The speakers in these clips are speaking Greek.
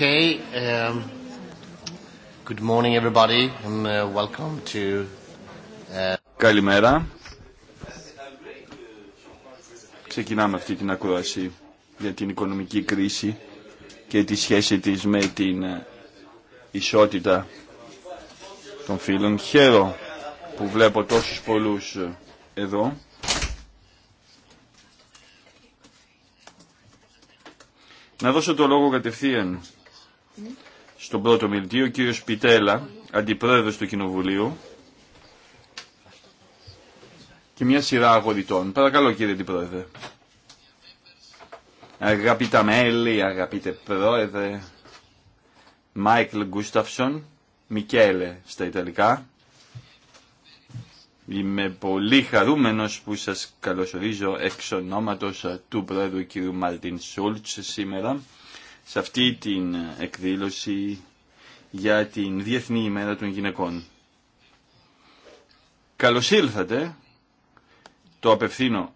Okay. Um, good morning everybody and uh, welcome to... Uh, Καλημέρα. Ξεκινάμε αυτή την ακρόαση για την οικονομική κρίση και τη σχέση της με την ε, ισότητα των φίλων. Χαίρο που βλέπω τόσους πολλούς ε, εδώ. Να δώσω το λόγο κατευθείαν στο πρώτο μιλτή ο κύριος Πιτέλα, αντιπρόεδρος του Κοινοβουλίου και μια σειρά αγοριτών. Παρακαλώ κύριε αντιπρόεδρε. Αγαπητά μέλη, αγαπητέ πρόεδρε, Μάικλ Γκούσταυσον, Μικέλε στα Ιταλικά. Είμαι πολύ χαρούμενος που σας καλωσορίζω εξ ονόματος του πρόεδρου κ. Μαρτίν Σούλτς σήμερα σε αυτή την εκδήλωση για την Διεθνή ημέρα των γυναικών. Καλώς ήλθατε, το απευθύνω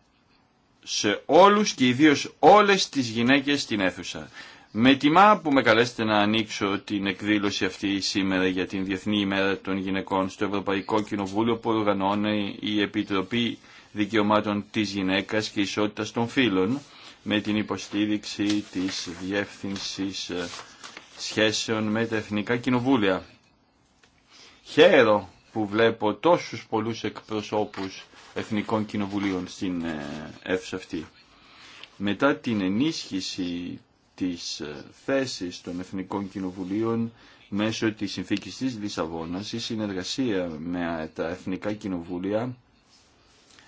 σε όλους και ιδίως όλες τις γυναίκες στην αίθουσα. Με τιμά που με καλέσετε να ανοίξω την εκδήλωση αυτή σήμερα για την Διεθνή ημέρα των γυναικών στο Ευρωπαϊκό Κοινοβούλιο που οργανώνει η Επιτροπή Δικαιωμάτων της Γυναίκας και Ισότητας των Φύλων με την υποστήριξη της Διεύθυνσης ε, Σχέσεων με τα Εθνικά Κοινοβούλια. Χαίρο που βλέπω τόσους πολλούς εκπροσώπους Εθνικών Κοινοβουλίων στην ε, αίθουσα αυτή. Μετά την ενίσχυση της ε, θέσης των Εθνικών Κοινοβουλίων μέσω της συνθήκης της Λισαβόνας, η συνεργασία με τα Εθνικά Κοινοβούλια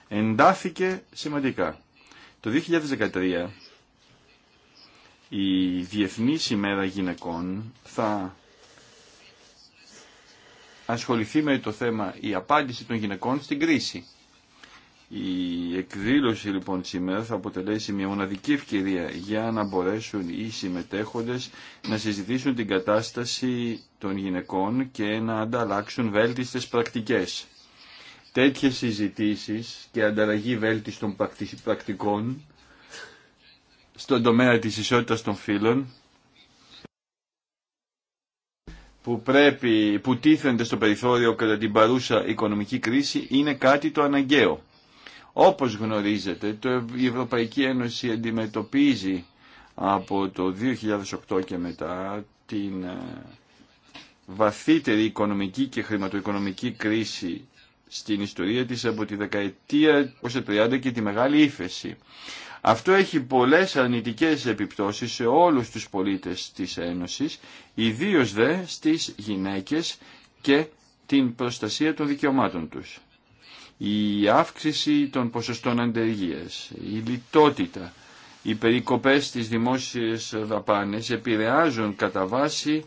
εντάθηκε σημαντικά. Το 2013 η Διεθνής ημέρα γυναικών θα ασχοληθεί με το θέμα η απάντηση των γυναικών στην κρίση. Η εκδήλωση λοιπόν σήμερα θα αποτελέσει μια μοναδική ευκαιρία για να μπορέσουν οι συμμετέχοντες να συζητήσουν την κατάσταση των γυναικών και να ανταλλάξουν βέλτιστες πρακτικές τέτοιες συζητήσεις και ανταλλαγή βέλτιστων πρακτικών στον τομέα της ισότητας των φύλων που, πρέπει, που τίθενται στο περιθώριο κατά την παρούσα οικονομική κρίση είναι κάτι το αναγκαίο. Όπως γνωρίζετε, το, η Ευρωπαϊκή Ένωση αντιμετωπίζει από το 2008 και μετά την ε, βαθύτερη οικονομική και χρηματοοικονομική κρίση στην ιστορία της από τη δεκαετία 30 και τη Μεγάλη Ήφεση. Αυτό έχει πολλές αρνητικές επιπτώσεις σε όλους τους πολίτες της Ένωσης, ιδίως δε στις γυναίκες και την προστασία των δικαιωμάτων τους. Η αύξηση των ποσοστών αντεργίας, η λιτότητα, οι περικοπές στις δημόσιες δαπάνες επηρεάζουν κατά βάση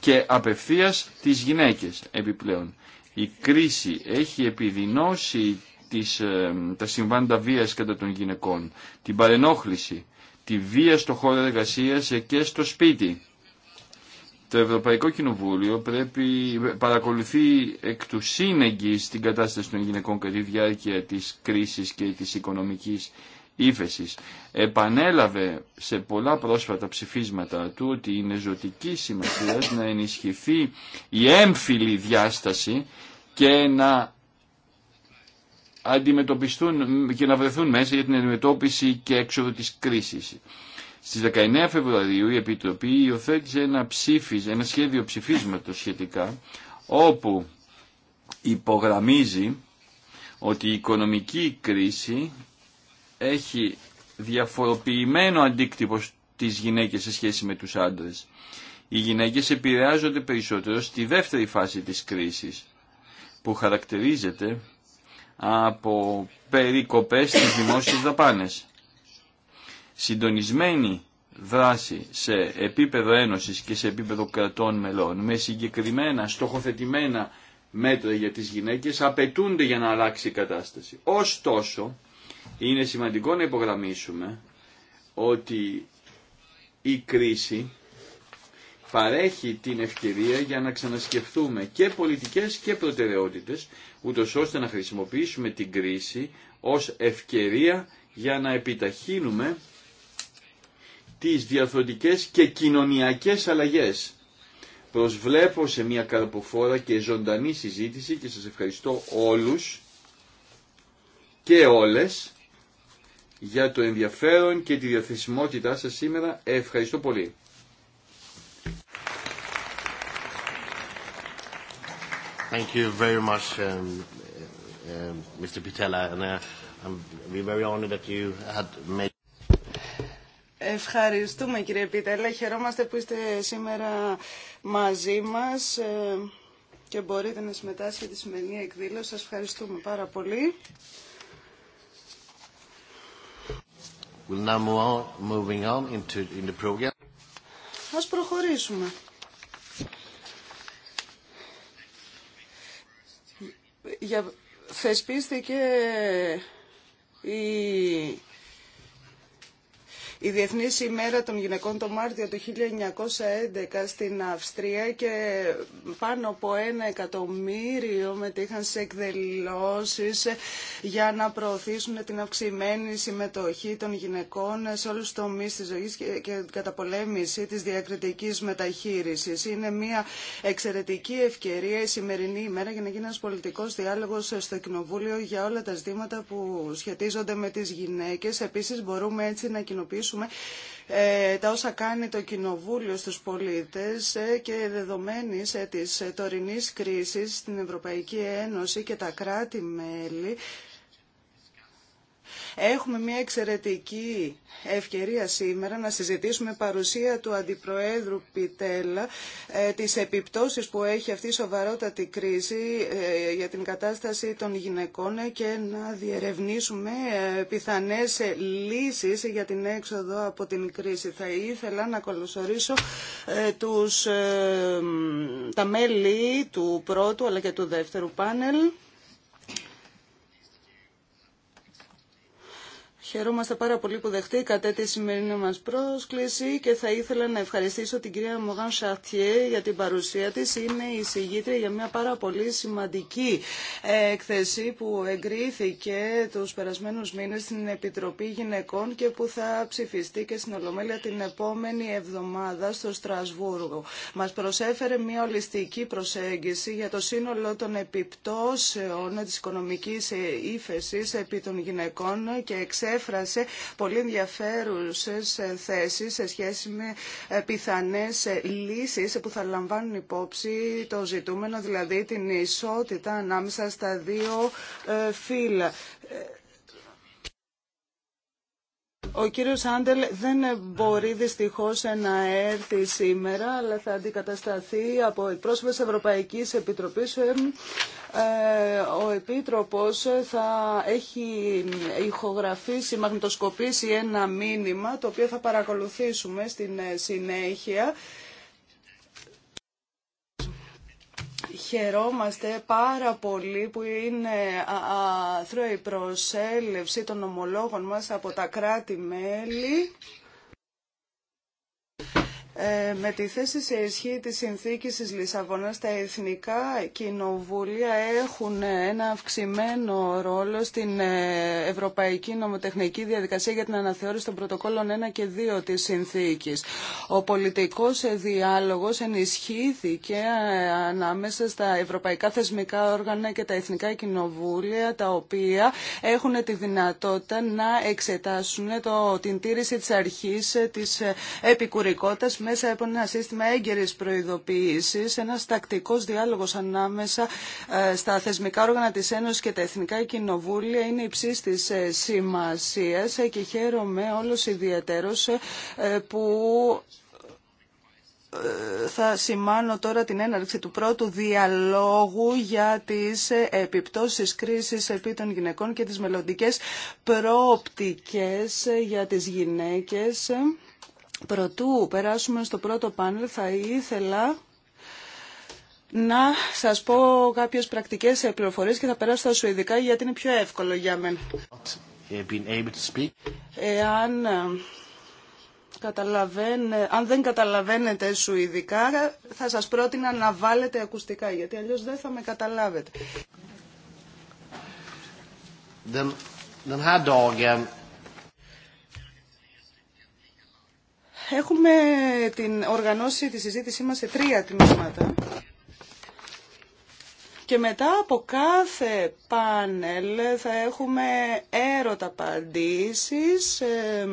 και απευθείας τις γυναίκες επιπλέον. Η κρίση έχει επιδεινώσει τις, ε, τα συμβάντα βίας κατά των γυναικών, την παρενόχληση, τη βία στο χώρο εργασίας ε, και στο σπίτι. Το Ευρωπαϊκό Κοινοβούλιο πρέπει, παρακολουθεί εκ του σύνεγγυ στην κατάσταση των γυναικών κατά τη διάρκεια της κρίσης και της οικονομικής ύφεσης. Επανέλαβε σε πολλά πρόσφατα ψηφίσματα του ότι είναι ζωτική σημασία να ενισχυθεί η έμφυλη διάσταση και να αντιμετωπιστούν και να βρεθούν μέσα για την αντιμετώπιση και έξοδο της κρίσης. Στις 19 Φεβρουαρίου η Επιτροπή υιοθέτησε ένα, ψήφις, ένα σχέδιο ψηφίσματος σχετικά όπου υπογραμμίζει ότι η οικονομική κρίση έχει διαφοροποιημένο αντίκτυπο στις γυναίκες σε σχέση με τους άντρες. Οι γυναίκες επηρεάζονται περισσότερο στη δεύτερη φάση της κρίσης που χαρακτηρίζεται από περικοπές στις δημόσιες δαπάνες. Συντονισμένη δράση σε επίπεδο ένωσης και σε επίπεδο κρατών μελών με συγκεκριμένα στοχοθετημένα μέτρα για τις γυναίκες απαιτούνται για να αλλάξει η κατάσταση. Ωστόσο, είναι σημαντικό να υπογραμμίσουμε ότι η κρίση παρέχει την ευκαιρία για να ξανασκεφτούμε και πολιτικές και προτεραιότητες, ούτως ώστε να χρησιμοποιήσουμε την κρίση ως ευκαιρία για να επιταχύνουμε τις διαθροντικές και κοινωνιακές αλλαγές. Προσβλέπω σε μια καρποφόρα και ζωντανή συζήτηση και σας ευχαριστώ όλους και όλες για το ενδιαφέρον και τη διαθεσιμότητά σας σήμερα. Ευχαριστώ πολύ. Ευχαριστούμε κύριε Πιτέλα. Χαιρόμαστε που είστε σήμερα μαζί μας ε, και μπορείτε να συμμετάσχετε στη σημερινή εκδήλωση. Σας ευχαριστούμε πάρα πολύ. We'll Ας προχωρήσουμε. για, θεσπίστηκε η η διεθνή ημέρα των γυναικών το Μάρτιο του 1911 στην Αυστρία και πάνω από ένα εκατομμύριο μετήχαν σε εκδηλώσεις για να προωθήσουν την αυξημένη συμμετοχή των γυναικών σε όλους τους τομείς της ζωής και την καταπολέμηση της διακριτικής μεταχείρισης. Είναι μια εξαιρετική ευκαιρία η σημερινή ημέρα για να γίνει ένας πολιτικός διάλογος στο Κοινοβούλιο για όλα τα ζητήματα που σχετίζονται με τις γυναίκες. Επίσης μπορούμε έτσι να κοινοποιήσουμε ε, τα όσα κάνει το Κοινοβούλιο στους πολίτες ε, και δεδομένης ε, της τωρινής κρίσης στην Ευρωπαϊκή Ένωση και τα κράτη-μέλη Έχουμε μια εξαιρετική ευκαιρία σήμερα να συζητήσουμε παρουσία του Αντιπροέδρου Πιτέλα, ε, τις επιπτώσεις που έχει αυτή η σοβαρότατη κρίση ε, για την κατάσταση των γυναικών και να διερευνήσουμε ε, πιθανές λύσεις για την έξοδο από την κρίση. Θα ήθελα να καλωσορίσω τους, τα μέλη του πρώτου αλλά και του δεύτερου πάνελ. Χαιρόμαστε πάρα πολύ που δεχτήκατε τη σημερινή μας πρόσκληση και θα ήθελα να ευχαριστήσω την κυρία Μογάν Σαρτιέ για την παρουσία της. Είναι η συγγήτρια για μια πάρα πολύ σημαντική έκθεση ε, που εγκρίθηκε τους περασμένους μήνες στην Επιτροπή Γυναικών και που θα ψηφιστεί και στην Ολομέλεια την επόμενη εβδομάδα στο Στρασβούργο. Μας προσέφερε μια ολιστική προσέγγιση για το σύνολο των επιπτώσεων της οικονομικής ε, ύφεσης επί των γυναικών και εξέφρασε πολύ ενδιαφέρουσες ε, θέσεις σε σχέση με ε, πιθανές ε, λύσεις που θα λαμβάνουν υπόψη το ζητούμενο, δηλαδή την ισότητα ανάμεσα στα δύο φύλλα. Ο κύριος Άντελ δεν μπορεί δυστυχώς να έρθει σήμερα, αλλά θα αντικατασταθεί από πρόσωπε Ευρωπαϊκής Επιτροπής. Ε, ε, ο Επίτροπος θα έχει ηχογραφήσει, μαγνητοσκοπήσει ένα μήνυμα, το οποίο θα παρακολουθήσουμε στην συνέχεια. χαιρόμαστε πάρα πολύ που είναι αθρώη προσέλευση των ομολόγων μας από τα κράτη-μέλη. Ε, με τη θέση σε ισχύ της συνθήκης της Λισαβόνας, τα εθνικά κοινοβούλια έχουν ένα αυξημένο ρόλο στην ε, ευρωπαϊκή νομοτεχνική διαδικασία για την αναθεώρηση των πρωτοκόλων 1 και 2 της συνθήκης. Ο πολιτικός διάλογος ενισχύθηκε ε, ανάμεσα στα ευρωπαϊκά θεσμικά όργανα και τα εθνικά κοινοβούλια, τα οποία έχουν τη δυνατότητα να εξετάσουν το, την τήρηση της αρχής της επικουρικότητας μέσα από ένα σύστημα έγκαιρη προειδοποίηση, ένας τακτικός διάλογος ανάμεσα ε, στα θεσμικά όργανα της Ένωσης και τα Εθνικά Κοινοβούλια είναι υψίστης της ε, σημασίας ε, και χαίρομαι όλος ιδιαίτερος που θα σημάνω τώρα την έναρξη του πρώτου διαλόγου για τις επιπτώσεις κρίσης επί των γυναικών και τις μελλοντικές προοπτικές για τις γυναίκες. Προτού περάσουμε στο πρώτο πάνελ θα ήθελα να σας πω κάποιες πρακτικές πληροφορίες και θα περάσω στα Σουηδικά γιατί είναι πιο εύκολο για μένα. Εάν ε, αν δεν καταλαβαίνετε Σουηδικά θα σας πρότεινα να βάλετε ακουστικά γιατί αλλιώς δεν θα με καταλάβετε. Den, den här dagen um, Έχουμε την οργανώσει τη συζήτησή μας σε τρία τμήματα. Και μετά από κάθε πάνελ θα έχουμε έρωτα απαντήσεις ε,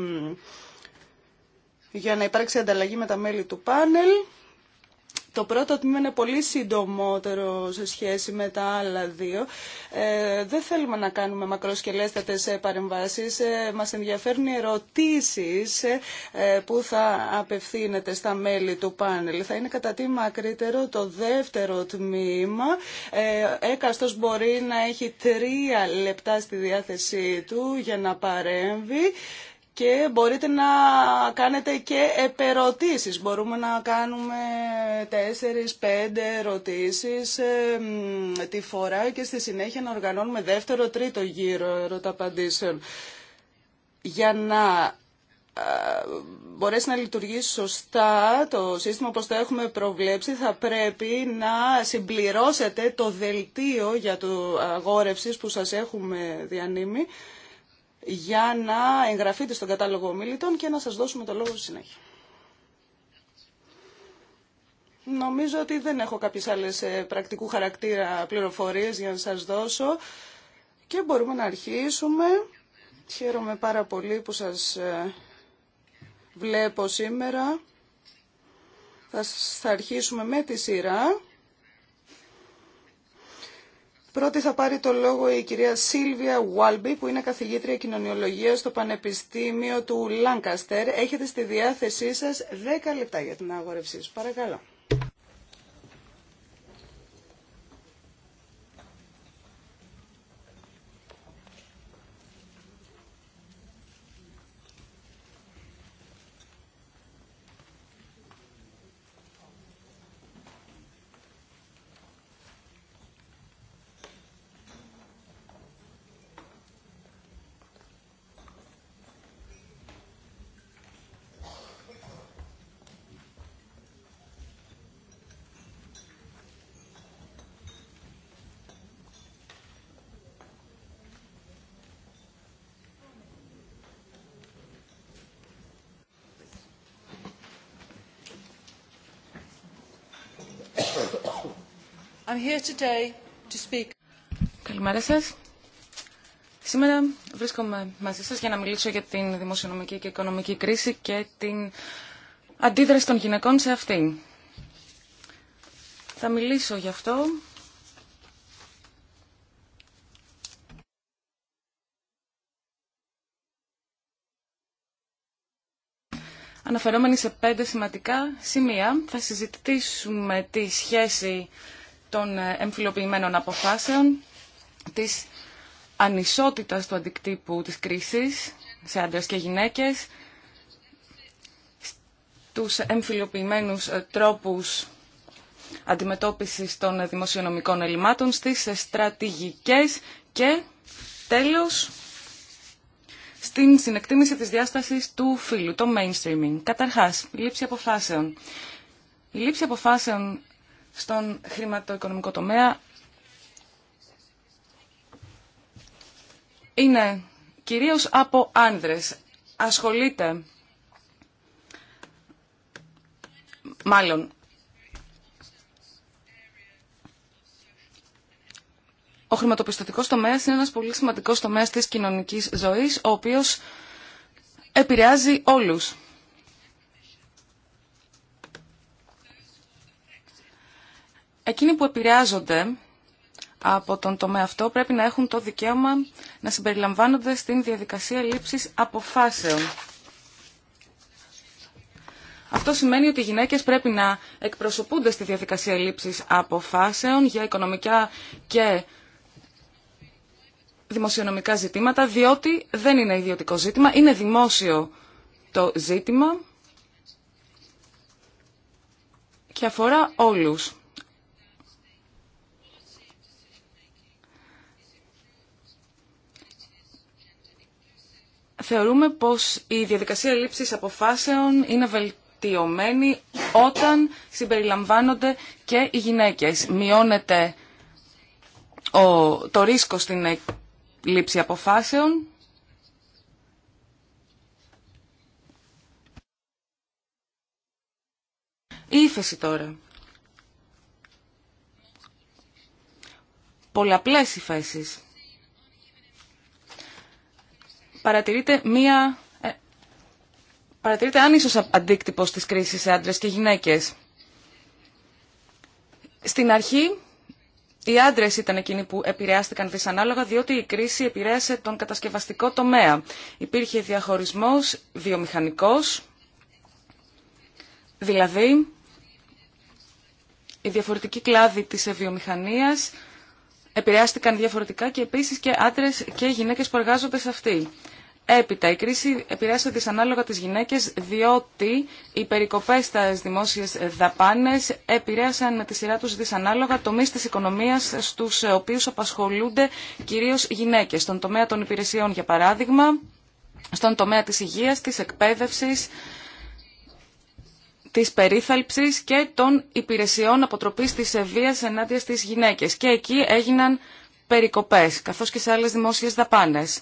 για να υπάρξει ανταλλαγή με τα μέλη του πάνελ. Το πρώτο τμήμα είναι πολύ συντομότερο σε σχέση με τα άλλα δύο. Ε, δεν θέλουμε να κάνουμε μακροσκελέστατες ε, παρεμβάσεις. Ε, μας ενδιαφέρουν οι ερωτήσεις που θα απευθύνεται στα μέλη του πάνελ. Θα είναι κατά τι μακρύτερο το δεύτερο τμήμα. Ε, έκαστος μπορεί να έχει τρία λεπτά στη διάθεσή του για να παρέμβει και μπορείτε να κάνετε και επερωτήσεις. Μπορούμε να κάνουμε τέσσερις, πέντε ερωτήσεις ε, τη φορά και στη συνέχεια να οργανώνουμε δεύτερο, τρίτο γύρο ερωταπαντήσεων. Για να ε, μπορέσει να λειτουργήσει σωστά το σύστημα όπως το έχουμε προβλέψει θα πρέπει να συμπληρώσετε το δελτίο για το αγόρευσης που σας έχουμε διανύμει για να εγγραφείτε στον κατάλογο ομιλητών και να σας δώσουμε το λόγο στη συνέχεια. Νομίζω ότι δεν έχω κάποιες άλλες ε, πρακτικού χαρακτήρα πληροφορίες για να σας δώσω και μπορούμε να αρχίσουμε. Χαίρομαι πάρα πολύ που σας ε, βλέπω σήμερα. Θα, αρχίσουμε με τη σειρά. Πρώτη θα πάρει το λόγο η κυρία Σίλβια Βουάλμπι, που είναι καθηγήτρια Κοινωνιολογία στο Πανεπιστήμιο του Λάνκαστερ. Έχετε στη διάθεσή σα 10 λεπτά για την αγορευσή σου. Παρακαλώ. I'm here Καλημέρα Σήμερα βρίσκομαι μαζί σας για να μιλήσω για την δημοσιονομική και οικονομική κρίση και την αντίδραση των γυναικών σε αυτήν. Θα μιλήσω γι' αυτό αναφερόμενοι σε πέντε σημαντικά σημεία. Θα συζητήσουμε τη σχέση των ε, εμφυλοποιημένων αποφάσεων, της ανισότητας του αντικτύπου της κρίσης σε άντρες και γυναίκες, τους εμφυλοποιημένους ε, τρόπους αντιμετώπισης των δημοσιονομικών ελλημάτων στις ε, στρατηγικές και τέλος στην συνεκτίμηση της διάστασης του φύλου, το mainstreaming. Καταρχάς, η λήψη αποφάσεων. Η λήψη αποφάσεων στον χρηματοοικονομικό τομέα είναι κυρίως από άνδρες. Ασχολείται, μάλλον, ο χρηματοπιστωτικός τομέας είναι ένας πολύ σημαντικός τομέας της κοινωνικής ζωής, ο οποίος επηρεάζει όλους. εκείνοι που επηρεάζονται από τον τομέα αυτό πρέπει να έχουν το δικαίωμα να συμπεριλαμβάνονται στην διαδικασία λήψης αποφάσεων. Αυτό σημαίνει ότι οι γυναίκες πρέπει να εκπροσωπούνται στη διαδικασία λήψης αποφάσεων για οικονομικά και δημοσιονομικά ζητήματα, διότι δεν είναι ιδιωτικό ζήτημα, είναι δημόσιο το ζήτημα και αφορά όλους. θεωρούμε πως η διαδικασία λήψης αποφάσεων είναι βελτιωμένη όταν συμπεριλαμβάνονται και οι γυναίκες. Μειώνεται ο, το ρίσκο στην ε, λήψη αποφάσεων. Η ύφεση τώρα. Πολλαπλές υφέσεις παρατηρείται μία... Ε, παρατηρείται άνισος αντίκτυπος της κρίσης σε άντρες και γυναίκες. Στην αρχή οι άντρε ήταν εκείνοι που επηρεάστηκαν δυσανάλογα διότι η κρίση επηρέασε τον κατασκευαστικό τομέα. Υπήρχε διαχωρισμό βιομηχανικό, δηλαδή η διαφορετική κλάδοι τη βιομηχανία επηρεάστηκαν διαφορετικά και επίσης και άντρε και γυναίκες που εργάζονται σε αυτή. Έπειτα, η κρίση επηρέασε δυσανάλογα τις γυναίκες διότι οι περικοπές στα δημόσιες δαπάνες επηρέασαν με τη σειρά τους δυσανάλογα τομείς της οικονομίας στους οποίους απασχολούνται κυρίως γυναίκες. Στον τομέα των υπηρεσιών, για παράδειγμα, στον τομέα της υγείας, της εκπαίδευσης, της περίθαλψης και των υπηρεσιών αποτροπής της βίας ενάντια στις γυναίκες. Και εκεί έγιναν περικοπές, καθώς και σε άλλες δημόσιες δαπάνες.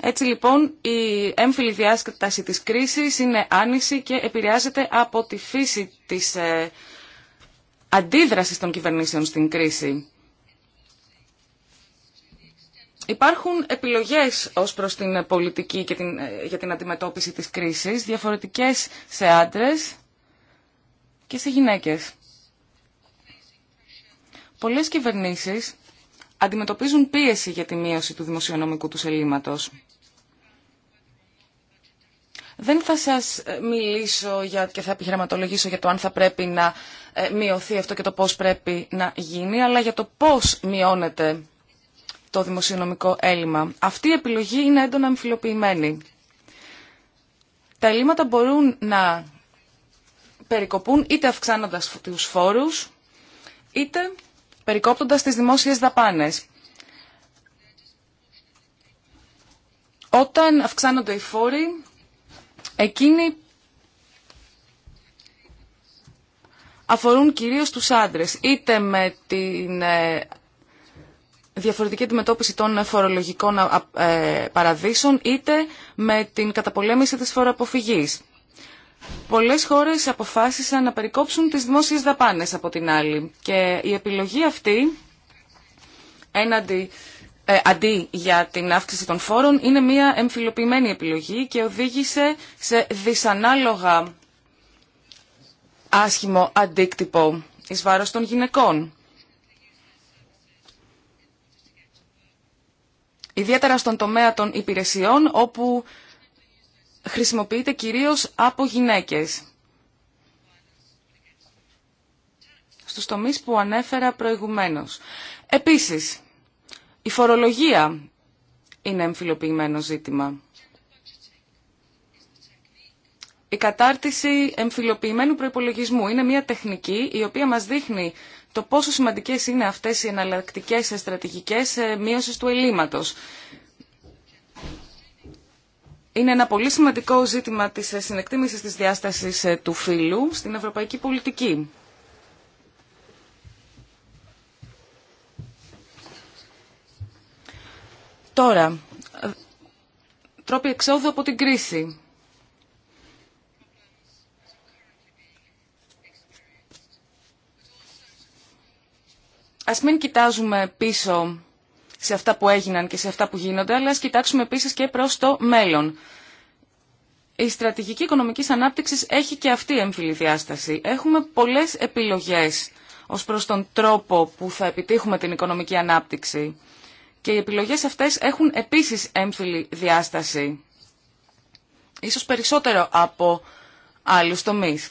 Έτσι λοιπόν η έμφυλη διάσταση της κρίσης είναι άνηση και επηρεάζεται από τη φύση της ε, αντίδρασης των κυβερνήσεων στην κρίση. Υπάρχουν επιλογές ως προς την πολιτική και την, ε, για την αντιμετώπιση της κρίσης, διαφορετικές σε άντρες και σε γυναίκες. Πολλές κυβερνήσεις αντιμετωπίζουν πίεση για τη μείωση του δημοσιονομικού του ελλείμματος. Δεν θα σας ε, μιλήσω για, και θα επιχειρηματολογήσω για το αν θα πρέπει να ε, μειωθεί αυτό και το πώς πρέπει να γίνει, αλλά για το πώς μειώνεται το δημοσιονομικό έλλειμμα. Αυτή η επιλογή είναι έντονα αμφιλοποιημένη. Τα ελλείμματα μπορούν να περικοπούν είτε αυξάνοντας τους φόρους, είτε περικόπτοντας τις δημόσιες δαπάνες. Όταν αυξάνονται οι φόροι, εκείνοι αφορούν κυρίως τους άντρες, είτε με την ε, διαφορετική αντιμετώπιση των φορολογικών ε, παραδείσων, είτε με την καταπολέμηση της φοροαποφυγής πολλές χώρες αποφάσισαν να περικόψουν τις δημόσιες δαπάνες από την άλλη. Και η επιλογή αυτή, έναντι, ε, αντί για την αύξηση των φόρων, είναι μια εμφυλοποιημένη επιλογή και οδήγησε σε δυσανάλογα άσχημο αντίκτυπο εις βάρος των γυναικών. Ιδιαίτερα στον τομέα των υπηρεσιών, όπου χρησιμοποιείται κυρίως από γυναίκες. Στους τομείς που ανέφερα προηγουμένως. Επίσης, η φορολογία είναι εμφυλοποιημένο ζήτημα. Η κατάρτιση εμφυλοποιημένου προϋπολογισμού είναι μια τεχνική η οποία μας δείχνει το πόσο σημαντικές είναι αυτές οι εναλλακτικές στρατηγικές ε, μείωσης του ελλείμματος είναι ένα πολύ σημαντικό ζήτημα της συνεκτίμησης της διάστασης ε, του φύλου στην ευρωπαϊκή πολιτική. Τώρα, ε, τρόποι εξόδου από την κρίση. Ας μην κοιτάζουμε πίσω σε αυτά που έγιναν και σε αυτά που γίνονται, αλλά ας κοιτάξουμε επίσης και προς το μέλλον. Η στρατηγική οικονομικής ανάπτυξης έχει και αυτή εμφυλή διάσταση. Έχουμε πολλές επιλογές ως προς τον τρόπο που θα επιτύχουμε την οικονομική ανάπτυξη. Και οι επιλογές αυτές έχουν επίσης έμφυλη διάσταση. Ίσως περισσότερο από άλλους τομείς.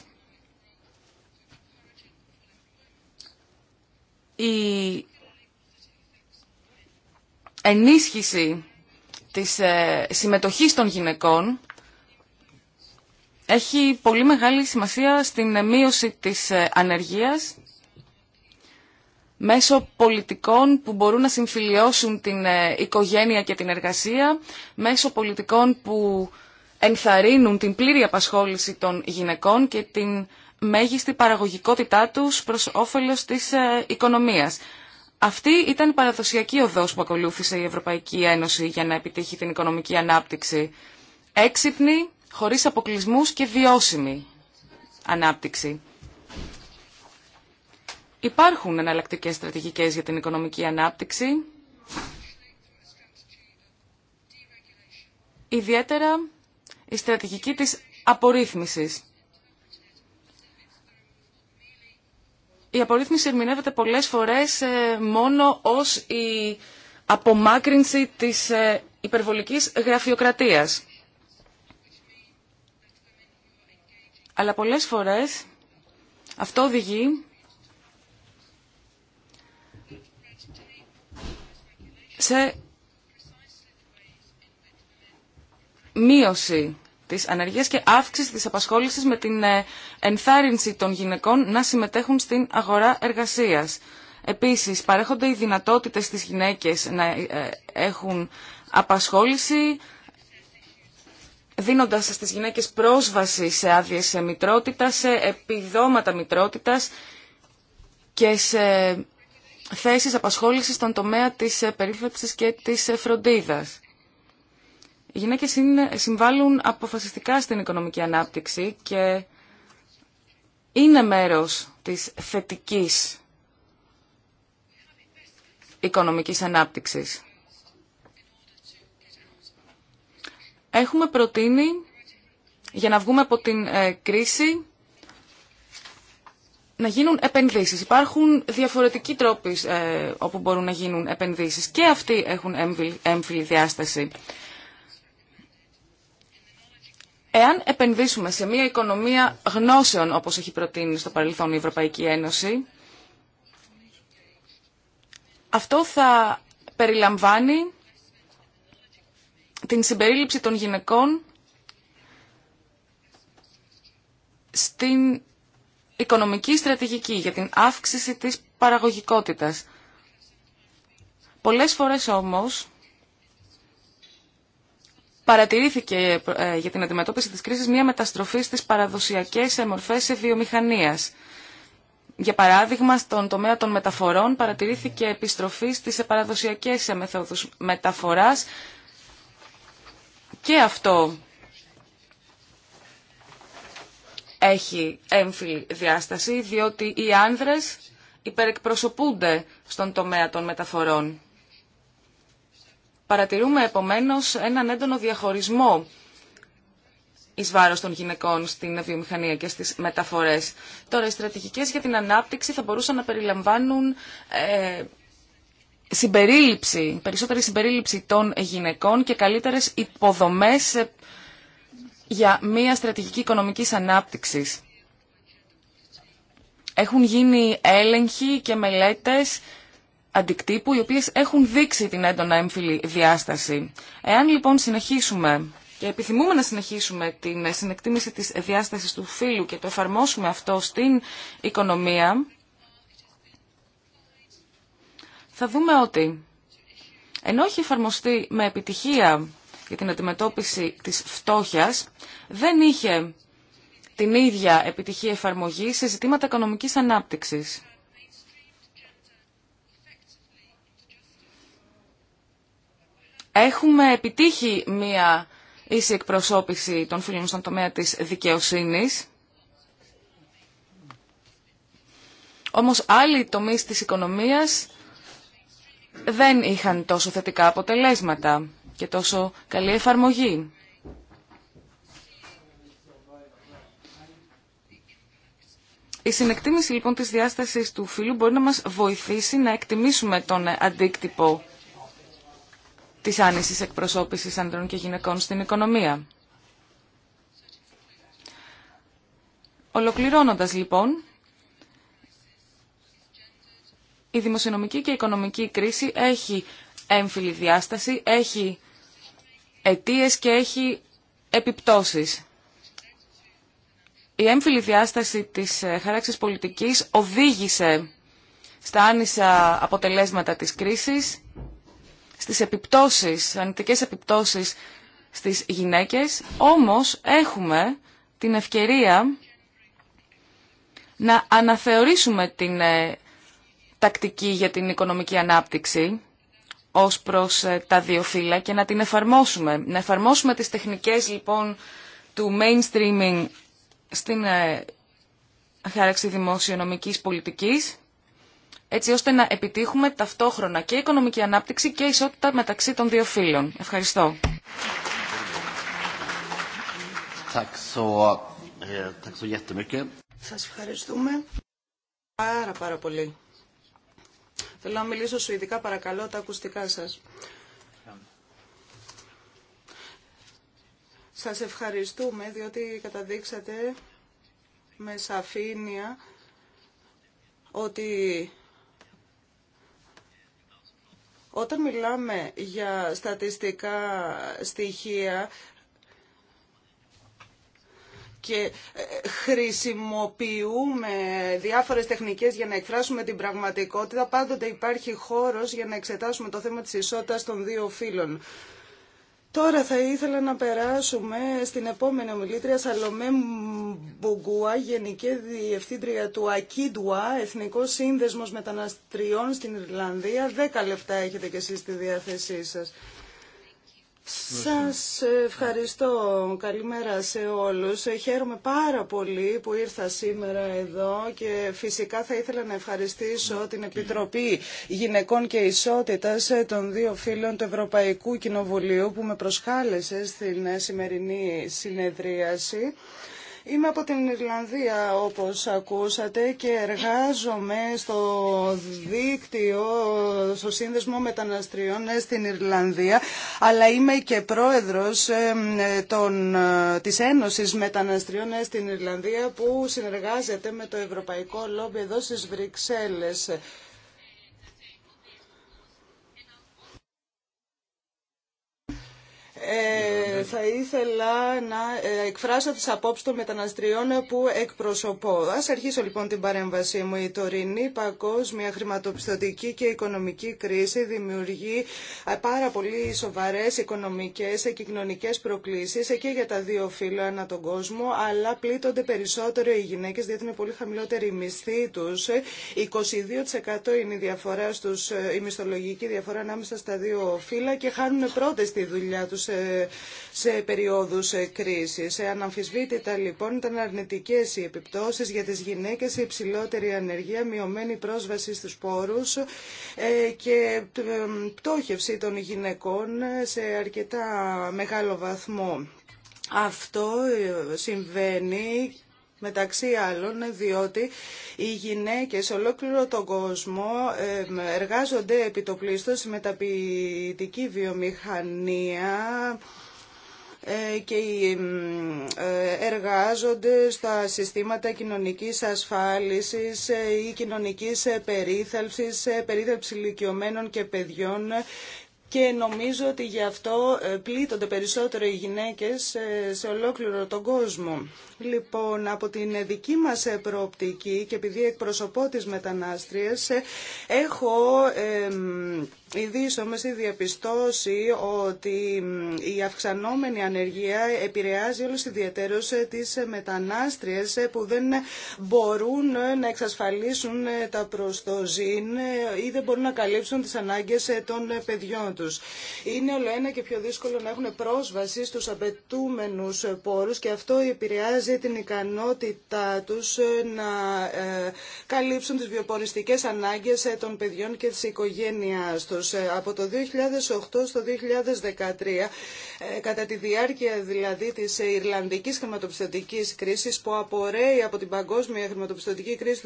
Η ενίσχυση της ε, συμμετοχής των γυναικών έχει πολύ μεγάλη σημασία στην μείωση της ε, ανεργίας μέσω πολιτικών που μπορούν να συμφιλιώσουν την ε, οικογένεια και την εργασία, μέσω πολιτικών που ενθαρρύνουν την πλήρη απασχόληση των γυναικών και την μέγιστη παραγωγικότητά τους προς όφελος της οικονομίας. Αυτή ήταν η παραδοσιακή οδός που ακολούθησε η Ευρωπαϊκή Ένωση για να επιτύχει την οικονομική ανάπτυξη. Έξυπνη, χωρίς αποκλεισμούς και βιώσιμη ανάπτυξη. Υπάρχουν εναλλακτικέ στρατηγικές για την οικονομική ανάπτυξη. Ιδιαίτερα η στρατηγική της απορρίθμισης. η απορρίθμιση ερμηνεύεται πολλές φορές ε, μόνο ως η απομάκρυνση της ε, υπερβολικής γραφειοκρατίας. Αλλά πολλές φορές αυτό οδηγεί σε μείωση τη ανεργία και αύξηση της απασχόλησης με την ε, ενθάρρυνση των γυναικών να συμμετέχουν στην αγορά εργασίας. Επίσης, παρέχονται οι δυνατότητε στις γυναίκες να ε, έχουν απασχόληση, δίνοντας στις γυναίκες πρόσβαση σε άδειες μητρότητα, σε επιδόματα μητρότητα και σε θέσεις απασχόλησης στον τομέα της ε, περίφευξης και της φροντίδας. Οι γυναίκες συμβάλλουν αποφασιστικά στην οικονομική ανάπτυξη και είναι μέρος της θετικής οικονομικής ανάπτυξης. Έχουμε προτείνει για να βγούμε από την ε, κρίση να γίνουν επενδύσεις. Υπάρχουν διαφορετικοί τρόποι ε, όπου μπορούν να γίνουν επενδύσεις και αυτοί έχουν έμφυλη διάσταση. Εάν επενδύσουμε σε μια οικονομία γνώσεων, όπως έχει προτείνει στο παρελθόν η Ευρωπαϊκή Ένωση, αυτό θα περιλαμβάνει την συμπερίληψη των γυναικών στην οικονομική στρατηγική για την αύξηση της παραγωγικότητας. Πολλές φορές όμως παρατηρήθηκε ε, για την αντιμετώπιση της κρίσης μια μεταστροφή στις παραδοσιακές μορφές βιομηχανίας. Για παράδειγμα, στον τομέα των μεταφορών παρατηρήθηκε επιστροφή στις παραδοσιακές μεθόδους μεταφοράς και αυτό έχει έμφυλη διάσταση, διότι οι άνδρες υπερεκπροσωπούνται στον τομέα των μεταφορών. Παρατηρούμε επομένως έναν έντονο διαχωρισμό εις βάρος των γυναικών στην βιομηχανία και στις μεταφορές. Τώρα, οι στρατηγικές για την ανάπτυξη θα μπορούσαν να περιλαμβάνουν ε, συμπερίληψη, περισσότερη συμπερίληψη των γυναικών και καλύτερες υποδομές ε, για μια στρατηγική οικονομικής ανάπτυξης. Έχουν γίνει έλεγχοι και μελέτες αντικτύπου, οι οποίε έχουν δείξει την έντονα έμφυλη διάσταση. Εάν λοιπόν συνεχίσουμε και επιθυμούμε να συνεχίσουμε την συνεκτίμηση της διάστασης του φύλου και το εφαρμόσουμε αυτό στην οικονομία, θα δούμε ότι ενώ έχει εφαρμοστεί με επιτυχία για την αντιμετώπιση της φτώχειας, δεν είχε την ίδια επιτυχία εφαρμογή σε ζητήματα οικονομικής ανάπτυξης. έχουμε επιτύχει μία ίση εκπροσώπηση των φίλων στον τομέα της δικαιοσύνης. Όμως άλλοι τομείς της οικονομίας δεν είχαν τόσο θετικά αποτελέσματα και τόσο καλή εφαρμογή. Η συνεκτίμηση λοιπόν της διάστασης του φίλου μπορεί να μας βοηθήσει να εκτιμήσουμε τον αντίκτυπο της άνησης εκπροσώπησης ανδρών και γυναικών στην οικονομία. Ολοκληρώνοντας λοιπόν, η δημοσιονομική και η οικονομική κρίση έχει έμφυλη διάσταση, έχει αιτίες και έχει επιπτώσεις. Η έμφυλη διάσταση της ε, χαράξης πολιτικής οδήγησε στα άνισα αποτελέσματα της κρίσης στις επιπτώσεις, ανητικές επιπτώσεις στις γυναίκες, όμως έχουμε την ευκαιρία να αναθεωρήσουμε την ε, τακτική για την οικονομική ανάπτυξη ως προς ε, τα δύο φύλλα και να την εφαρμόσουμε. Να εφαρμόσουμε τις τεχνικές λοιπόν του mainstreaming στην ε, χάραξη δημοσιονομικής πολιτικής έτσι ώστε να επιτύχουμε ταυτόχρονα και οικονομική ανάπτυξη και ισότητα μεταξύ των δύο φύλων. Ευχαριστώ. Eh, σας ευχαριστούμε πάρα πάρα πολύ. Θέλω να μιλήσω σου ειδικά παρακαλώ τα ακουστικά σας. Σας ευχαριστούμε διότι καταδείξατε με σαφήνεια ότι όταν μιλάμε για στατιστικά στοιχεία, και ε, χρησιμοποιούμε διάφορες τεχνικές για να εκφράσουμε την πραγματικότητα, πάντοτε υπάρχει χώρος για να εξετάσουμε το θέμα της ισότητας των δύο φύλων. Τώρα θα ήθελα να περάσουμε στην επόμενη ομιλήτρια Σαλομέ Μπουγκούα, Γενική Διευθύντρια του Ακίντουα, Εθνικό Σύνδεσμος Μεταναστριών στην Ιρλανδία. Δέκα λεπτά έχετε κι εσείς στη διάθεσή σας. Σας ευχαριστώ. Καλημέρα σε όλους. Χαίρομαι πάρα πολύ που ήρθα σήμερα εδώ και φυσικά θα ήθελα να ευχαριστήσω την Επιτροπή Γυναικών και Ισότητας των δύο φίλων του Ευρωπαϊκού Κοινοβουλίου που με προσκάλεσε στην σημερινή συνεδρίαση. Είμαι από την Ιρλανδία όπως ακούσατε και εργάζομαι στο δίκτυο, στο σύνδεσμο μεταναστριών ε, στην Ιρλανδία αλλά είμαι και πρόεδρος ε, των, ε, της Ένωσης Μεταναστριών στην Ιρλανδία που συνεργάζεται με το Ευρωπαϊκό Λόμπι εδώ στις Βρυξέλλες. Ε, θα ήθελα να ε, εκφράσω τις απόψεις των μεταναστριών που εκπροσωπώ. Ας αρχίσω λοιπόν την παρέμβασή μου. Η τωρινή παγκόσμια χρηματοπιστωτική και οικονομική κρίση δημιουργεί ε, πάρα πολύ σοβαρές οικονομικές και κοινωνικές προκλήσεις ε, και για τα δύο φύλλα ανά τον κόσμο, αλλά πλήττονται περισσότερο οι γυναίκες διότι είναι πολύ χαμηλότερη η μισθή τους. 22% είναι η διαφορά στους, η μισθολογική διαφορά ανάμεσα στα δύο φύλλα και χάνουν πρώτε τη δουλειά τους ε, σε περιόδους ε, κρίσης. Ε, αναμφισβήτητα λοιπόν ήταν αρνητικές οι επιπτώσεις για τις γυναίκες, η υψηλότερη ανεργία, μειωμένη πρόσβαση στους πόρους και πτώχευση των γυναικών σε αρκετά μεγάλο βαθμό. Αυτό συμβαίνει μεταξύ άλλων διότι οι γυναίκες ολόκληρο τον κόσμο εργάζονται επί πλήστο στη μεταποιητική βιομηχανία ε, και ε, εργάζονται στα συστήματα κοινωνικής ασφάλισης ε, ή κοινωνικής περίθαλψης, περίθαλψη ηλικιωμένων και παιδιών και νομίζω ότι γι' αυτό πλήττονται περισσότερο οι γυναίκες σε ολόκληρο τον κόσμο λοιπόν από την δική μας ε, προοπτική και επειδή εκπροσωπώ τις μετανάστριες ε, έχω ήδη όμως διαπιστώσει ότι η αυξανόμενη ανεργία επηρεάζει τη ιδιαίτερως ε, τις μετανάστριες που δεν μπορούν να εξασφαλίσουν τα προστοζήν ή δεν μπορούν να καλύψουν τις ανάγκες των παιδιών τους. Είναι όλο ένα και πιο δύσκολο να έχουν πρόσβαση στους απαιτούμενους πόρους και αυτό επηρεάζει αυξήσει την ικανότητά τους ε, να ε, καλύψουν τις βιοποριστικές ανάγκες ε, των παιδιών και της οικογένειάς τους. Από το 2008 στο 2013, κατά τη διάρκεια δηλαδή της Ιρλανδικής χρηματοπιστωτικής κρίσης που απορρέει από την παγκόσμια χρηματοπιστωτική κρίση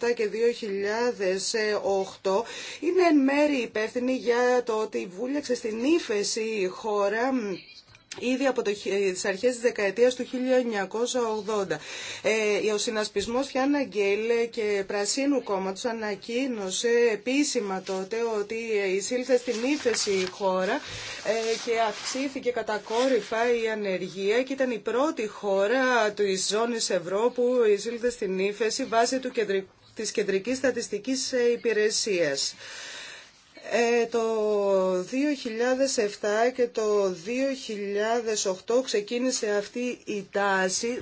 2007 και 2008, είναι εν μέρη υπεύθυνη για το ότι βούλεξε στην ύφεση η χώρα ήδη από τις αρχές της δεκαετίας του 1980. Ε, ο συνασπισμός Φιάννα Γκέιλ και Πρασίνου Κόμματος ανακοίνωσε επίσημα τότε ότι εισήλθε στην ύφεση η χώρα ε, και αυξήθηκε κατακόρυφα η ανεργία και ήταν η πρώτη χώρα της ζώνης Ευρώ που εισήλθε στην ύφεση βάσει του κεντρικού της Κεντρικής Στατιστικής Υπηρεσίας. Ε, το 2007 και το 2008 ξεκίνησε αυτή η τάση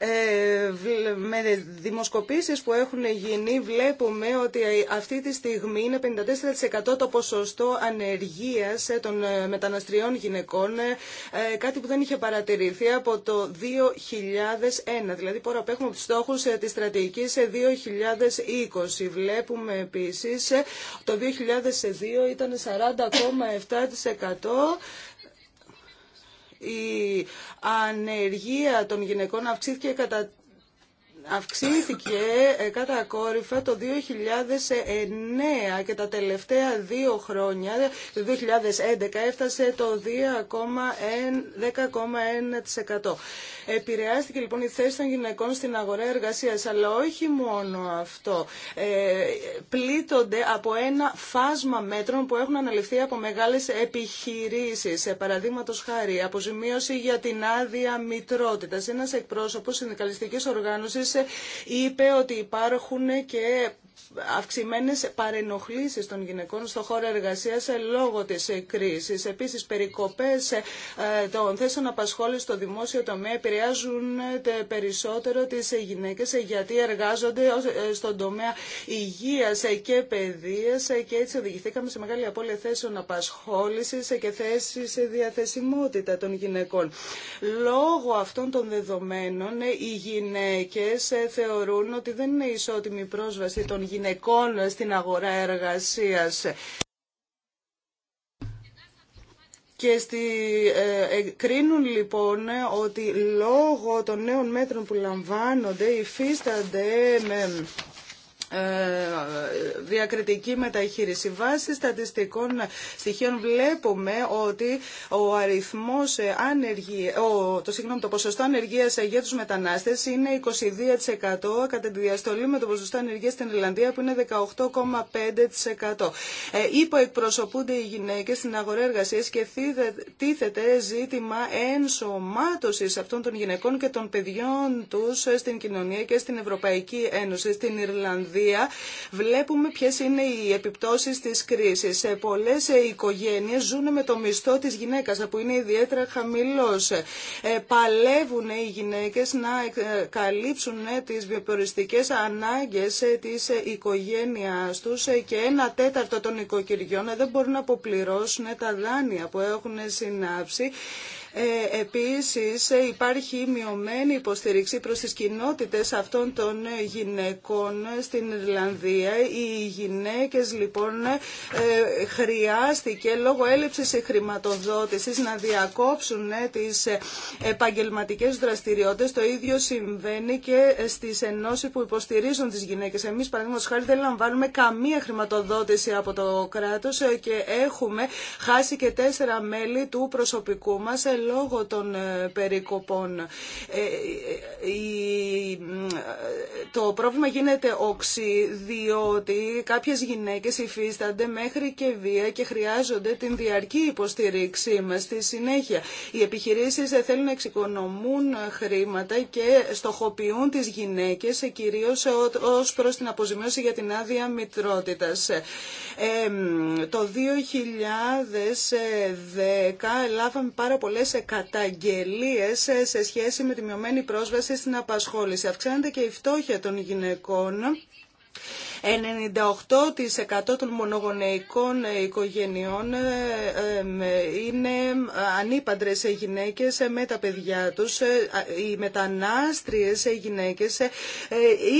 Ε, με δημοσκοπήσεις που έχουν γίνει βλέπουμε ότι αυτή τη στιγμή είναι 54% το ποσοστό ανεργίας ε, των ε, μεταναστριών γυναικών κάτι που δεν είχε παρατηρηθεί από το 2001 δηλαδή που απέχουμε από τους στόχους της στρατηγικής 2020 βλέπουμε επίσης το 2002 ήταν 40,7% η ανεργία των γυναικών αυξήθηκε κατά αυξήθηκε ε, κατά κόρυφα το 2009 και τα τελευταία δύο χρόνια, το 2011 έφτασε το 10,1%. Επηρεάστηκε λοιπόν η θέση των γυναικών στην αγορά εργασίας, αλλά όχι μόνο αυτό. Ε, πλήττονται από ένα φάσμα μέτρων που έχουν αναλυφθεί από μεγάλες επιχειρήσεις. Παραδείγματο χάρη, αποζημίωση για την άδεια μητρότητας. Ένας εκπρόσωπος συνδικαλιστικής οργάνωση είπε ότι υπάρχουν και αυξημένες παρενοχλήσεις των γυναικών στο χώρο εργασίας λόγω της κρίσης. Επίσης, περικοπές ε, των θέσεων απασχόλησης στο δημόσιο τομέα επηρεάζουν ε, περισσότερο τις γυναίκες ε, γιατί εργάζονται στον τομέα υγείας και παιδείας και έτσι οδηγηθήκαμε σε μεγάλη απώλεια θέσεων απασχόλησης και θέσεις διαθεσιμότητα των γυναικών. Λόγω αυτών των δεδομένων, οι γυναίκες θεωρούν ότι δεν είναι ισότιμη πρόσβαση των γυναικών γυναικών στην αγορά εργασίας και στη, ε, ε, κρίνουν λοιπόν ότι λόγω των νέων μέτρων που λαμβάνονται υφίστανται με ε, διακριτική μεταχείριση. Βάσει στατιστικών στοιχείων βλέπουμε ότι ο αριθμός ανεργία, ε, ο, το, το ποσοστό ανεργίας για τους μετανάστες είναι 22% κατά τη διαστολή με το ποσοστό ανεργίας στην Ιρλανδία που είναι 18,5%. Ε, υποεκπροσωπούνται οι γυναίκες στην αγορά εργασίας και τίθεται ζήτημα ενσωμάτωσης αυτών των γυναικών και των παιδιών τους στην κοινωνία και στην Ευρωπαϊκή Ένωση, στην Ιρλανδία βλέπουμε ποιες είναι οι επιπτώσεις της κρίσης. Σε πολλές ε, οικογένειες ζουν με το μισθό της γυναίκας που είναι ιδιαίτερα χαμηλός. Ε, παλεύουν οι γυναίκες να ε, καλύψουν τις βιοποριστικές ανάγκες της οικογένειάς τους και ένα τέταρτο των οικοκυριών δεν μπορούν να αποπληρώσουν τα δάνεια που έχουν συνάψει ε, επίσης υπάρχει μειωμένη υποστηρίξη προς τις κοινότητες αυτών των γυναικών στην Ιρλανδία. Οι γυναίκες λοιπόν ε, χρειάστηκε λόγω έλλειψης χρηματοδότησης να διακόψουν ε, τις επαγγελματικές δραστηριότητες. Το ίδιο συμβαίνει και στις ενώσεις που υποστηρίζουν τις γυναίκες. Εμείς παραδείγματος χάρη δεν λαμβάνουμε καμία χρηματοδότηση από το κράτος και έχουμε χάσει και τέσσερα μέλη του προσωπικού μας λόγω των ε, περικοπών. Ε, ε, το πρόβλημα γίνεται όξι διότι κάποιες γυναίκες υφίστανται μέχρι και βία και χρειάζονται την διαρκή υποστηρίξή μας στη συνέχεια. Οι επιχειρήσεις θέλουν να εξοικονομούν χρήματα και στοχοποιούν τις γυναίκες κυρίως ως προς την αποζημίωση για την άδεια μητρότητας. το 2010 λάβαμε πάρα πολλές σε καταγγελίες σε σχέση με τη μειωμένη πρόσβαση στην απασχόληση. Αυξάνεται και η φτώχεια των γυναικών 98% των μονογονεϊκών ε, οικογενειών ε, είναι ανήπαντρες γυναίκες ε, με τα παιδιά τους. Οι μετανάστριες γυναίκες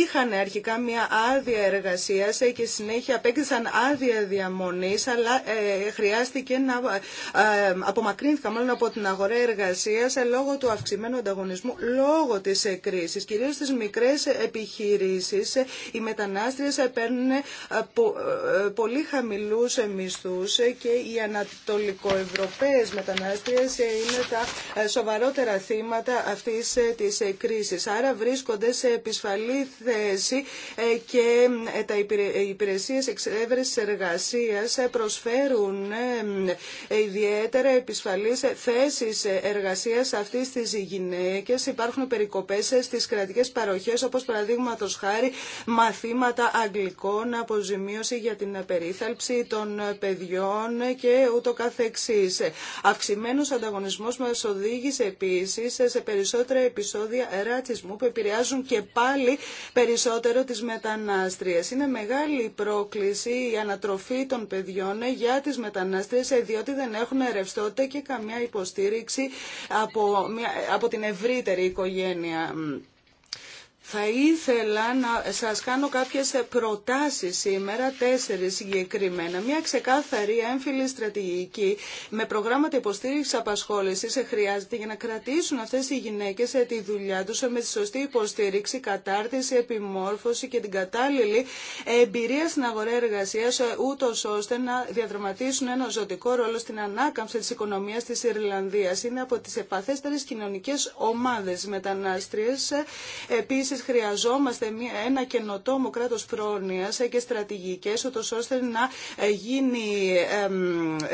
είχαν αρχικά μια άδεια εργασίας και συνέχεια απέκτησαν άδεια διαμονής, αλλά χρειάστηκε να απομακρύνθηκαν μάλλον από την αγορά εργασίας λόγω του αυξημένου ανταγωνισμού, λόγω της κρίσης. Κυρίως στις μικρές επιχειρήσεις οι μετανάστριες παίρνουν ε, ε, πολύ χαμηλούς μισθούς ε, και οι ανατολικοευρωπαίες μετανάστριες είναι τα σοβαρότερα θύματα αυτής της κρίσης. Άρα βρίσκονται σε επισφαλή θέση και τα υπηρεσίες εξέβρεση εργασίας προσφέρουν ιδιαίτερα επισφαλή θέσεις εργασίας αυτής της γυναίκες. Υπάρχουν περικοπές στις κρατικές παροχές όπως παραδείγματο χάρη μαθήματα γλυκών, αποζημίωση για την περίθαλψη των παιδιών και ούτω καθεξής. Αυξημένος ανταγωνισμός μας οδήγησε επίσης σε περισσότερα επεισόδια ρατσισμού που επηρεάζουν και πάλι περισσότερο τις μετανάστριες. Είναι μεγάλη πρόκληση η ανατροφή των παιδιών για τις μετανάστριες διότι δεν έχουν ρευστότητα και καμιά υποστήριξη από, από την ευρύτερη οικογένεια. Θα ήθελα να σας κάνω κάποιες προτάσεις σήμερα, τέσσερις συγκεκριμένα. Μια ξεκάθαρη έμφυλη στρατηγική με προγράμματα υποστήριξης απασχόλησης χρειάζεται για να κρατήσουν αυτές οι γυναίκες τη δουλειά τους με τη σωστή υποστήριξη, κατάρτιση, επιμόρφωση και την κατάλληλη εμπειρία στην αγορά εργασίας ούτω ώστε να διαδραματίσουν ένα ζωτικό ρόλο στην ανάκαμψη της οικονομίας της Ιρλανδίας. Είναι από τις επαθέστερες κοινωνικές ομάδες μετανάστριες. Επίσης, Επίσης χρειαζόμαστε ένα καινοτόμο κράτος πρόνοιας και στρατηγικές ώστε να, ε, γίνει,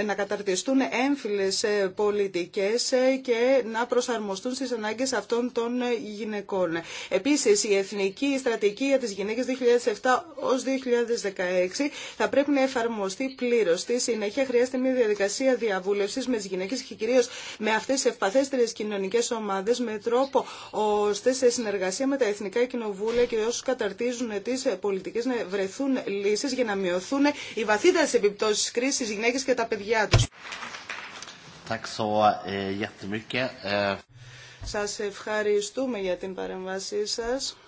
να καταρτιστούν έμφυλες ε, πολιτικές ε, και να προσαρμοστούν στις ανάγκες αυτών των γυναικών. Επίσης η Εθνική Στρατηγική για τις Γυναίκες 2007 ως 2016 θα πρέπει να εφαρμοστεί πλήρως. Στη συνέχεια χρειάζεται μια διαδικασία διαβούλευσης με τις γυναίκες και κυρίως με αυτές τις ευπαθέστερες κοινωνικές ομάδες με τρόπο ώστε σε συνεργασία με τα εθνικά κοινοβούλια και όσου καταρτίζουν τι πολιτικέ να βρεθούν λύσει για να μειωθούν οι βαθύτερε επιπτώσει τη κρίση στι γυναίκε και τα παιδιά του. Eh, ε, σα ευχαριστούμε για την παρεμβάσή σα.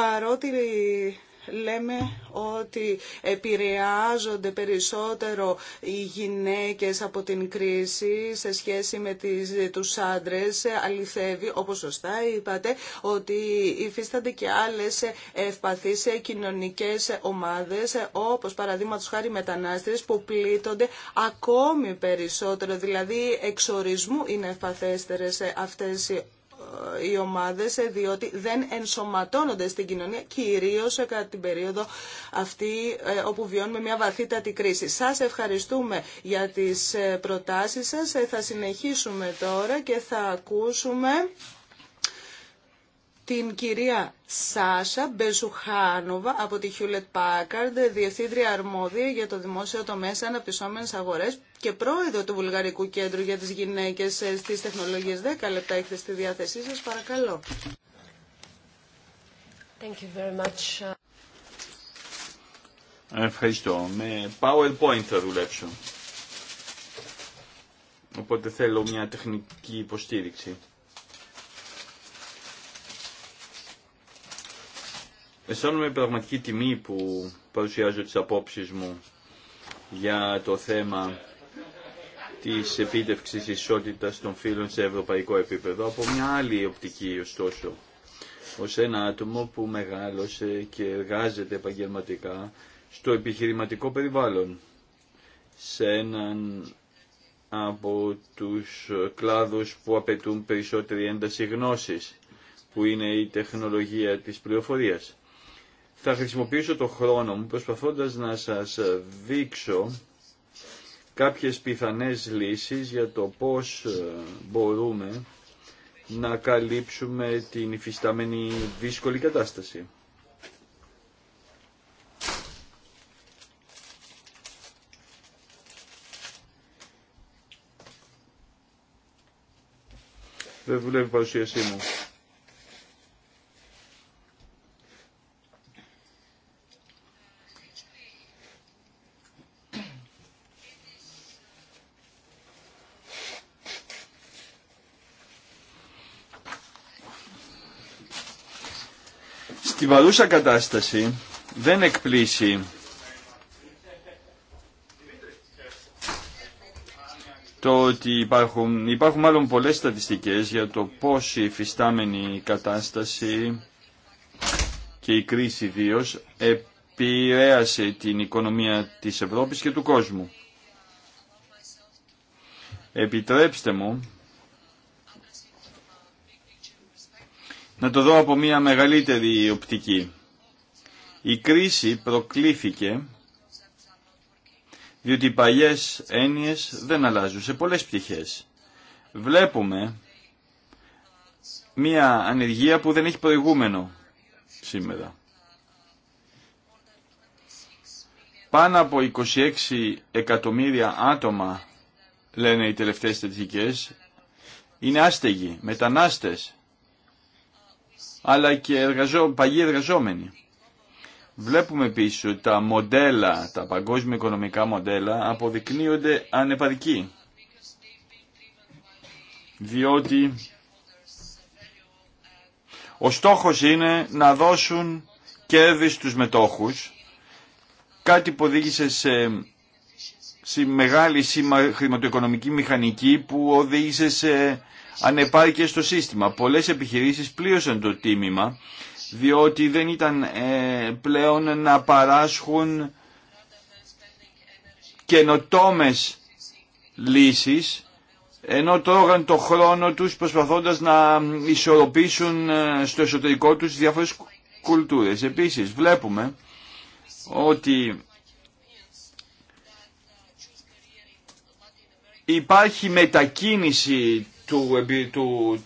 Παρότι λέμε ότι επηρεάζονται περισσότερο οι γυναίκες από την κρίση σε σχέση με τις, τους άντρες αληθεύει, όπως σωστά είπατε, ότι υφίστανται και άλλες ευπαθείς κοινωνικές ομάδες, όπως παραδείγματο χάρη μετανάστες που πλήττονται ακόμη περισσότερο, δηλαδή εξορισμού είναι ευπαθέστερες αυτές οι οι ομάδες ε, διότι δεν ενσωματώνονται στην κοινωνία κυρίως ε, κατά την περίοδο αυτή ε, όπου βιώνουμε μια βαθύτατη κρίση. Σας ευχαριστούμε για τις προτάσεις σας. Θα συνεχίσουμε τώρα και θα ακούσουμε την κυρία Σάσα Μπεζουχάνοβα από τη Χιούλετ Packard, Διευθύντρια Αρμόδια για το Δημόσιο Τομέα σε Αναπτυσσόμενες Αγορές και πρόεδρο του Βουλγαρικού Κέντρου για τις Γυναίκες στις Τεχνολογίες. 10 λεπτά έχετε στη διάθεσή σας, παρακαλώ. Thank you very much. Ευχαριστώ. Με PowerPoint θα δουλέψω. Οπότε θέλω μια τεχνική υποστήριξη. αισθάνομαι πραγματική τιμή που παρουσιάζω τις απόψεις μου για το θέμα της επίτευξης ισότητας των φίλων σε ευρωπαϊκό επίπεδο από μια άλλη οπτική ωστόσο ως ένα άτομο που μεγάλωσε και εργάζεται επαγγελματικά στο επιχειρηματικό περιβάλλον σε έναν από τους κλάδους που απαιτούν περισσότερη ένταση γνώσης που είναι η τεχνολογία της πληροφορίας. Θα χρησιμοποιήσω το χρόνο μου προσπαθώντας να σας δείξω κάποιες πιθανές λύσεις για το πώς ε, μπορούμε να καλύψουμε την υφιστάμενη δύσκολη κατάσταση. Δεν δουλεύει η παρουσίασή μου. παρούσα κατάσταση δεν εκπλήσει το ότι υπάρχουν, υπάρχουν μάλλον πολλές στατιστικές για το πώς η φυστάμενη κατάσταση και η κρίση ιδίω επηρέασε την οικονομία της Ευρώπης και του κόσμου. Επιτρέψτε μου να το δω από μια μεγαλύτερη οπτική. Η κρίση προκλήθηκε διότι οι παλιές έννοιες δεν αλλάζουν σε πολλές πτυχές. Βλέπουμε μια ανεργία που δεν έχει προηγούμενο σήμερα. Πάνω από 26 εκατομμύρια άτομα, λένε οι τελευταίες στατιστικές, είναι άστεγοι, μετανάστες, αλλά και εργαζό, παγιοί εργαζόμενοι. Βλέπουμε επίσης ότι τα μοντέλα, τα παγκόσμια οικονομικά μοντέλα αποδεικνύονται ανεπαρκή. Διότι ο στόχος είναι να δώσουν κέρδη στους μετόχους, κάτι που οδήγησε σε, σε μεγάλη χρηματοοικονομική μηχανική που οδήγησε σε και στο σύστημα. Πολλές επιχειρήσεις πλήρωσαν το τίμημα διότι δεν ήταν ε, πλέον να παράσχουν καινοτόμες λύσεις ενώ τρώγαν το χρόνο τους προσπαθώντας να ισορροπήσουν ε, στο εσωτερικό τους διάφορες κουλτούρες. Επίσης βλέπουμε ότι υπάρχει μετακίνηση του, του,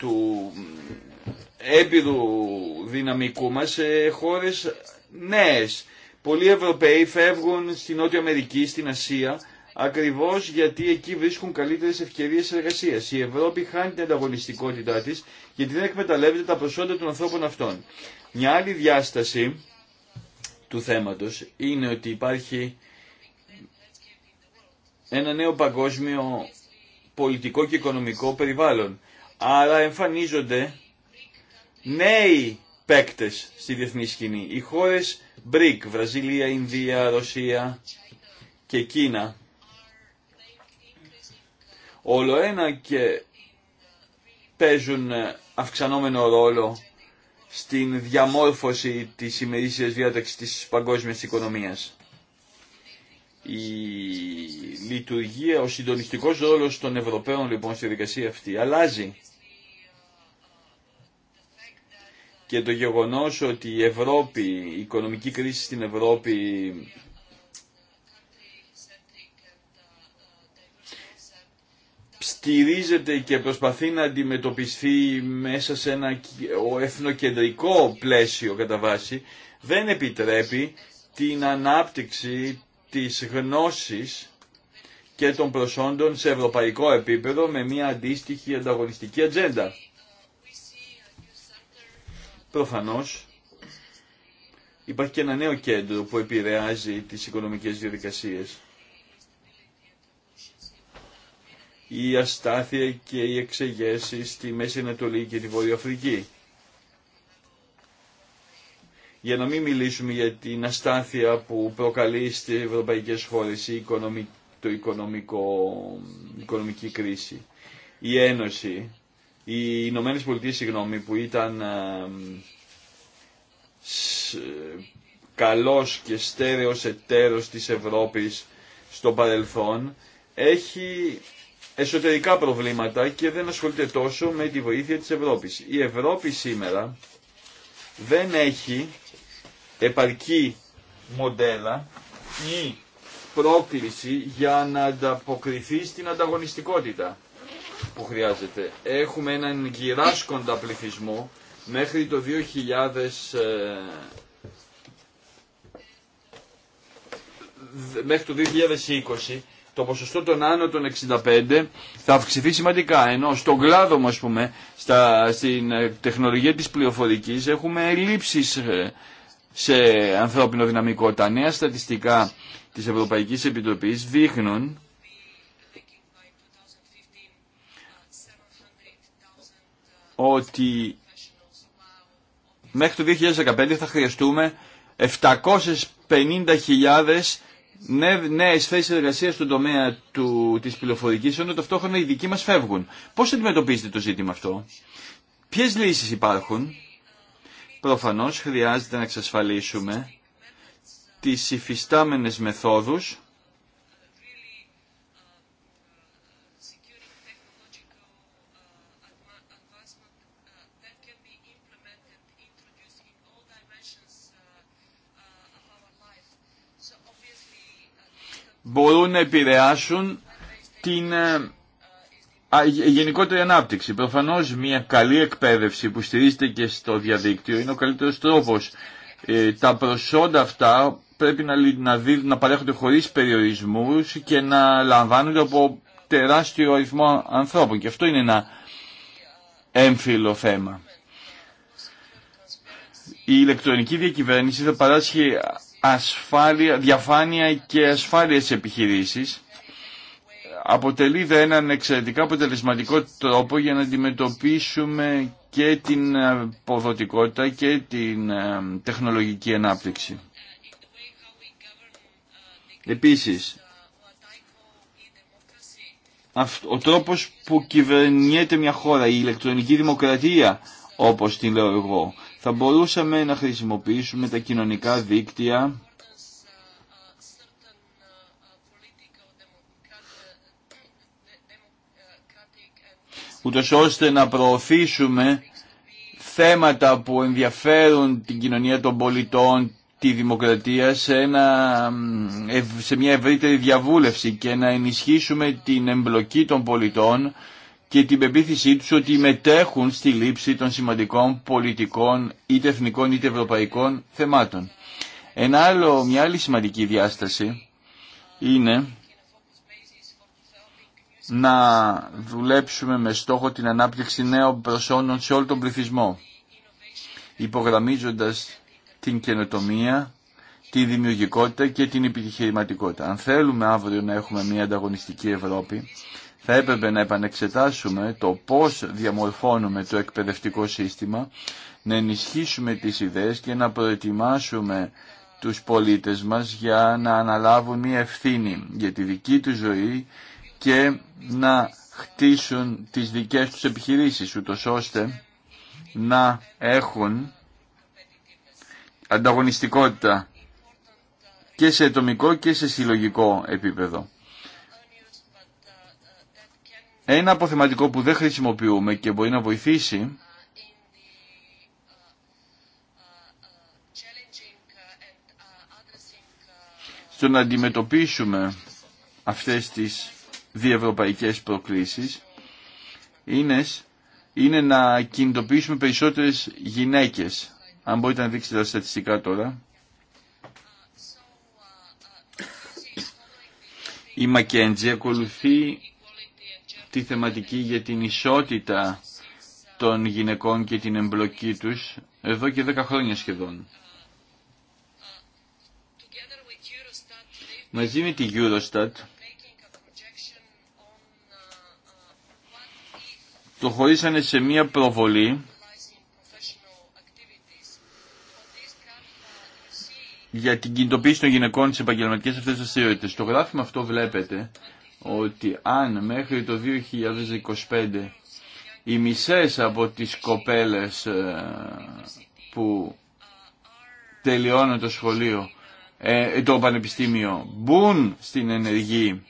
του δυναμικού μας σε χώρες νέες. Πολλοί Ευρωπαίοι φεύγουν στην Νότια Αμερική, στην Ασία, ακριβώς γιατί εκεί βρίσκουν καλύτερες ευκαιρίες εργασίας. Η Ευρώπη χάνει την ανταγωνιστικότητά της γιατί δεν εκμεταλλεύεται τα προσόντα των ανθρώπων αυτών. Μια άλλη διάσταση του θέματος είναι ότι υπάρχει ένα νέο παγκόσμιο πολιτικό και οικονομικό περιβάλλον. Άρα εμφανίζονται νέοι παίκτες στη διεθνή σκηνή. Οι χώρες BRIC, Βραζιλία, Ινδία, Ρωσία και Κίνα. Όλο ένα και παίζουν αυξανόμενο ρόλο στην διαμόρφωση της ημερήσιας διάταξης της παγκόσμιας οικονομίας η λειτουργία, ο συντονιστικό ρόλος των Ευρωπαίων λοιπόν στη δικασία αυτή αλλάζει. Και το γεγονός ότι η Ευρώπη, η οικονομική κρίση στην Ευρώπη στηρίζεται και προσπαθεί να αντιμετωπιστεί μέσα σε ένα εθνοκεντρικό πλαίσιο κατά βάση, δεν επιτρέπει την ανάπτυξη της γνώσης και των προσόντων σε ευρωπαϊκό επίπεδο με μια αντίστοιχη ανταγωνιστική ατζέντα. Προφανώς υπάρχει και ένα νέο κέντρο που επηρεάζει τις οικονομικές διαδικασίες. Η αστάθεια και οι εξεγέσεις στη Μέση Ανατολή και τη Βόρεια Αφρική για να μην μιλήσουμε για την αστάθεια που προκαλεί στις ευρωπαϊκές χώρες η οικονομική, το οικονομική κρίση. Η Ένωση, οι Ηνωμένε Πολιτείε, συγγνώμη, που ήταν καλός και στέρεος εταίρος της Ευρώπης στο παρελθόν, έχει εσωτερικά προβλήματα και δεν ασχολείται τόσο με τη βοήθεια της Ευρώπης. Η Ευρώπη σήμερα δεν έχει επαρκή μοντέλα ή πρόκληση για να ανταποκριθεί στην ανταγωνιστικότητα που χρειάζεται. Έχουμε έναν γυράσκοντα πληθυσμό μέχρι το 2000 ε, μέχρι το 2020 το ποσοστό των άνω των 65 θα αυξηθεί σημαντικά. Ενώ στον κλάδο μας, πούμε, στα, στην ε, τεχνολογία της πληροφορικής έχουμε ελλείψεις ε, σε ανθρώπινο δυναμικό. Τα νέα στατιστικά της Ευρωπαϊκής Επιτροπής δείχνουν ότι μέχρι το 2015 θα χρειαστούμε 750.000 νέε θέσει εργασία στον τομέα του, της πληροφορικής, ενώ ταυτόχρονα οι δικοί μας φεύγουν. Πώς αντιμετωπίζετε το ζήτημα αυτό, ποιες λύσεις υπάρχουν, Προφανώς χρειάζεται να εξασφαλίσουμε τις υφιστάμενες μεθόδους μπορούν να επηρεάσουν την ε, γενικότερη ανάπτυξη. Προφανώ μια καλή εκπαίδευση που στηρίζεται και στο διαδίκτυο είναι ο καλύτερο τρόπος. Ε, τα προσόντα αυτά πρέπει να, να, να παρέχονται χωρίς περιορισμούς και να λαμβάνονται από τεράστιο αριθμό ανθρώπων. Και αυτό είναι ένα έμφυλο θέμα. Η ηλεκτρονική διακυβέρνηση θα παράσχει ασφάλεια, διαφάνεια και ασφάλεια σε επιχειρήσεις αποτελεί δε έναν εξαιρετικά αποτελεσματικό τρόπο για να αντιμετωπίσουμε και την αποδοτικότητα και την ε, τεχνολογική ανάπτυξη. Επίσης, ο τρόπος που κυβερνιέται μια χώρα, η ηλεκτρονική δημοκρατία, όπως την λέω εγώ, θα μπορούσαμε να χρησιμοποιήσουμε τα κοινωνικά δίκτυα ούτως ώστε να προωθήσουμε θέματα που ενδιαφέρουν την κοινωνία των πολιτών, τη δημοκρατία σε, ένα, μια ευρύτερη διαβούλευση και να ενισχύσουμε την εμπλοκή των πολιτών και την πεποίθησή τους ότι μετέχουν στη λήψη των σημαντικών πολιτικών είτε εθνικών είτε ευρωπαϊκών θεμάτων. Ένα άλλο, μια άλλη σημαντική διάσταση είναι να δουλέψουμε με στόχο την ανάπτυξη νέων προσώνων σε όλο τον πληθυσμό, υπογραμμίζοντας την καινοτομία, τη δημιουργικότητα και την επιχειρηματικότητα. Αν θέλουμε αύριο να έχουμε μια ανταγωνιστική Ευρώπη, θα έπρεπε να επανεξετάσουμε το πώς διαμορφώνουμε το εκπαιδευτικό σύστημα, να ενισχύσουμε τις ιδέες και να προετοιμάσουμε τους πολίτες μας για να αναλάβουν μια ευθύνη για τη δική τους ζωή και να χτίσουν τις δικές τους επιχειρήσεις ούτως ώστε να έχουν ανταγωνιστικότητα και σε ατομικό και σε συλλογικό επίπεδο. Ένα αποθεματικό που δεν χρησιμοποιούμε και μπορεί να βοηθήσει στο να αντιμετωπίσουμε αυτές τις διευρωπαϊκές προκλήσεις είναι, είναι να κινητοποιήσουμε περισσότερες γυναίκες. Αν μπορείτε να δείξετε τα στατιστικά τώρα. Η Μακέντζη ακολουθεί τη θεματική για την ισότητα των γυναικών και την εμπλοκή τους εδώ και δέκα χρόνια σχεδόν. Μαζί με τη Eurostat το χωρίσανε σε μία προβολή για την κινητοποίηση των γυναικών σε επαγγελματικέ αυτές δραστηριότητε. Στο γράφημα αυτό βλέπετε ότι αν μέχρι το 2025 οι μισές από τις κοπέλες ε, που τελειώνουν το σχολείο, ε, το πανεπιστήμιο, μπουν στην ενεργή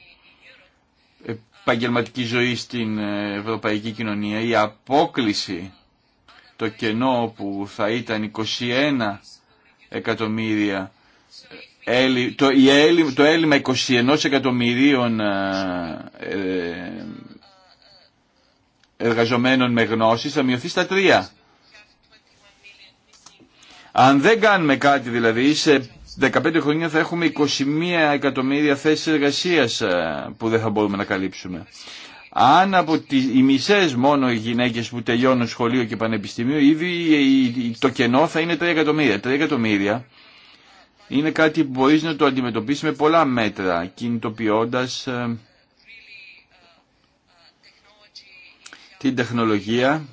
επαγγελματική ζωή στην ε, ευρωπαϊκή κοινωνία, η απόκληση, το κενό που θα ήταν 21 εκατομμύρια, ε, το, η έλλειμμα, το 21 εκατομμυρίων ε, εργαζομένων με γνώση θα μειωθεί στα τρία. Αν δεν κάνουμε κάτι δηλαδή σε 15 χρόνια θα έχουμε 21 εκατομμύρια θέσεις εργασίας ε, που δεν θα μπορούμε να καλύψουμε. Αν από τις, μισέ μισές μόνο οι γυναίκες που τελειώνουν σχολείο και πανεπιστήμιο, ήδη το κενό θα είναι 3 εκατομμύρια. 3 εκατομμύρια είναι κάτι που μπορείς να το αντιμετωπίσεις με πολλά μέτρα, κινητοποιώντας ε, την τεχνολογία,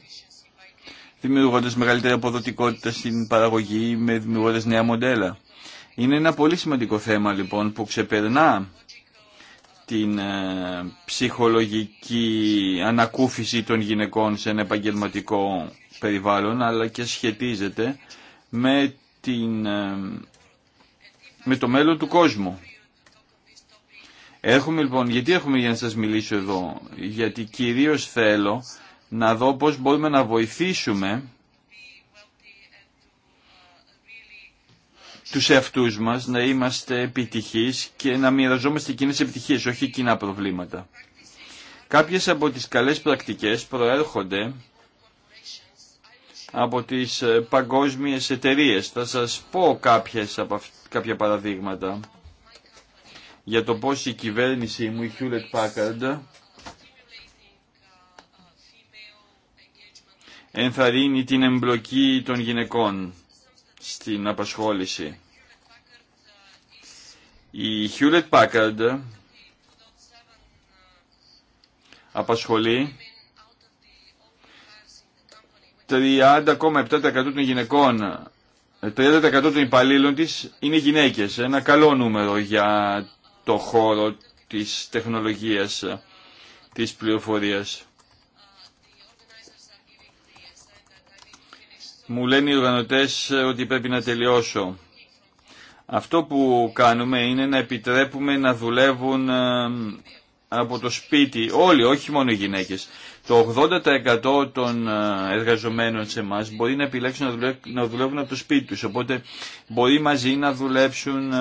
δημιουργώντας μεγαλύτερη αποδοτικότητα στην παραγωγή, με δημιουργώντας νέα μοντέλα. Είναι ένα πολύ σημαντικό θέμα λοιπόν που ξεπερνά την ε, ψυχολογική ανακούφιση των γυναικών σε ένα επαγγελματικό περιβάλλον αλλά και σχετίζεται με, την, ε, με το μέλλον του κόσμου. Έχουμε λοιπόν, γιατί έχουμε για να σας μιλήσω εδώ, γιατί κυρίως θέλω να δω πώς μπορούμε να βοηθήσουμε τους εαυτούς μας να είμαστε επιτυχείς και να μοιραζόμαστε κοινές επιτυχίες, όχι κοινά προβλήματα. Κάποιες από τις καλές πρακτικές προέρχονται από τις ε, παγκόσμιες εταιρείες. Θα σας πω κάποιες από κάποια παραδείγματα για το πώς η κυβέρνηση μου, η Hewlett Packard, ενθαρρύνει την εμπλοκή των γυναικών στην απασχόληση. Η Hewlett Packard απασχολεί 30,7% των γυναικών 30% των υπαλλήλων της είναι γυναίκες. Ένα καλό νούμερο για το χώρο της τεχνολογίας, της πληροφορίας. Μου λένε οι οργανωτές ε, ότι πρέπει να τελειώσω. Αυτό που κάνουμε είναι να επιτρέπουμε να δουλεύουν ε, από το σπίτι όλοι, όχι μόνο οι γυναίκες. Το 80% των ε, εργαζομένων σε εμά μπορεί να επιλέξουν να δουλεύουν από το σπίτι τους. Οπότε μπορεί μαζί να δουλέψουν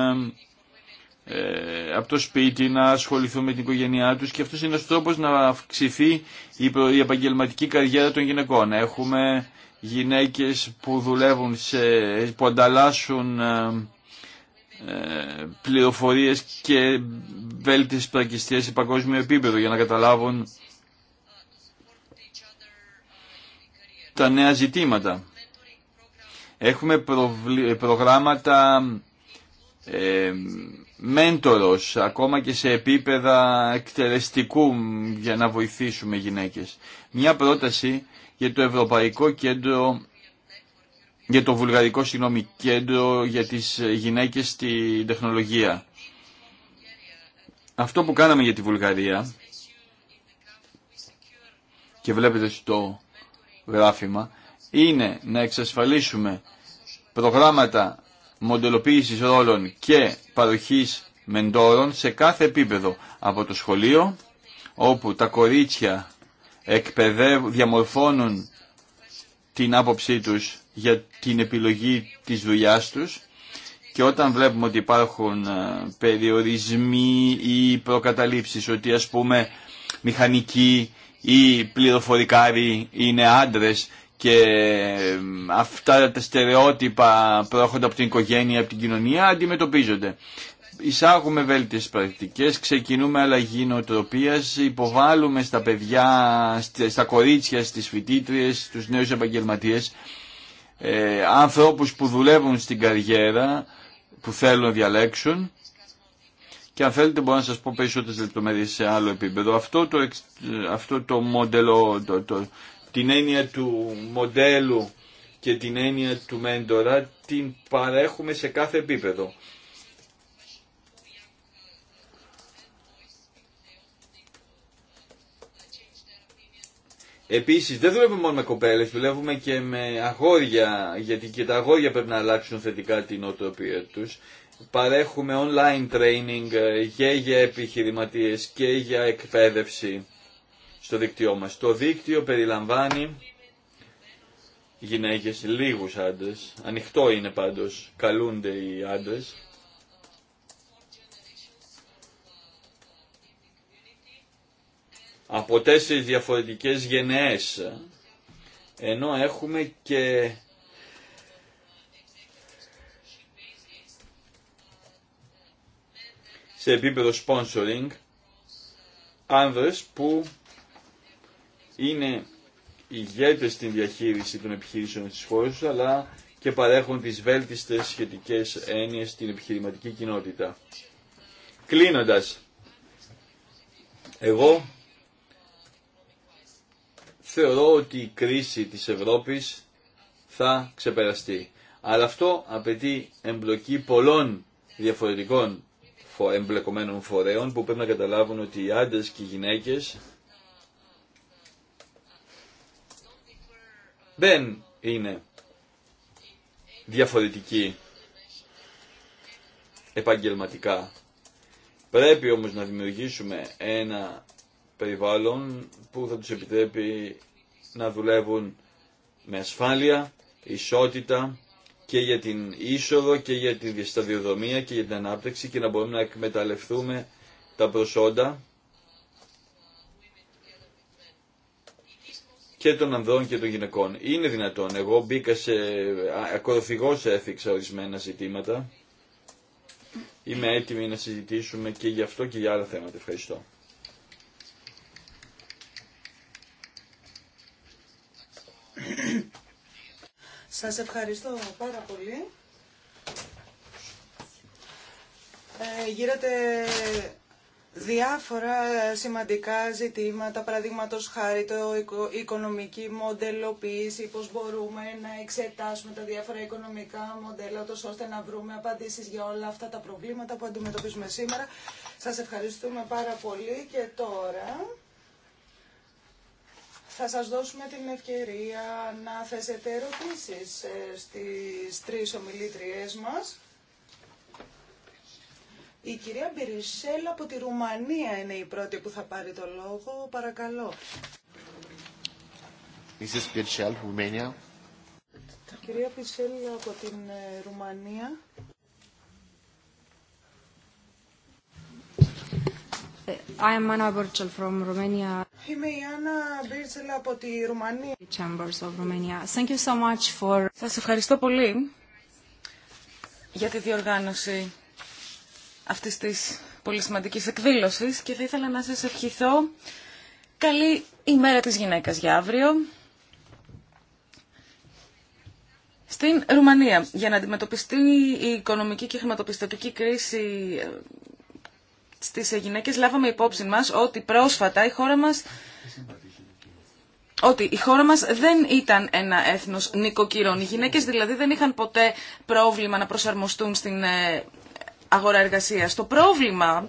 από το σπίτι, να ασχοληθούν με την οικογένειά τους και αυτός είναι ο τρόπος να αυξηθεί η επαγγελματική καριέρα των γυναικών. Έχουμε γυναίκες που δουλεύουν σε, που ανταλλάσσουν ε, ε, πληροφορίες και βέλτιες πρακιστίες σε παγκόσμιο επίπεδο για να καταλάβουν τα νέα ζητήματα. Έχουμε προγράμματα ε, μέντορος, ακόμα και σε επίπεδα εκτελεστικού για να βοηθήσουμε γυναίκες. Μια πρόταση για το Ευρωπαϊκό Κέντρο για το Βουλγαρικό συγγνώμη, Κέντρο για τις γυναίκες στη τεχνολογία. Αυτό που κάναμε για τη Βουλγαρία και βλέπετε στο γράφημα είναι να εξασφαλίσουμε προγράμματα μοντελοποίησης ρόλων και παροχής μεντόρων σε κάθε επίπεδο από το σχολείο όπου τα κορίτσια εκπαιδεύουν, διαμορφώνουν την άποψή τους για την επιλογή της δουλειάς τους και όταν βλέπουμε ότι υπάρχουν ε, περιορισμοί ή προκαταλήψεις, ότι ας πούμε μηχανικοί ή πληροφορικάροι είναι άντρες και ε, αυτά τα στερεότυπα προέρχονται από την οικογένεια, από την κοινωνία, αντιμετωπίζονται εισάγουμε βέλτιες πρακτικές, ξεκινούμε αλλαγή νοοτροπίας, υποβάλλουμε στα παιδιά, στα κορίτσια, στις φοιτήτριες, στους νέους επαγγελματίες, ε, ανθρώπους που δουλεύουν στην καριέρα, που θέλουν να διαλέξουν και αν θέλετε μπορώ να σας πω περισσότερες λεπτομέρειες σε άλλο επίπεδο. Αυτό το, αυτό το μοντέλο, το, την έννοια του μοντέλου και την έννοια του μέντορα την παρέχουμε σε κάθε επίπεδο. Επίσης δεν δουλεύουμε μόνο με κοπέλες, δουλεύουμε και με αγόρια, γιατί και τα αγόρια πρέπει να αλλάξουν θετικά την οτροπία τους. Παρέχουμε online training ε, και για επιχειρηματίες και για εκπαίδευση στο δίκτυό μα. Το δίκτυο περιλαμβάνει γυναίκες, λίγους άντρε, ανοιχτό είναι πάντως, καλούνται οι άντρε. από τέσσερις διαφορετικές γενναίες ενώ έχουμε και σε επίπεδο sponsoring άνδρες που είναι ηγέτες στην διαχείριση των επιχειρήσεων της χώρας αλλά και παρέχουν τις βέλτιστες σχετικές έννοιες στην επιχειρηματική κοινότητα. Κλείνοντας, εγώ θεωρώ ότι η κρίση της Ευρώπης θα ξεπεραστεί. Αλλά αυτό απαιτεί εμπλοκή πολλών διαφορετικών εμπλεκομένων φορέων που πρέπει να καταλάβουν ότι οι άντρες και οι γυναίκες δεν είναι διαφορετικοί επαγγελματικά. Πρέπει όμως να δημιουργήσουμε ένα περιβάλλον που θα τους επιτρέπει να δουλεύουν με ασφάλεια, ισότητα και για την είσοδο και για τη σταδιοδομία και για την ανάπτυξη και να μπορούμε να εκμεταλλευτούμε τα προσόντα και των ανδρών και των γυναικών. Είναι δυνατόν. Εγώ μπήκα σε, σε έφυξα ορισμένα ζητήματα. Είμαι έτοιμη να συζητήσουμε και γι' αυτό και για άλλα θέματα. Ευχαριστώ. Σας ευχαριστώ πάρα πολύ. Ε, γύρατε διάφορα σημαντικά ζητήματα, παραδείγματος χάρη το οικονομική μοντελοποίηση, πώς μπορούμε να εξετάσουμε τα διάφορα οικονομικά μοντέλα, ώστε να βρούμε απαντήσεις για όλα αυτά τα προβλήματα που αντιμετωπίζουμε σήμερα. Σας ευχαριστούμε πάρα πολύ και τώρα θα σας δώσουμε την ευκαιρία να θέσετε ερωτήσεις ε, στις τρεις ομιλήτριές μας. Η κυρία Μπερισέλα από τη Ρουμανία είναι η πρώτη που θα πάρει το λόγο. Παρακαλώ. Η Κυρία Πιτσέλ από την ε, Ρουμανία. I am Anna Burchel from Romania. Είμαι η Άννα Μπίρτσελ από τη Ρουμανία. Chambers of Romania. Thank you so much for... Σας ευχαριστώ πολύ για τη διοργάνωση αυτής της πολύ σημαντικής εκδήλωσης και θα ήθελα να σας ευχηθώ καλή ημέρα της γυναίκας για αύριο στην Ρουμανία για να αντιμετωπιστεί η οικονομική και χρηματοπιστωτική κρίση στις ε, γυναίκες λάβαμε υπόψη μας ότι πρόσφατα η χώρα μας ότι η χώρα μας δεν ήταν ένα έθνος νοικοκυρών. Οι γυναίκες δηλαδή δεν είχαν ποτέ πρόβλημα να προσαρμοστούν στην ε, αγορά εργασίας. Το πρόβλημα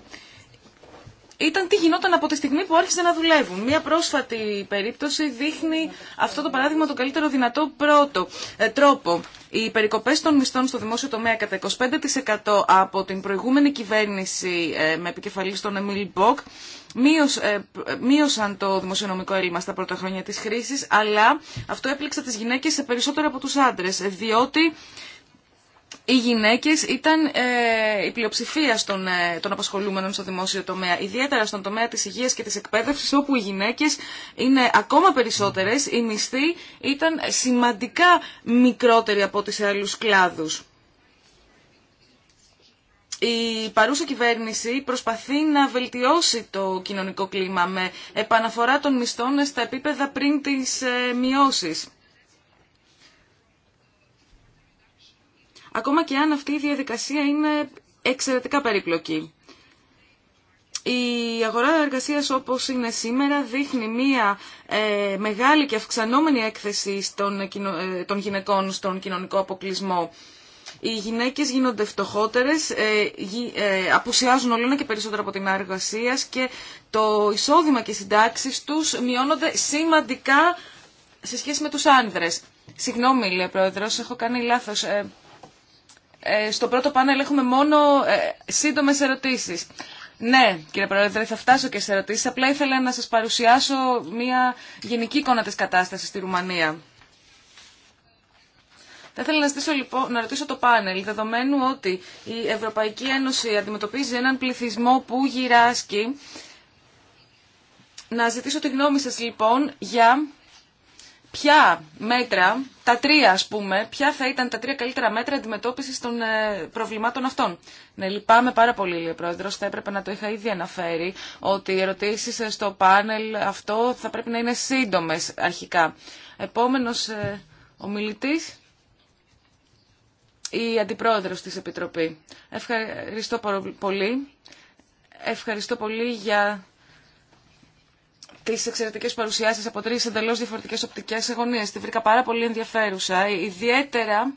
ήταν τι γινόταν από τη στιγμή που άρχισαν να δουλεύουν. Μία πρόσφατη περίπτωση δείχνει αυτό το παράδειγμα τον καλύτερο δυνατό πρώτο, ε, τρόπο. Οι περικοπές των μισθών στο δημόσιο τομέα κατά 25% από την προηγούμενη κυβέρνηση ε, με επικεφαλή στον Εμίλ Μποκ ε, μείωσαν το δημοσιονομικό έλλειμμα στα πρώτα χρόνια της χρήση, αλλά αυτό έπληξε τι γυναίκες σε περισσότερο από τους άντρες, διότι οι γυναίκες ήταν ε, η πλειοψηφία ε, των απασχολούμενων στο δημόσιο τομέα, ιδιαίτερα στον τομέα της υγείας και της εκπαίδευση, όπου οι γυναίκες είναι ακόμα περισσότερες, οι μισθοί ήταν σημαντικά μικρότεροι από σε άλλους κλάδους. Η παρούσα κυβέρνηση προσπαθεί να βελτιώσει το κοινωνικό κλίμα με επαναφορά των μισθών στα επίπεδα πριν τι ε, ακόμα και αν αυτή η διαδικασία είναι εξαιρετικά περίπλοκη. Η αγορά εργασίας όπως είναι σήμερα δείχνει μία ε, μεγάλη και αυξανόμενη έκθεση στον, ε, ε, των γυναικών στον κοινωνικό αποκλεισμό. Οι γυναίκες γίνονται φτωχότερες, ε, ε απουσιάζουν όλο και περισσότερο από την εργασία και το εισόδημα και οι συντάξεις τους μειώνονται σημαντικά σε σχέση με τους άνδρες. Συγγνώμη, λέει ο Πρόεδρος, έχω κάνει λάθος. Ε, στο πρώτο πάνελ έχουμε μόνο ε, σύντομε ερωτήσεις. Ναι, κύριε Πρόεδρε, θα φτάσω και σε ερωτήσεις. Απλά ήθελα να σας παρουσιάσω μια γενική εικόνα τη κατάσταση στη Ρουμανία. Θα ήθελα να, λοιπόν, να ρωτήσω το πάνελ, δεδομένου ότι η Ευρωπαϊκή Ένωση αντιμετωπίζει έναν πληθυσμό που γυράσκει. Να ζητήσω τη γνώμη σας λοιπόν για ποια μέτρα, τα τρία ας πούμε, ποια θα ήταν τα τρία καλύτερα μέτρα αντιμετώπισης των ε, προβλημάτων αυτών. Ναι, λυπάμαι πάρα πολύ, λέει ο Πρόεδρος, θα έπρεπε να το είχα ήδη αναφέρει, ότι οι ερωτήσεις ε, στο πάνελ αυτό θα πρέπει να είναι σύντομες αρχικά. Επόμενος ε, ομιλητής, η Αντιπρόεδρος της Επιτροπή. Ευχαριστώ πολύ. Ευχαριστώ πολύ για τις εξαιρετικέ παρουσιάσεις από τρεις εντελώ διαφορετικές οπτικέ γωνίες. Τη βρήκα πάρα πολύ ενδιαφέρουσα, ιδιαίτερα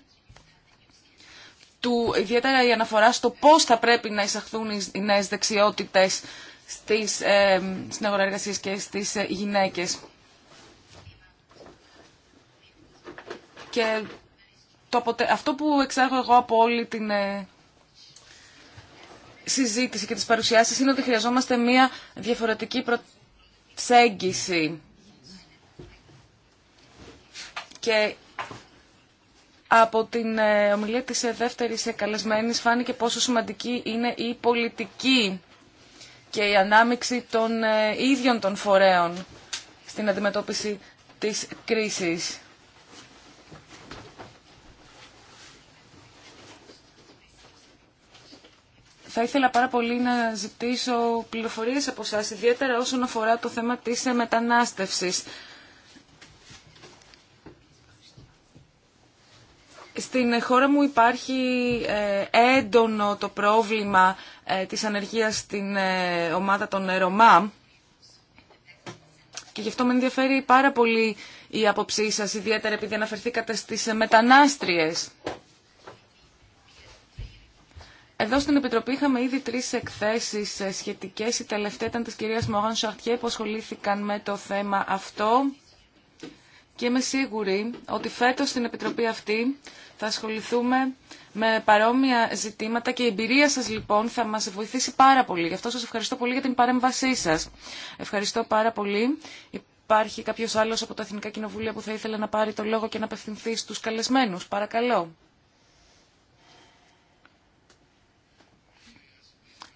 του, ιδιαίτερα η αναφορά στο πώς θα πρέπει να εισαχθούν οι νέες δεξιότητες στις, ε, στην αγορά εργασία και στις ε, γυναίκες. Και το αυτό που εξάγω εγώ από όλη την ε, συζήτηση και τις παρουσιάσεις είναι ότι χρειαζόμαστε μια διαφορετική ψέγγιση και από την ε, ομιλία της ε, δεύτερης ε, καλεσμένης φάνηκε πόσο σημαντική είναι η πολιτική και η ανάμειξη των ίδιων των φορέων στην αντιμετώπιση της κρίσης. θα ήθελα πάρα πολύ να ζητήσω πληροφορίες από εσάς, ιδιαίτερα όσον αφορά το θέμα της μετανάστευσης. Στην χώρα μου υπάρχει ε, έντονο το πρόβλημα ε, της ανεργίας στην ε, ομάδα των Ρωμά και γι' αυτό με ενδιαφέρει πάρα πολύ η άποψή σας, ιδιαίτερα επειδή αναφερθήκατε στις μετανάστριες. Εδώ στην Επιτροπή είχαμε ήδη τρεις εκθέσεις ε, σχετικές. Η τελευταία ήταν της κυρίας Μογάν Σαρτιέ που ασχολήθηκαν με το θέμα αυτό. Και είμαι σίγουρη ότι φέτος στην Επιτροπή αυτή θα ασχοληθούμε με παρόμοια ζητήματα και η εμπειρία σας λοιπόν θα μας βοηθήσει πάρα πολύ. Γι' αυτό σας ευχαριστώ πολύ για την παρέμβασή σας. Ευχαριστώ πάρα πολύ. Υπάρχει κάποιος άλλος από τα Εθνικά Κοινοβούλια που θα ήθελε να πάρει το λόγο και να απευθυνθεί στους καλεσμένους. Παρακαλώ.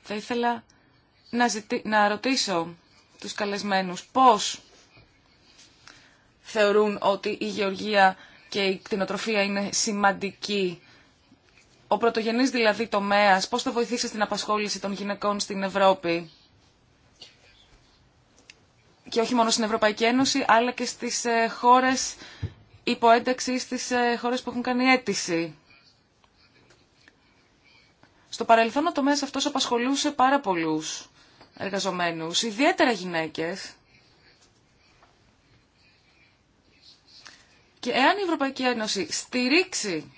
Θα ήθελα να, να ρωτήσω τους καλεσμένους πώς θεωρούν ότι η γεωργία και η κτηνοτροφία είναι σημαντική. Ο πρωτογενής δηλαδή τομέας, πώς θα βοηθήσει στην απασχόληση των γυναικών στην Ευρώπη. Και όχι μόνο στην Ευρωπαϊκή Ένωση, αλλά και στις ε, χώρες υποένταξης, στις ε, χώρες που έχουν κάνει αίτηση. Στο παρελθόν ο τομέας αυτός απασχολούσε πάρα πολλούς εργαζομένους, ιδιαίτερα γυναίκες. Και εάν η Ευρωπαϊκή Ένωση στηρίξει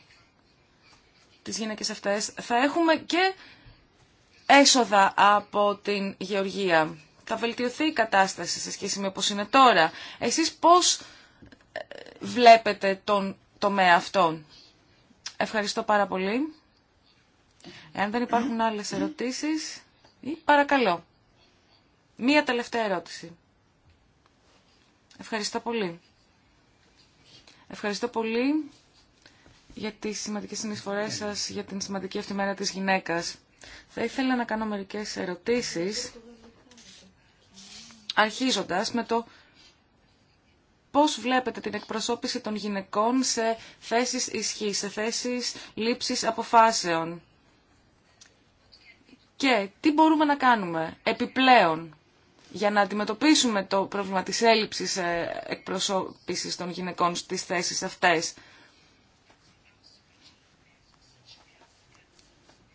τις γυναίκες αυτές, θα έχουμε και έσοδα από την γεωργία. Θα βελτιωθεί η κατάσταση σε σχέση με όπως είναι τώρα. Εσείς πώς ε, βλέπετε τον τομέα αυτόν. Ευχαριστώ πάρα πολύ. Εάν δεν υπάρχουν άλλες ερωτήσεις, παρακαλώ. Μία τελευταία ερώτηση. Ευχαριστώ πολύ. Ευχαριστώ πολύ για τις σημαντικές συνεισφορές σας για την σημαντική αυτή μέρα της γυναίκας. Θα ήθελα να κάνω μερικές ερωτήσεις, αρχίζοντας με το πώς βλέπετε την εκπροσώπηση των γυναικών σε θέσεις ισχύ, σε θέσεις λήψης αποφάσεων. Και τι μπορούμε να κάνουμε επιπλέον για να αντιμετωπίσουμε το πρόβλημα της έλλειψης ε, εκπροσώπησης των γυναικών στις θέσεις αυτές.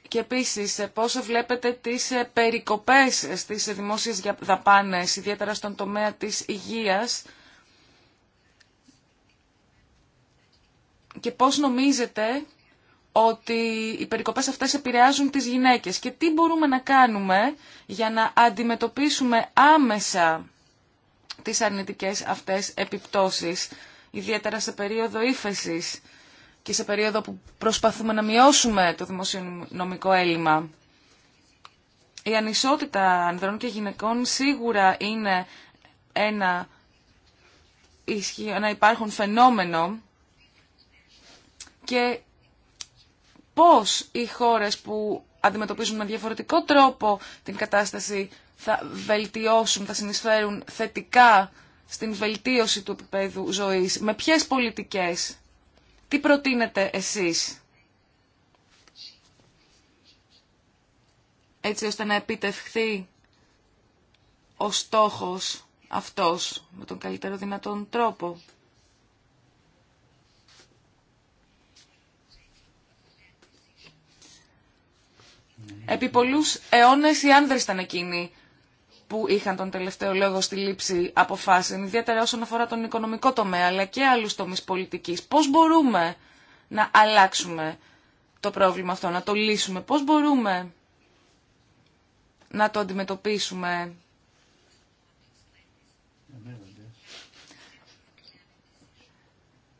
Και επίσης, ε, πόσο βλέπετε τις ε, περικοπές στις δημόσιες δαπάνες, ιδιαίτερα στον τομέα της υγείας, και πώς νομίζετε ότι οι περικοπές αυτές επηρεάζουν τις γυναίκες και τι μπορούμε να κάνουμε για να αντιμετωπίσουμε άμεσα τις αρνητικές αυτές επιπτώσεις, ιδιαίτερα σε περίοδο ύφεση και σε περίοδο που προσπαθούμε να μειώσουμε το δημοσιονομικό έλλειμμα. Η ανισότητα ανδρών και γυναικών σίγουρα είναι ένα, να υπάρχουν φαινόμενο και πώς οι χώρες που αντιμετωπίζουν με διαφορετικό τρόπο την κατάσταση θα βελτιώσουν, θα συνεισφέρουν θετικά στην βελτίωση του επίπεδου ζωής. Με ποιες πολιτικές, τι προτείνετε εσείς. έτσι ώστε να επιτευχθεί ο στόχος αυτός με τον καλύτερο δυνατόν τρόπο. Επί πολλούς αιώνες οι άνδρες ήταν εκείνοι που είχαν τον τελευταίο λόγο στη λήψη αποφάσεων, ιδιαίτερα όσον αφορά τον οικονομικό τομέα, αλλά και άλλους τομείς πολιτικής. Πώς μπορούμε να αλλάξουμε το πρόβλημα αυτό, να το λύσουμε, πώς μπορούμε να το αντιμετωπίσουμε.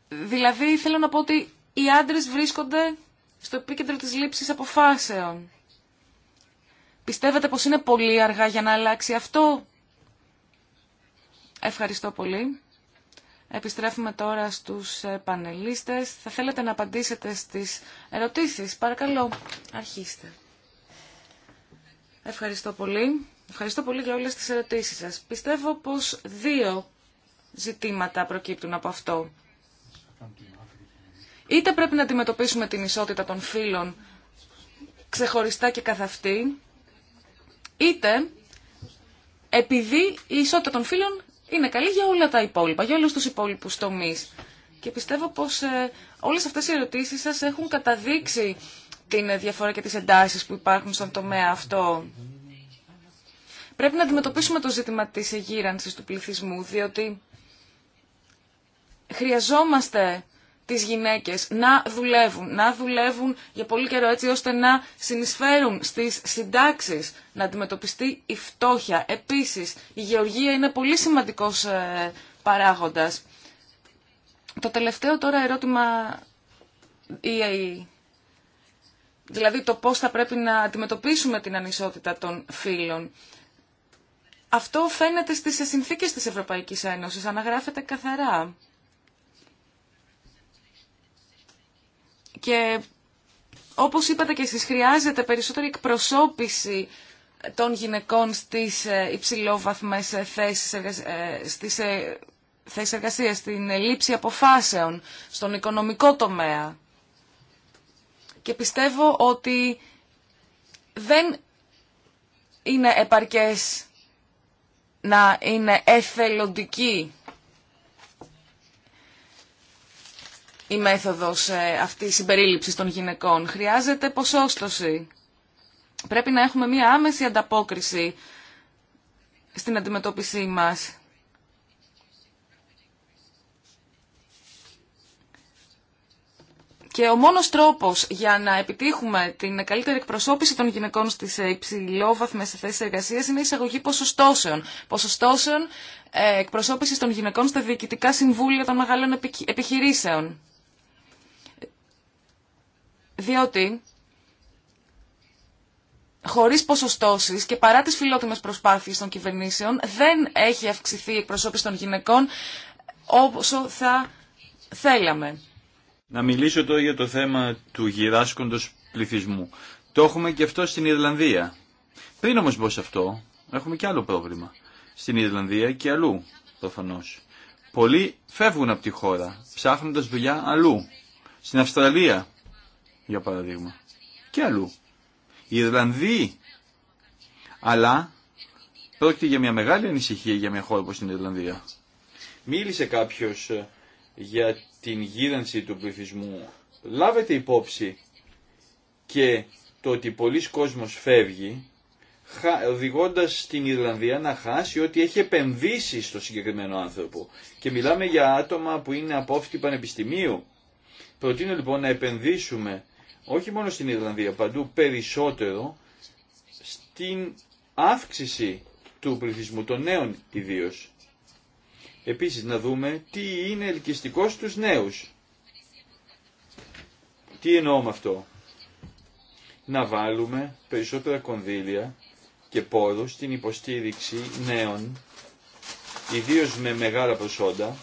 Δηλαδή θέλω να πω ότι οι άντρες βρίσκονται στο επίκεντρο της λήψης αποφάσεων. Πιστεύετε πως είναι πολύ αργά για να αλλάξει αυτό. Ευχαριστώ πολύ. Επιστρέφουμε τώρα στους ε, πανελίστες. Θα θέλετε να απαντήσετε στις ερωτήσεις. Παρακαλώ, αρχίστε. Ευχαριστώ πολύ. Ευχαριστώ πολύ για όλες τις ερωτήσεις σας. Πιστεύω πως δύο ζητήματα προκύπτουν από αυτό. Είτε πρέπει να αντιμετωπίσουμε την ισότητα των φύλων ξεχωριστά και καθ' είτε επειδή η ισότητα των φύλων είναι καλή για όλα τα υπόλοιπα, για όλους τους υπόλοιπους τομείς. Και πιστεύω πως ε, όλες αυτές οι ερωτήσεις σας έχουν καταδείξει την διαφορά και τις εντάσεις που υπάρχουν στον τομέα αυτό. Πρέπει να αντιμετωπίσουμε το ζήτημα της εγείρανσης του πληθυσμού, διότι χρειαζόμαστε τις γυναίκες να δουλεύουν, να δουλεύουν για πολύ καιρό έτσι ώστε να συνεισφέρουν στις συντάξεις, να αντιμετωπιστεί η φτώχεια. Επίσης, η γεωργία είναι πολύ σημαντικός ε, παράγοντας. Το τελευταίο τώρα ερώτημα, δηλαδή το πώς θα πρέπει να αντιμετωπίσουμε την ανισότητα των φίλων Αυτό φαίνεται στις συνθήκες της Ευρωπαϊκής Ένωσης, αναγράφεται καθαρά. Και όπως είπατε και εσείς, χρειάζεται περισσότερη εκπροσώπηση των γυναικών στις ε, υψηλόβαθμες ε, θέσεις, ε, στις θέσεις εργασίας, στην λήψη αποφάσεων, στον οικονομικό τομέα. Και πιστεύω ότι δεν είναι επαρκές να είναι εθελοντικοί η μέθοδος ε, αυτή συμπερίληψης των γυναικών. Χρειάζεται ποσόστοση. Πρέπει να έχουμε μία άμεση ανταπόκριση στην αντιμετώπιση μας. Και ο μόνος τρόπος για να επιτύχουμε την καλύτερη εκπροσώπηση των γυναικών στις ε, υψηλόβαθμες θέσεις εργασίας είναι η εισαγωγή ποσοστώσεων. Ποσοστώσεων ε, εκπροσώπησης των γυναικών στα διοικητικά συμβούλια των μεγάλων επιχειρήσεων. Διότι χωρίς ποσοστώσεις και παρά τις φιλότιμες προσπάθειες των κυβερνήσεων δεν έχει αυξηθεί η εκπροσώπηση των γυναικών όσο θα θέλαμε. Να μιλήσω τώρα για το θέμα του γυράσκοντος πληθυσμού. Το έχουμε και αυτό στην Ιρλανδία. Πριν όμως μπω σε αυτό, έχουμε και άλλο πρόβλημα. Στην Ιρλανδία και αλλού, προφανώς. Πολλοί φεύγουν από τη χώρα, ψάχνοντας δουλειά αλλού. Στην Αυστραλία για παραδείγμα. Και αλλού. Οι Ιρλανδοί. Αλλά πρόκειται για μια μεγάλη ανησυχία για μια χώρα όπως την Ιρλανδία. Μίλησε κάποιος ε, για την γύρανση του πληθυσμού. Λάβετε υπόψη και το ότι πολλοί κόσμος φεύγει οδηγώντα την Ιρλανδία να χάσει ότι έχει επενδύσει στο συγκεκριμένο άνθρωπο. Και μιλάμε για άτομα που είναι απόφυτοι πανεπιστημίου. Προτείνω λοιπόν να επενδύσουμε όχι μόνο στην Ιρλανδία, παντού περισσότερο στην αύξηση του πληθυσμού, των νέων ιδίω. Επίσης να δούμε τι είναι ελκυστικό στους νέους. Τι εννοώ με αυτό. Να βάλουμε περισσότερα κονδύλια και πόρους στην υποστήριξη νέων, ιδίως με μεγάλα προσόντα,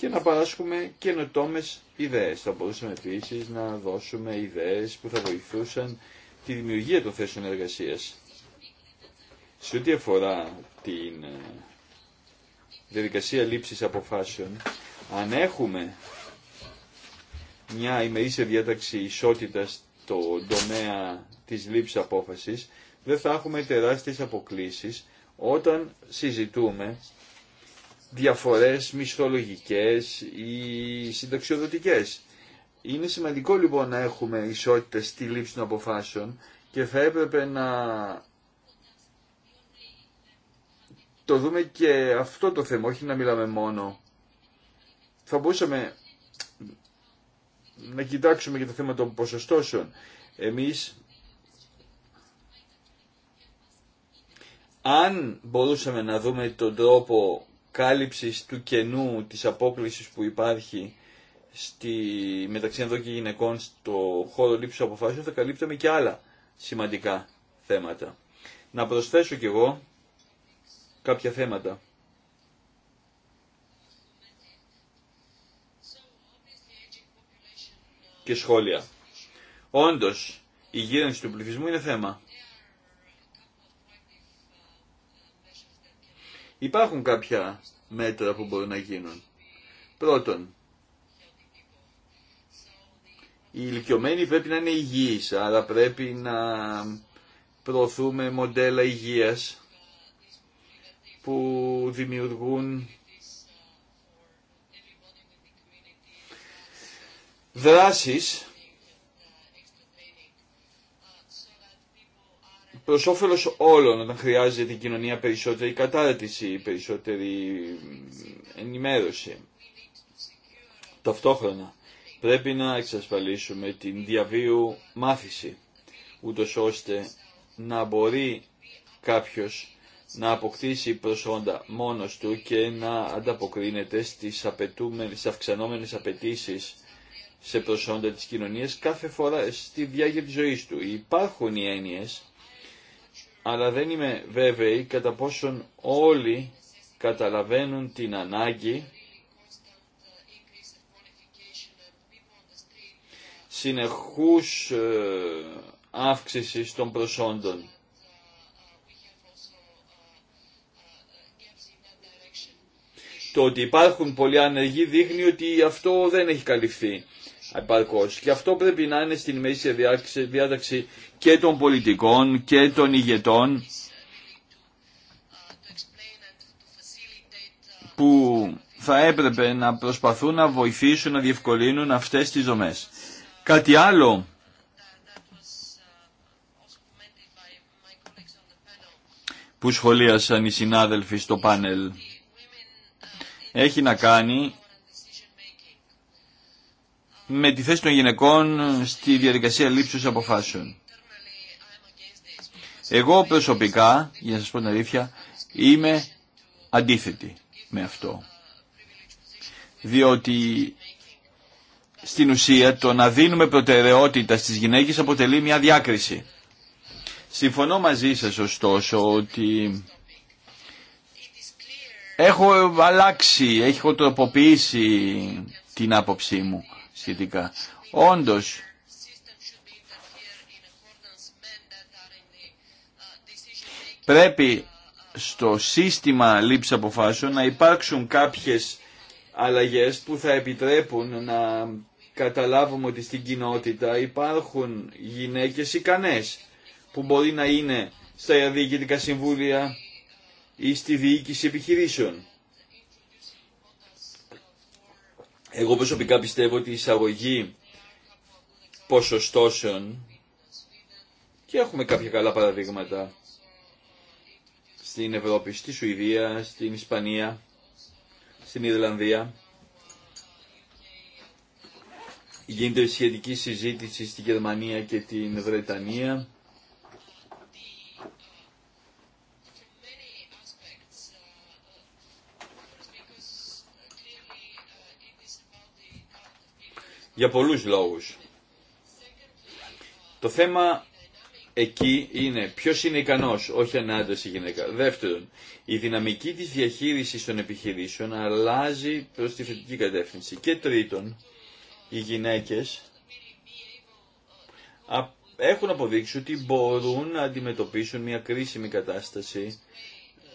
και να παράσχουμε καινοτόμε ιδέες. Θα μπορούσαμε επίση να δώσουμε ιδέες που θα βοηθούσαν τη δημιουργία των θέσεων εργασία. Σε ό,τι αφορά τη ε, διαδικασία λήψη αποφάσεων, αν έχουμε μια ημερήσια διάταξη ισότητα στο τομέα της λήψη απόφαση, δεν θα έχουμε τεράστιες αποκλήσει όταν συζητούμε διαφορές μισθολογικές ή συνταξιοδοτικές. Είναι σημαντικό λοιπόν να έχουμε ισότητα στη λήψη των αποφάσεων και θα έπρεπε να το δούμε και αυτό το θέμα, όχι να μιλάμε μόνο. Θα μπορούσαμε να κοιτάξουμε και το θέμα των ποσοστώσεων. Εμείς, αν μπορούσαμε να δούμε τον τρόπο κάλυψης του κενού της απόκλησης που υπάρχει στη, μεταξύ ανδρών και γυναικών στο χώρο λήψης αποφάσεων θα καλύπτουμε και άλλα σημαντικά θέματα. Να προσθέσω κι εγώ κάποια θέματα. Και σχόλια. Όντως, η γύρανση του πληθυσμού είναι θέμα. Υπάρχουν κάποια μέτρα που μπορούν να γίνουν. Πρώτον, οι ηλικιωμένοι πρέπει να είναι υγιείς, άρα πρέπει να προωθούμε μοντέλα υγείας που δημιουργούν δράσεις προς όφελος όλων όταν χρειάζεται η κοινωνία περισσότερη κατάρτιση, περισσότερη ενημέρωση. Ταυτόχρονα πρέπει να εξασφαλίσουμε την διαβίου μάθηση, ούτω ώστε να μπορεί κάποιος να αποκτήσει προσόντα μόνος του και να ανταποκρίνεται στις, αυξανόμενε αυξανόμενες απαιτήσει σε προσόντα της κοινωνίας κάθε φορά στη διάρκεια της ζωής του. Υπάρχουν οι έννοιες αλλά δεν είμαι βέβαιη κατά πόσον όλοι καταλαβαίνουν την ανάγκη συνεχούς ε, αύξησης των προσόντων. Το ότι υπάρχουν πολλοί ανεργοί δείχνει ότι αυτό δεν έχει καλυφθεί. Και αυτό πρέπει να είναι στην μέση διάταξη και των πολιτικών και των ηγετών που θα έπρεπε να προσπαθούν να βοηθήσουν, να διευκολύνουν αυτές τις δομές. Κάτι άλλο που σχολίασαν οι συνάδελφοι στο πάνελ έχει να κάνει με τη θέση των γυναικών στη διαδικασία λήψης αποφάσεων. Εγώ προσωπικά, για να σας πω την αλήθεια, είμαι αντίθετη με αυτό. Διότι στην ουσία το να δίνουμε προτεραιότητα στις γυναίκες αποτελεί μια διάκριση. Συμφωνώ μαζί σας ωστόσο ότι έχω αλλάξει, έχω τροποποιήσει την άποψή μου σχετικά. Όντως, πρέπει στο σύστημα λήψης αποφάσεων να υπάρξουν κάποιες αλλαγές που θα επιτρέπουν να καταλάβουμε ότι στην κοινότητα υπάρχουν γυναίκες ικανές που μπορεί να είναι στα διοικητικά συμβούλια ή στη διοίκηση επιχειρήσεων. Εγώ προσωπικά πιστεύω ότι η εισαγωγή ποσοστώσεων και έχουμε κάποια καλά παραδείγματα στην Ευρώπη, στη Σουηδία, στην Ισπανία, στην Ιρλανδία. Γίνεται σχετική συζήτηση στη Γερμανία και την Βρετανία. για πολλούς λόγους. Το θέμα εκεί είναι ποιος είναι ικανός, όχι αν άντρας ή γυναίκα. Δεύτερον, η δυναμική της διαχείρισης των επιχειρήσεων αλλάζει προς τη θετική κατεύθυνση. Και τρίτον, οι γυναίκες έχουν αποδείξει ότι μπορούν να αντιμετωπίσουν μια κρίσιμη κατάσταση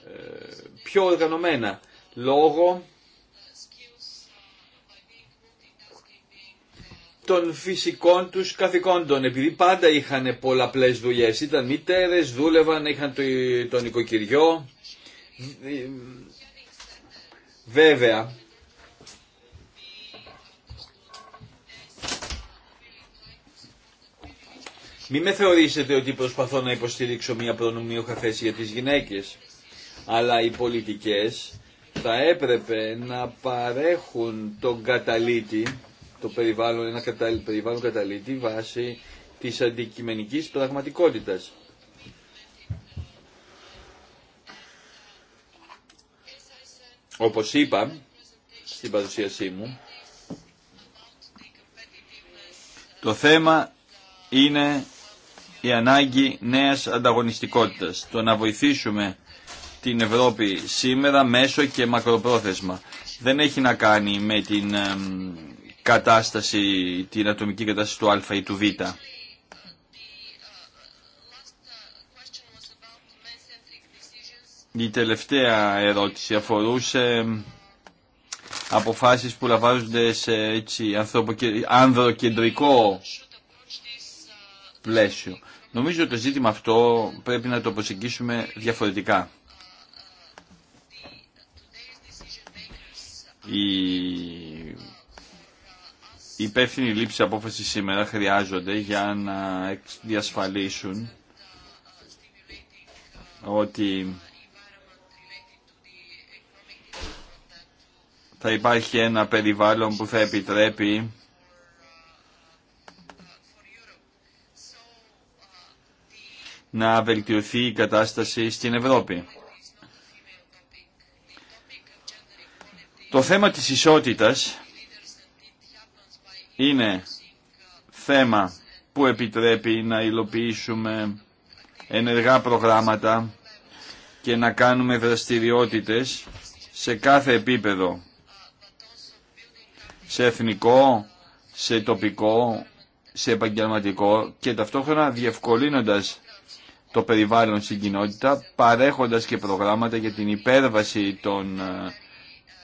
ε, πιο οργανωμένα λόγω των φυσικών τους καθηκόντων. Επειδή πάντα είχαν πολλαπλές δουλειές, ήταν μητέρες, δούλευαν, είχαν το, το νοικοκυριό. Βέβαια, μη με θεωρήσετε ότι προσπαθώ να υποστηρίξω μια προνομίωχα θέση για τις γυναίκες, αλλά οι πολιτικές θα έπρεπε να παρέχουν τον καταλήτη το περιβάλλον, ένα περιβάλλον καταλήτη βάσει της αντικειμενικής πραγματικότητας. Όπως είπα στην παρουσίασή μου, το θέμα είναι η ανάγκη νέας ανταγωνιστικότητας, το να βοηθήσουμε την Ευρώπη σήμερα μέσω και μακροπρόθεσμα. Δεν έχει να κάνει με την κατάσταση, την ατομική κατάσταση του Α ή του Β. Η τελευταία ερώτηση αφορούσε αποφάσεις που λαμβάνονται σε έτσι ανδροκεντρικό πλαίσιο. Νομίζω ότι το ζήτημα αυτό πρέπει να το προσεγγίσουμε διαφορετικά. Οι η υπεύθυνοι λήψη απόφαση σήμερα χρειάζονται για να διασφαλίσουν ότι θα υπάρχει ένα περιβάλλον που θα επιτρέπει να βελτιωθεί η κατάσταση στην Ευρώπη. Το θέμα της ισότητας είναι θέμα που επιτρέπει να υλοποιήσουμε ενεργά προγράμματα και να κάνουμε δραστηριότητες σε κάθε επίπεδο, σε εθνικό, σε τοπικό, σε επαγγελματικό και ταυτόχρονα διευκολύνοντας το περιβάλλον στην κοινότητα, παρέχοντας και προγράμματα για την υπέρβαση των ε,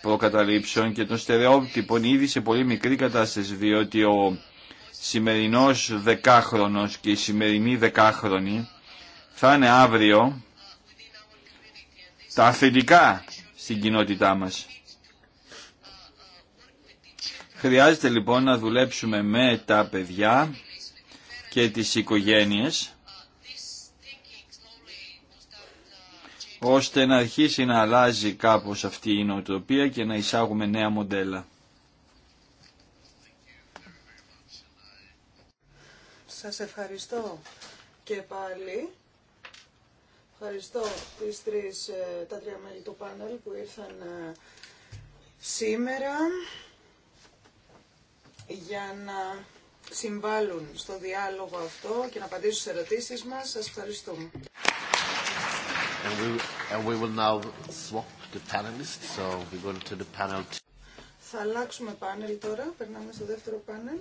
προκαταλήψεων και των στερεότυπων ήδη σε πολύ μικρή κατάσταση, διότι ο σημερινός δεκάχρονος και η σημερινή δεκάχρονη θα είναι αύριο τα αφεντικά στην κοινότητά μας. Χρειάζεται λοιπόν να δουλέψουμε με τα παιδιά και τις οικογένειες ώστε να αρχίσει να αλλάζει κάπως αυτή η νοοτροπία και να εισάγουμε νέα μοντέλα. Σας ευχαριστώ και πάλι. Ευχαριστώ τις τρεις, ε, τα τρία μέλη του πάνελ που ήρθαν ε, σήμερα για να συμβάλλουν στο διάλογο αυτό και να απαντήσουν στις ερωτήσεις μας. Σας ευχαριστούμε. And we, and we will now swap the panelists, so we're going to the panel. Θα αλλάξουμε πάνελ τώρα, περνάμε στο δεύτερο πάνελ.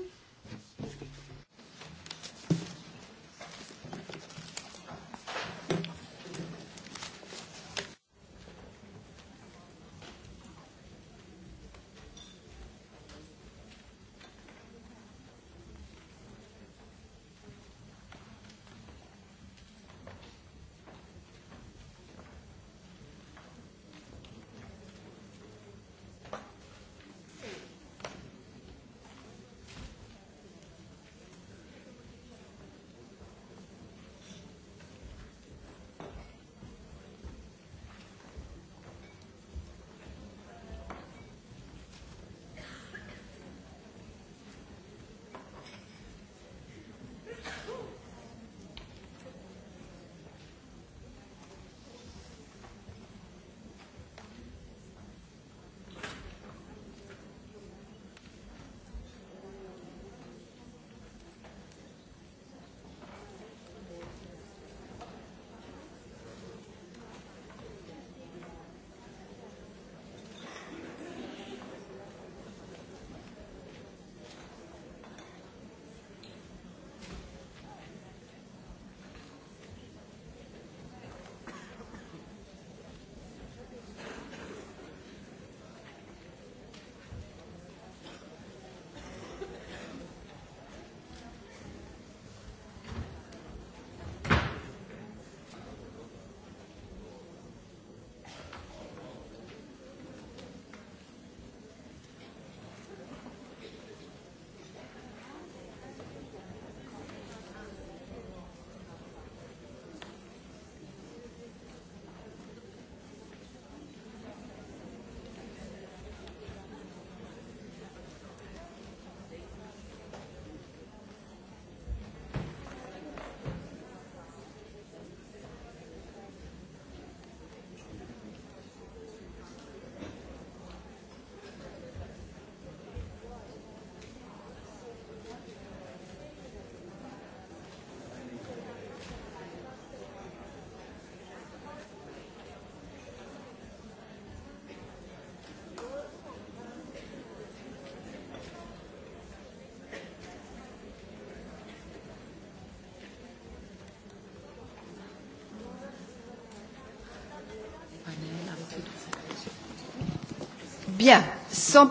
Bien,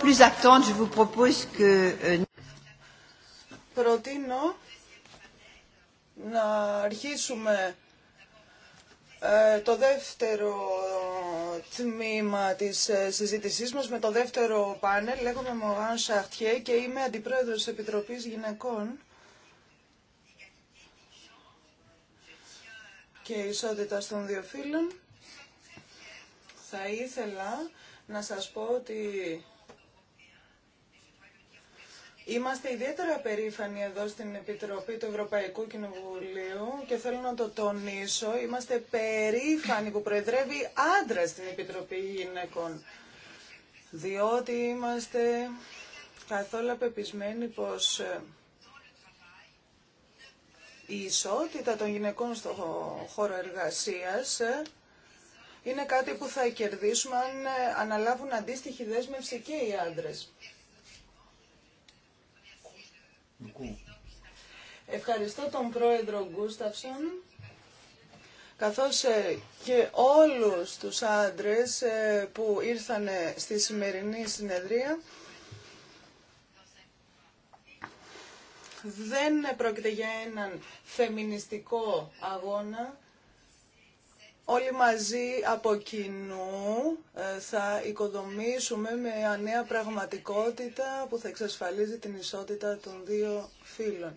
euh, Προτείνω να αρχίσουμε ε, το δεύτερο τμήμα της ε, συζήτησής μας με το δεύτερο πάνελ. Λέγομαι Μογάν Σαχτιέ και είμαι αντιπρόεδρος της Επιτροπής Γυναικών και ισότητα των Δύο Φύλων. Θα ήθελα να σας πω ότι Είμαστε ιδιαίτερα περήφανοι εδώ στην Επιτροπή του Ευρωπαϊκού Κοινοβουλίου και θέλω να το τονίσω. Είμαστε περήφανοι που προεδρεύει άντρα στην Επιτροπή Γυναικών. Διότι είμαστε καθόλου πεπισμένοι πως ε, η ισότητα των γυναικών στο χώρο εργασίας ε, είναι κάτι που θα κερδίσουμε αν ε, αναλάβουν αντίστοιχη δέσμευση και οι άντρες. Ευχαριστώ τον πρόεδρο Γκούσταυσον καθώς ε, και όλους τους άντρες ε, που ήρθαν στη σημερινή συνεδρία. Δεν πρόκειται για έναν φεμινιστικό αγώνα, Όλοι μαζί από κοινού ε, θα οικοδομήσουμε με νέα πραγματικότητα που θα εξασφαλίζει την ισότητα των δύο φύλων.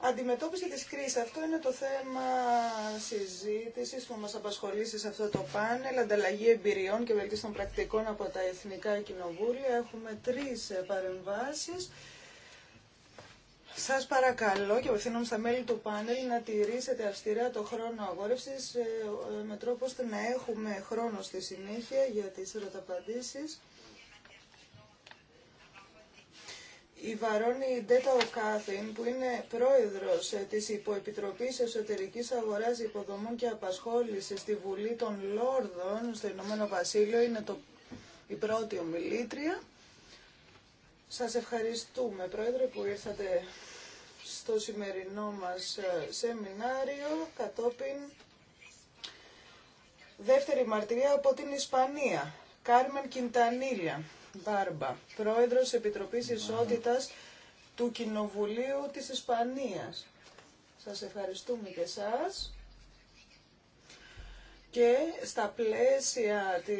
Αντιμετώπιση της κρίσης. Αυτό είναι το θέμα συζήτησης που μας απασχολήσει σε αυτό το πάνελ. Ανταλλαγή εμπειριών και βελτίστων πρακτικών από τα Εθνικά Κοινοβούλια. Έχουμε τρεις ε, παρεμβάσεις. Σας παρακαλώ και απευθύνομαι στα μέλη του πάνελ να τηρήσετε αυστηρά το χρόνο αγόρευσης ε, ε, με τρόπο ώστε να έχουμε χρόνο στη συνέχεια για τις ερωταπαντήσεις. Η Βαρόνη Ντέτα Οκάθιν, που είναι πρόεδρος ε, της Υποεπιτροπής Εσωτερικής Αγοράς Υποδομών και Απασχόληση στη Βουλή των Λόρδων, στο Ηνωμένο Βασίλειο, είναι το, η πρώτη ομιλήτρια. Σας ευχαριστούμε, Πρόεδρε, που ήρθατε στο σημερινό μας ε, σεμινάριο κατόπιν δεύτερη μαρτυρία από την Ισπανία. Κάρμεν Κιντανίλια Μπάρμπα, Πρόεδρος Επιτροπής Ισότητας του Κοινοβουλίου της Ισπανίας. Σας ευχαριστούμε και εσάς. Και στα πλαίσια τη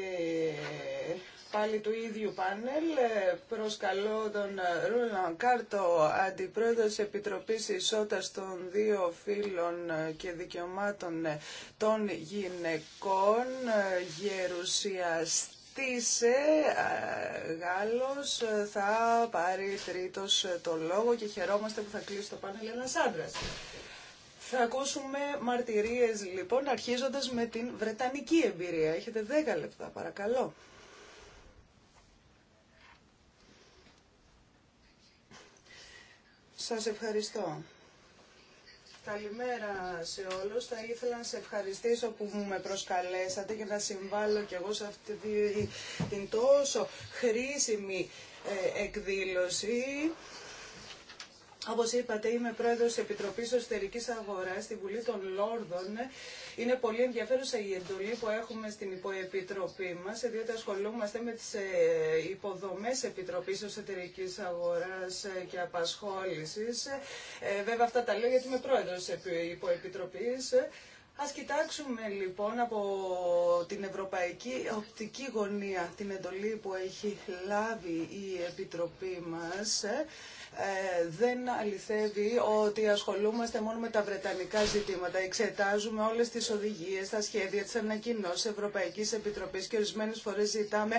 πάλι του ίδιου πάνελ. Ε, προσκαλώ τον ε, Ρούλαν Κάρτο, αντιπρόεδρο τη Επιτροπή Ισότητα των Δύο φίλων ε, και Δικαιωμάτων των Γυναικών, γερουσιαστή. Είσαι Γάλλος, θα πάρει τρίτος το λόγο και χαιρόμαστε που θα κλείσει το πάνελ ένας άντρα. Θα ακούσουμε μαρτυρίες λοιπόν, αρχίζοντας με την Βρετανική εμπειρία. Έχετε 10 λεπτά, παρακαλώ. Σας ευχαριστώ. Καλημέρα σε όλους. Θα ήθελα να σε ευχαριστήσω που με προσκαλέσατε και να συμβάλλω κι εγώ σε αυτή την τόσο χρήσιμη ε, εκδήλωση. Όπω είπατε, είμαι πρόεδρο τη Επιτροπή Εσωτερική Αγορά στη Βουλή των Λόρδων. Είναι πολύ ενδιαφέρουσα η εντολή που έχουμε στην υποεπιτροπή μα, διότι ασχολούμαστε με τι ε, υποδομέ Επιτροπή Εσωτερική Αγορά ε, και Απασχόληση. Ε, βέβαια, αυτά τα λέω γιατί είμαι πρόεδρο τη υποεπιτροπή. Α κοιτάξουμε λοιπόν από την ευρωπαϊκή οπτική γωνία την εντολή που έχει λάβει η Επιτροπή μας. Ε, δεν αληθεύει ότι ασχολούμαστε μόνο με τα βρετανικά ζητήματα. Εξετάζουμε όλες τις οδηγίες, τα σχέδια, τη ανακοινώσεις Ευρωπαϊκής Επιτροπής και ορισμένες φορές ζητάμε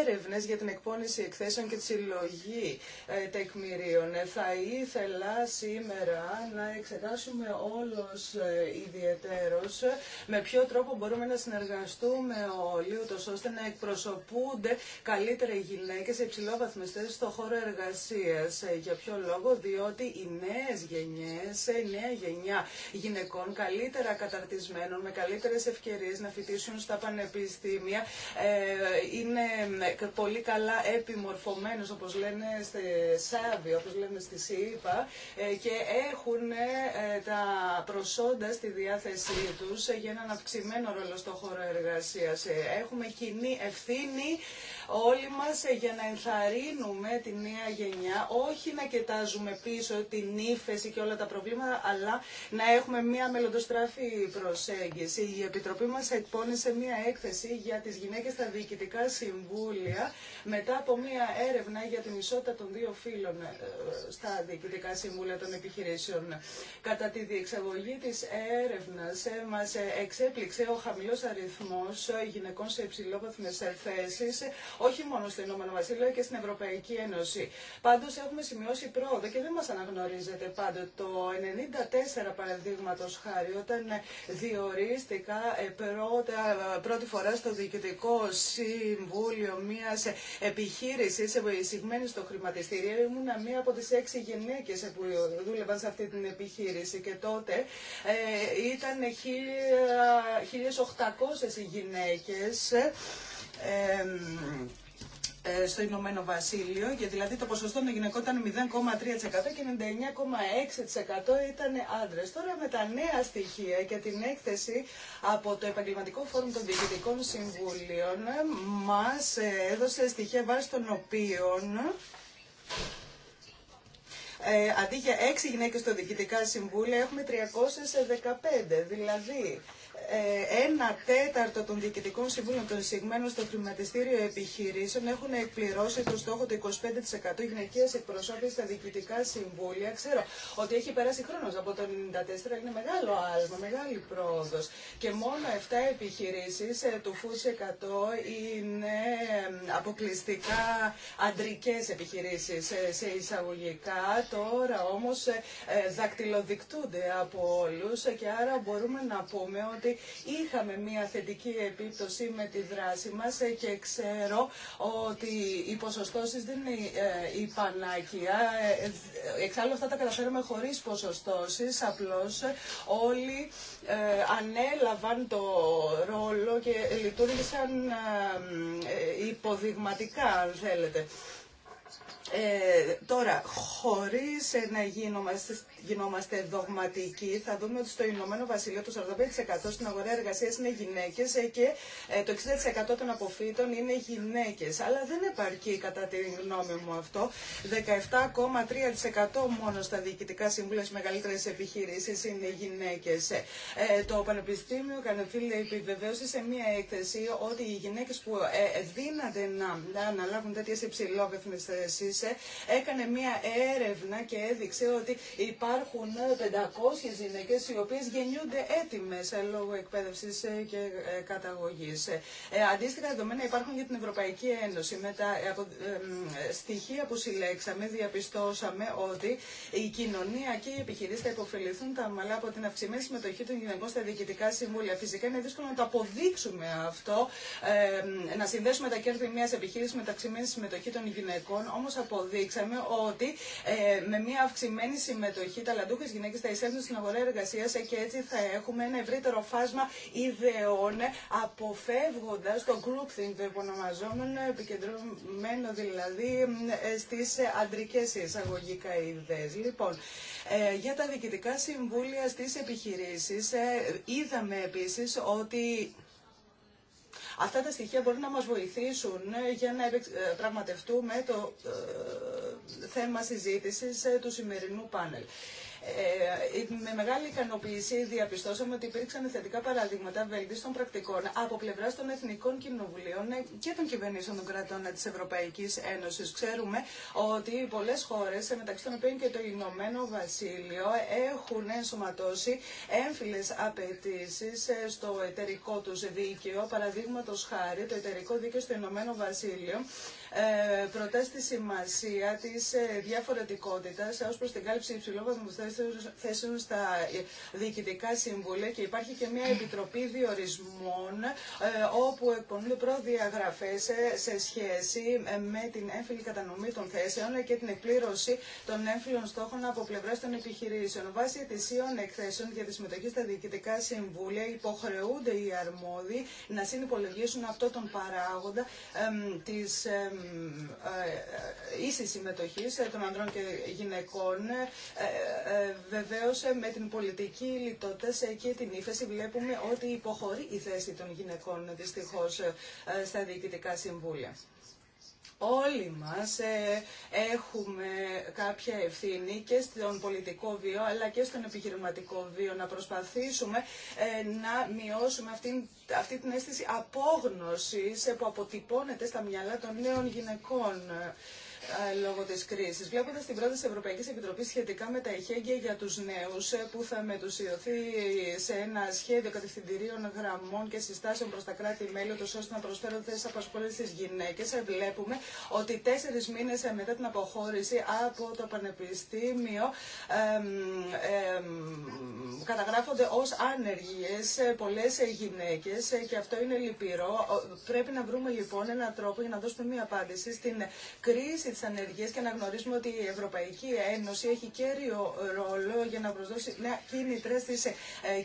έρευνες για την εκπόνηση εκθέσεων και τη συλλογή ε, τεκμηρίων. Ε, θα ήθελα σήμερα να εξετάσουμε όλος ιδιαιτέρως με ποιο τρόπο μπορούμε να συνεργαστούμε όλοι ούτως ώστε να εκπροσωπούνται καλύτερα οι γυναίκες σε υψηλό στο χώρο εργασίας. Για ποιο λόγο, διότι οι νέες γενιές, η νέα γενιά γυναικών καλύτερα καταρτισμένων, με καλύτερες ευκαιρίες να φοιτήσουν στα πανεπιστήμια, ε, είναι ε, πολύ καλά επιμορφωμένες, όπως λένε στη ΣΑΒΙ, όπως λένε στη ΣΥΠΑ, ε, και έχουν τα προσόντα στη διάθεσή τους για έναν αυξημένο ρόλο στο χώρο εργασίας. Έχουμε κοινή ευθύνη όλοι μας ε, για να ενθαρρύνουμε τη νέα γενιά, όχι να κοιτάζουμε πίσω την ύφεση και όλα τα προβλήματα, αλλά να έχουμε μια μελλοντοστραφή προσέγγιση. Η Επιτροπή μας εκπώνησε μια έκθεση για τις γυναίκες στα διοικητικά συμβούλια μετά από μια έρευνα για την ισότητα των δύο φύλων ε, στα διοικητικά συμβούλια των επιχειρήσεων. Κατά τη διεξαγωγή της έρευνας ε, μας εξέπληξε ο χαμηλός αριθμός γυναικών σε θέσεις όχι μόνο στο Ηνωμένο Βασίλειο και στην Ευρωπαϊκή Ένωση. Πάντω έχουμε σημειώσει πρόοδο και δεν μα αναγνωρίζεται πάντοτε. Το 94 παραδείγματο χάρη, όταν διορίστηκα ε, πρώτη, πρώτη φορά στο Διοικητικό Συμβούλιο μια επιχείρηση ε, εισηγμένη στο χρηματιστήριο, ήμουν μία από τι έξι γυναίκε ε, που δούλευαν σε αυτή την επιχείρηση και τότε ήταν 1.800 οι γυναίκες ε, στο Ηνωμένο Βασίλειο, γιατί δηλαδή το ποσοστό των γυναικών ήταν 0,3% και 99,6% ήταν άντρε. Τώρα με τα νέα στοιχεία και την έκθεση από το Επαγγελματικό Φόρουμ των Διοικητικών Συμβουλίων μας ε, έδωσε στοιχεία βάσει των οποίων ε, αντί για 6 γυναίκες στο διοικητικά συμβούλια έχουμε 315. Δηλαδή, ε, ένα τέταρτο των διοικητικών συμβούλων των εισηγμένων στο χρηματιστήριο επιχειρήσεων έχουν εκπληρώσει το στόχο του 25% γυναικείας εκπροσώπησης στα διοικητικά συμβούλια. Ξέρω ότι έχει περάσει χρόνος από το 1994, είναι μεγάλο άλμα, μεγάλη πρόοδος. Και μόνο 7 επιχειρήσεις ε, του ΦΟΥΣ 100 είναι αποκλειστικά αντρικές επιχειρήσεις ε, σε εισαγωγικά. Τώρα όμως δακτυλοδεικτούνται από όλους και άρα μπορούμε να πούμε ότι είχαμε μια θετική επίπτωση με τη δράση μας ε, και ξέρω ότι οι ποσοστώσεις δεν είναι ε, πανάκια. Ε, εξάλλου αυτά τα καταφέραμε χωρίς ποσοστώσεις, απλώς όλοι ανέλαβαν το ρόλο και λειτουργήσαν υποδειγματικά αν θέλετε. Ε, τώρα, χωρίς ε, να γινόμαστε, γινόμαστε δογματικοί, θα δούμε ότι στο Ηνωμένο Βασίλειο το 45% στην αγορά εργασίας είναι γυναίκες ε, και το 60% των αποφύτων είναι γυναίκες. Αλλά δεν επαρκεί κατά τη γνώμη μου αυτό. 17,3% μόνο στα διοικητικά συμβούλια στις μεγαλύτερες επιχειρήσεις είναι γυναίκες. Ε, το Πανεπιστήμιο Κανεφίλ επιβεβαίωσε σε μία έκθεση ότι οι γυναίκες που δύναται να, να αναλάβουν τέτοιες υψηλόβεθμες θέσεις έκανε μία έρευνα και έδειξε ότι υπάρχουν 500 γυναίκες οι οποίες γεννιούνται έτοιμες λόγω εκπαίδευσης ε, και ε, καταγωγής. Ε, αντίστοιχα δεδομένα υπάρχουν για την Ευρωπαϊκή Ένωση. Με τα στοιχεία που συλλέξαμε διαπιστώσαμε ότι η κοινωνία και οι επιχειρήσεις θα υποφεληθούν τα μαλά από την αυξημένη συμμετοχή των γυναικών στα διοικητικά συμβούλια. Φυσικά είναι δύσκολο να το αποδείξουμε αυτό, να συνδέσουμε τα κέρδη μιας επιχείρησης με τα αυξημένη συμμετοχή των γυναικών, όμως αποδείξαμε ότι ε, με μια αυξημένη συμμετοχή ταλαντούχες γυναίκες θα εισέλθουν στην αγορά εργασίας ε, και έτσι θα έχουμε ένα ευρύτερο φάσμα ιδεών αποφεύγοντας το groupthink το υπονομαζόμενο επικεντρωμένο δηλαδή ε, στις αντρικέ εισαγωγικά ιδέε. Λοιπόν, για τα διοικητικά συμβούλια στις επιχειρήσεις είδαμε επίσης ότι Αυτά τα στοιχεία μπορούν να μας βοηθήσουν ε, για να ε, πραγματευτούμε το ε, θέμα συζήτησης του σημερινού πάνελ. Ε, ε, με μεγάλη ικανοποίηση διαπιστώσαμε ότι υπήρξαν θετικά παραδείγματα βελτίστων πρακτικών από πλευρά των εθνικών κοινοβουλίων και των κυβερνήσεων των κρατών τη Ευρωπαϊκή Ένωση. Ξέρουμε ότι πολλέ χώρε, μεταξύ των οποίων και το Ηνωμένο Βασίλειο, έχουν ενσωματώσει έμφυλε απαιτήσει στο εταιρικό του δίκαιο. Παραδείγματο χάρη, το εταιρικό δίκαιο στο Ηνωμένο Βασίλειο ε, προτάσει τη σημασία τη ε, διαφορετικότητα ω προ την κάλυψη υψηλόβαθμου θέσεων στα ε, διοικητικά συμβούλια και υπάρχει και μια επιτροπή διορισμών όπου εκπονούνται προδιαγραφέ σε σχέση με την έμφυλη κατανομή των θέσεων και την εκπλήρωση των έμφυλων στόχων από πλευρά των επιχειρήσεων. Βάσει ετησίων εκθέσεων για τη συμμετοχή στα διοικητικά συμβούλια υποχρεούνται οι αρμόδιοι να συνυπολογίσουν αυτό τον παράγοντα της ε, ε, ε, ίση συμμετοχή των ανδρών και γυναικών. Βεβαίως με την πολιτική λιτότητα και την ύφεση βλέπουμε ότι υποχωρεί η θέση των γυναικών δυστυχώς στα διοικητικά συμβούλια όλοι μας ε, έχουμε κάποια ευθύνη και στον πολιτικό βίο αλλά και στον επιχειρηματικό βίο να προσπαθήσουμε ε, να μειώσουμε αυτή, αυτή την αίσθηση απόγνωσης ε, που αποτυπώνεται στα μυαλά των νέων γυναικών λόγω της κρίσης. Βλέποντας την πρόταση της Ευρωπαϊκής Επιτροπής σχετικά με τα ειχέγγυα για τους νέους ε, που θα μετουσιωθεί σε ένα σχέδιο κατευθυντηρίων γραμμών και συστάσεων προς τα κράτη-μέλη ώστε να προσφέρουν σε απασχόληση στις γυναίκες ε, βλέπουμε ότι τέσσερις μήνες ε, μετά την αποχώρηση από το Πανεπιστήμιο εμ, εμ, καταγράφονται ως άνεργες πολλές γυναίκες και αυτό είναι λυπηρό. Πρέπει να βρούμε λοιπόν έναν τρόπο για να δώσουμε μια απάντηση στην κρίση τις ανεργίες και να γνωρίσουμε ότι η Ευρωπαϊκή Ένωση έχει κέριο ρόλο για να προσδώσει νέα κίνητρα στις ε,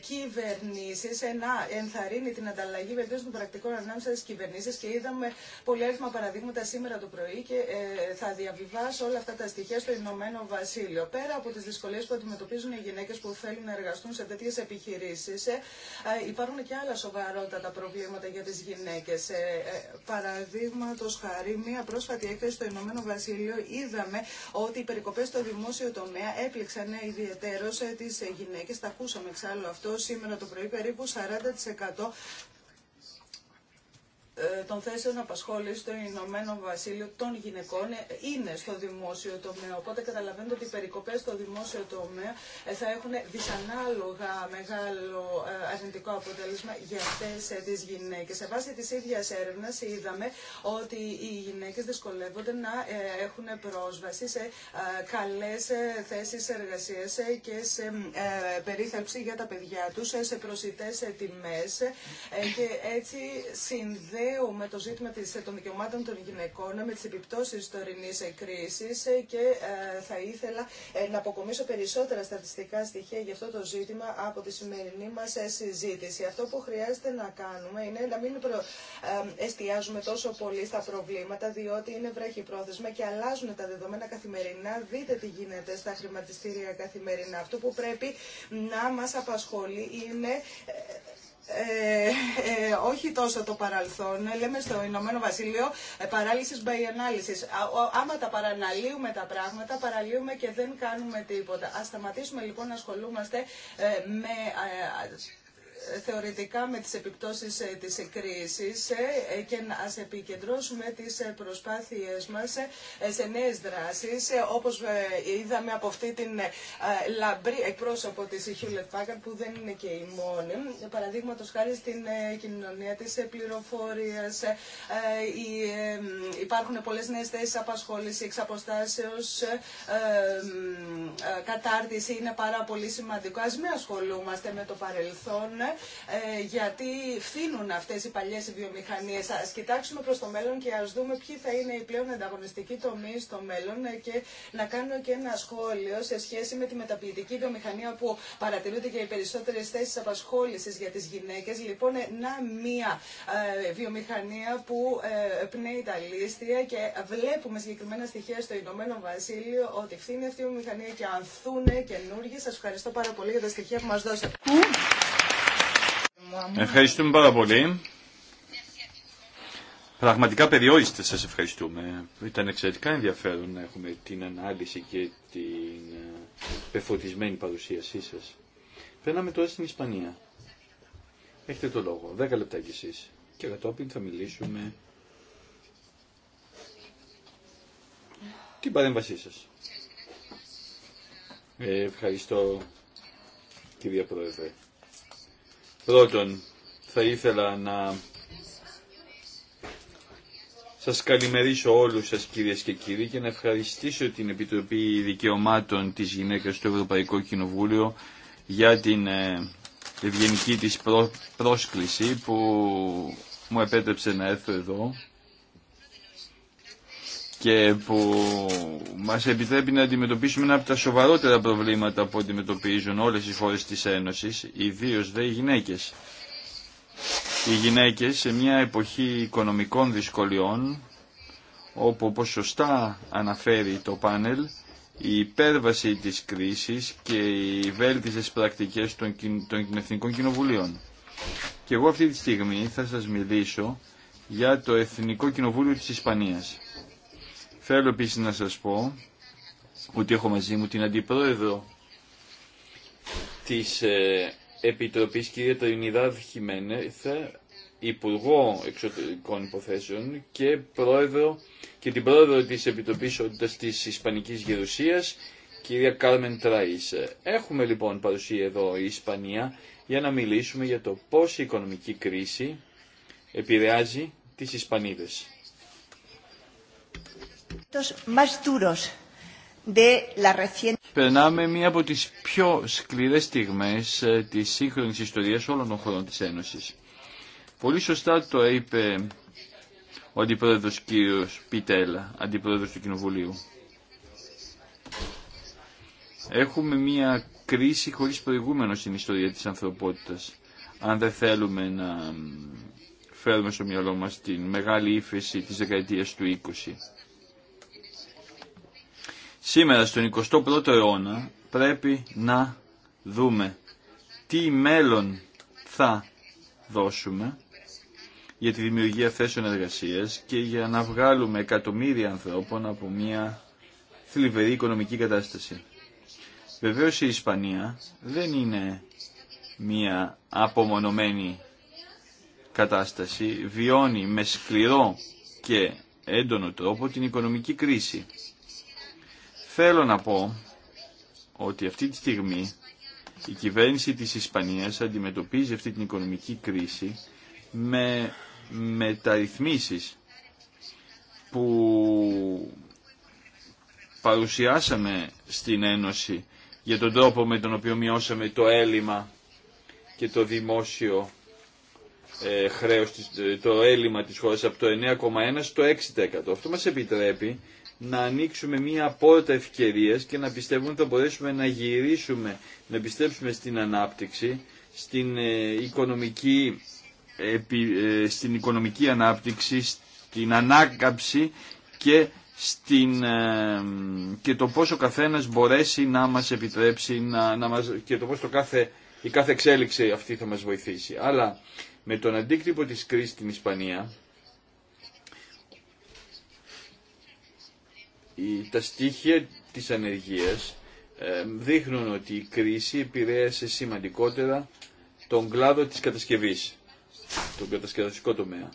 κυβερνήσεις, ε, να ενθαρρύνει την ανταλλαγή βελτίωση των πρακτικών ανάμεσα στις κυβερνήσεις και είδαμε πολύ παραδείγματα σήμερα το πρωί και ε, θα διαβιβάσω όλα αυτά τα στοιχεία στο Ηνωμένο Βασίλειο. Πέρα από τις δυσκολίες που αντιμετωπίζουν οι γυναίκες που θέλουν να εργαστούν σε τέτοιες επιχειρήσεις, υπάρχουν και άλλα σοβαρότατα προβλήματα για τις γυναίκες. Παραδείγματο χάρη, μία πρόσφατη έκθεση στο Ηνωμένο Βασίλειο Βασίλειο είδαμε ότι οι περικοπές στο δημόσιο τομέα έπληξαν ιδιαίτερω ε, τι ε, γυναίκες. Τα ακούσαμε εξάλλου αυτό σήμερα το πρωί περίπου 40% ε, των θέσεων απασχόληση στο Ηνωμένο Βασίλειο των γυναικών ε, είναι στο δημόσιο τομέα. Οπότε καταλαβαίνετε ότι οι περικοπές στο δημόσιο τομέα ε, θα έχουν δυσανάλογα μεγάλο αρνητικό αποτέλεσμα για αυτέ τι γυναίκες. Σε βάση τη ίδια έρευνα είδαμε ότι οι γυναίκες δυσκολεύονται να έχουν πρόσβαση σε καλέ θέσει εργασία και σε περίθαλψη για τα παιδιά του σε προσιτέ τιμές και έτσι συνδέονται με το ζήτημα των δικαιωμάτων των γυναικών με τις επιπτώσεις της τωρινής ε, κρίσης ε, και ε, θα ήθελα να αποκομίσω περισσότερα στατιστικά στοιχεία για αυτό το ζήτημα από τη σημερινή μας συζήτηση. Αυτό που χρειάζεται να κάνουμε είναι να μην προ... εστιάζουμε τόσο πολύ στα προβλήματα διότι είναι βρέχη πρόθεσμα και αλλάζουν τα δεδομένα καθημερινά. Δείτε τι γίνεται στα χρηματιστήρια καθημερινά. Αυτό που πρέπει να μας απασχολεί είναι ε, ε, όχι τόσο το παρελθόν. Λέμε στο Ηνωμένο Βασίλειο ε, παράλυση by Άμα τα παραναλύουμε τα πράγματα, παραλύουμε και δεν κάνουμε τίποτα. Α σταματήσουμε λοιπόν να ασχολούμαστε ε, με ε, θεωρητικά με τις επιπτώσεις ε, της κρίσης ε, ε, και να επικεντρώσουμε τις προσπάθειές μας σε νέες δράσεις όπως είδαμε από αυτή την λαμπρή εκπρόσωπο της Hewlett Packard που δεν είναι και η μόνη παραδείγματος χάρη στην κοινωνία της πληροφορίας υπάρχουν πολλές νέες θέσεις απασχόληση εξ αποστάσεως κατάρτιση είναι πάρα πολύ σημαντικό ας μην ασχολούμαστε με το παρελθόν ε, γιατί φθήνουν αυτές οι παλιές βιομηχανίες. Ας κοιτάξουμε προς το μέλλον και ας δούμε ποιοι θα είναι οι πλέον ανταγωνιστικοί τομείς στο μέλλον ε, και να κάνω και ένα σχόλιο σε σχέση με τη μεταποιητική βιομηχανία που παρατηρούνται και οι περισσότερες θέσεις απασχόλησης για τις γυναίκες. Λοιπόν, ε, να μία βιομηχανία που πνέει τα λίστια και βλέπουμε συγκεκριμένα στοιχεία στο Ηνωμένο Βασίλειο ότι φθήνει αυτή η βιομηχανία και ανθούν καινούργιες. Σας ευχαριστώ πάρα πολύ για τα στοιχεία που μας δώσατε. Ευχαριστούμε πάρα πολύ. Πραγματικά περιόριστε σας ευχαριστούμε. Ήταν εξαιρετικά ενδιαφέρον να έχουμε την ανάλυση και την ε, πεφωτισμένη παρουσίασή σας. Περνάμε τώρα στην Ισπανία. Έχετε το λόγο. Δέκα λεπτά κι εσείς. Και κατόπιν θα μιλήσουμε την παρέμβασή σας. Ε, ευχαριστώ κυρία Πρόεδρε. Πρώτον, θα ήθελα να σας καλημερίσω όλους σας κυρίες και κύριοι και να ευχαριστήσω την Επιτροπή Δικαιωμάτων της Γυναίκας στο Ευρωπαϊκό Κοινοβούλιο για την ε, ευγενική της πρόσκληση που μου επέτρεψε να έρθω εδώ και που μας επιτρέπει να αντιμετωπίσουμε ένα από τα σοβαρότερα προβλήματα που αντιμετωπίζουν όλες οι χώρε της Ένωσης, ιδίως δε οι γυναίκες. Οι γυναίκες σε μια εποχή οικονομικών δυσκολιών, όπου όπως σωστά αναφέρει το πάνελ, η υπέρβαση της κρίσης και οι βέλτιστες πρακτικές των, Εθνικών Κοινοβουλίων. Και εγώ αυτή τη στιγμή θα σας μιλήσω για το Εθνικό Κοινοβούλιο της Ισπανίας. Θέλω επίση να σας πω ότι έχω μαζί μου την Αντιπρόεδρο της ε, Επιτροπής, κυρία Τρινιδάδ Χιμένεθ, Υπουργό Εξωτερικών Υποθέσεων και, πρόεδρο, και την Πρόεδρο της Επιτροπής Όντας της Ισπανικής Γερουσίας, κυρία Κάρμεν Τράις. Έχουμε λοιπόν παρουσία εδώ η Ισπανία για να μιλήσουμε για το πώς η οικονομική κρίση επηρεάζει τις Ισπανίδες. Περνάμε μία από τις πιο σκληρές στιγμές ε, της σύγχρονης ιστορίας όλων των χωρών της Ένωσης. Πολύ σωστά το είπε ο αντιπρόεδρος κύριος Πιτέλα, αντιπρόεδρος του Κοινοβουλίου. Έχουμε μία κρίση χωρίς προηγούμενο στην ιστορία της ανθρωπότητας. Αν δεν θέλουμε να φέρουμε στο μυαλό μας την μεγάλη ύφεση της δεκαετίας του 20 Σήμερα στον 21ο αιώνα πρέπει να δούμε τι μέλλον θα δώσουμε για τη δημιουργία θέσεων εργασίας και για να βγάλουμε εκατομμύρια ανθρώπων από μια θλιβερή οικονομική κατάσταση. Βεβαίως η Ισπανία δεν είναι μια απομονωμένη κατάσταση, βιώνει με σκληρό και έντονο τρόπο την οικονομική κρίση. Θέλω να πω ότι αυτή τη στιγμή η κυβέρνηση της Ισπανίας αντιμετωπίζει αυτή την οικονομική κρίση με μεταρρυθμίσεις που παρουσιάσαμε στην Ένωση για τον τρόπο με τον οποίο μειώσαμε το έλλειμμα και το δημόσιο ε, χρέος, ε, το έλλειμμα της χώρας από το 9,1% στο 6%. Αυτό μας επιτρέπει να ανοίξουμε μία πόρτα ευκαιρία και να πιστεύουμε ότι θα μπορέσουμε να γυρίσουμε, να πιστέψουμε στην ανάπτυξη, στην, ε, οικονομική, ε, στην οικονομική ανάπτυξη, στην ανάκαμψη και, στην, ε, και το πόσο καθένας μπορέσει να μας επιτρέψει να, να μας, και το πόσο το κάθε, η κάθε εξέλιξη αυτή θα μας βοηθήσει. Αλλά με τον αντίκτυπο της κρίσης στην Ισπανία, τα στοιχεία της ανεργίας ε, δείχνουν ότι η κρίση επηρέασε σημαντικότερα τον κλάδο της κατασκευής, τον κατασκευαστικό τομέα.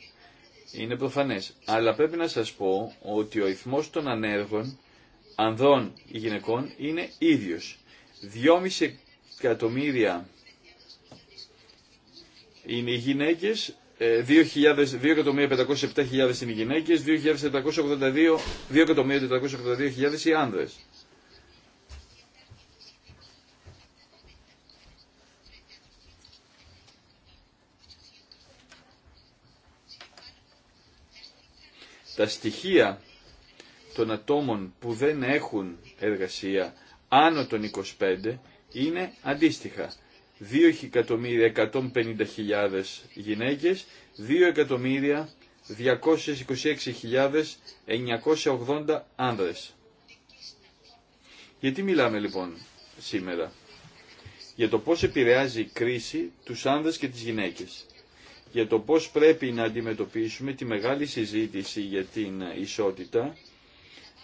Είναι προφανές. Αλλά πρέπει να σας πω ότι ο αριθμός των ανέργων, ανδρών ή γυναικών, είναι ίδιος. 2,5 εκατομμύρια είναι οι γυναίκες, 2.507.000 ε, είναι οι γυναίκες, 2.482.000 οι άνδρες. Τα στοιχεία των ατόμων που δεν έχουν εργασία άνω των 25 είναι αντίστοιχα. 2.150.000 γυναίκες, 2.226.980 άνδρες. Γιατί μιλάμε λοιπόν σήμερα. Για το πώς επηρεάζει η κρίση τους άνδρες και τις γυναίκες. Για το πώς πρέπει να αντιμετωπίσουμε τη μεγάλη συζήτηση για την ισότητα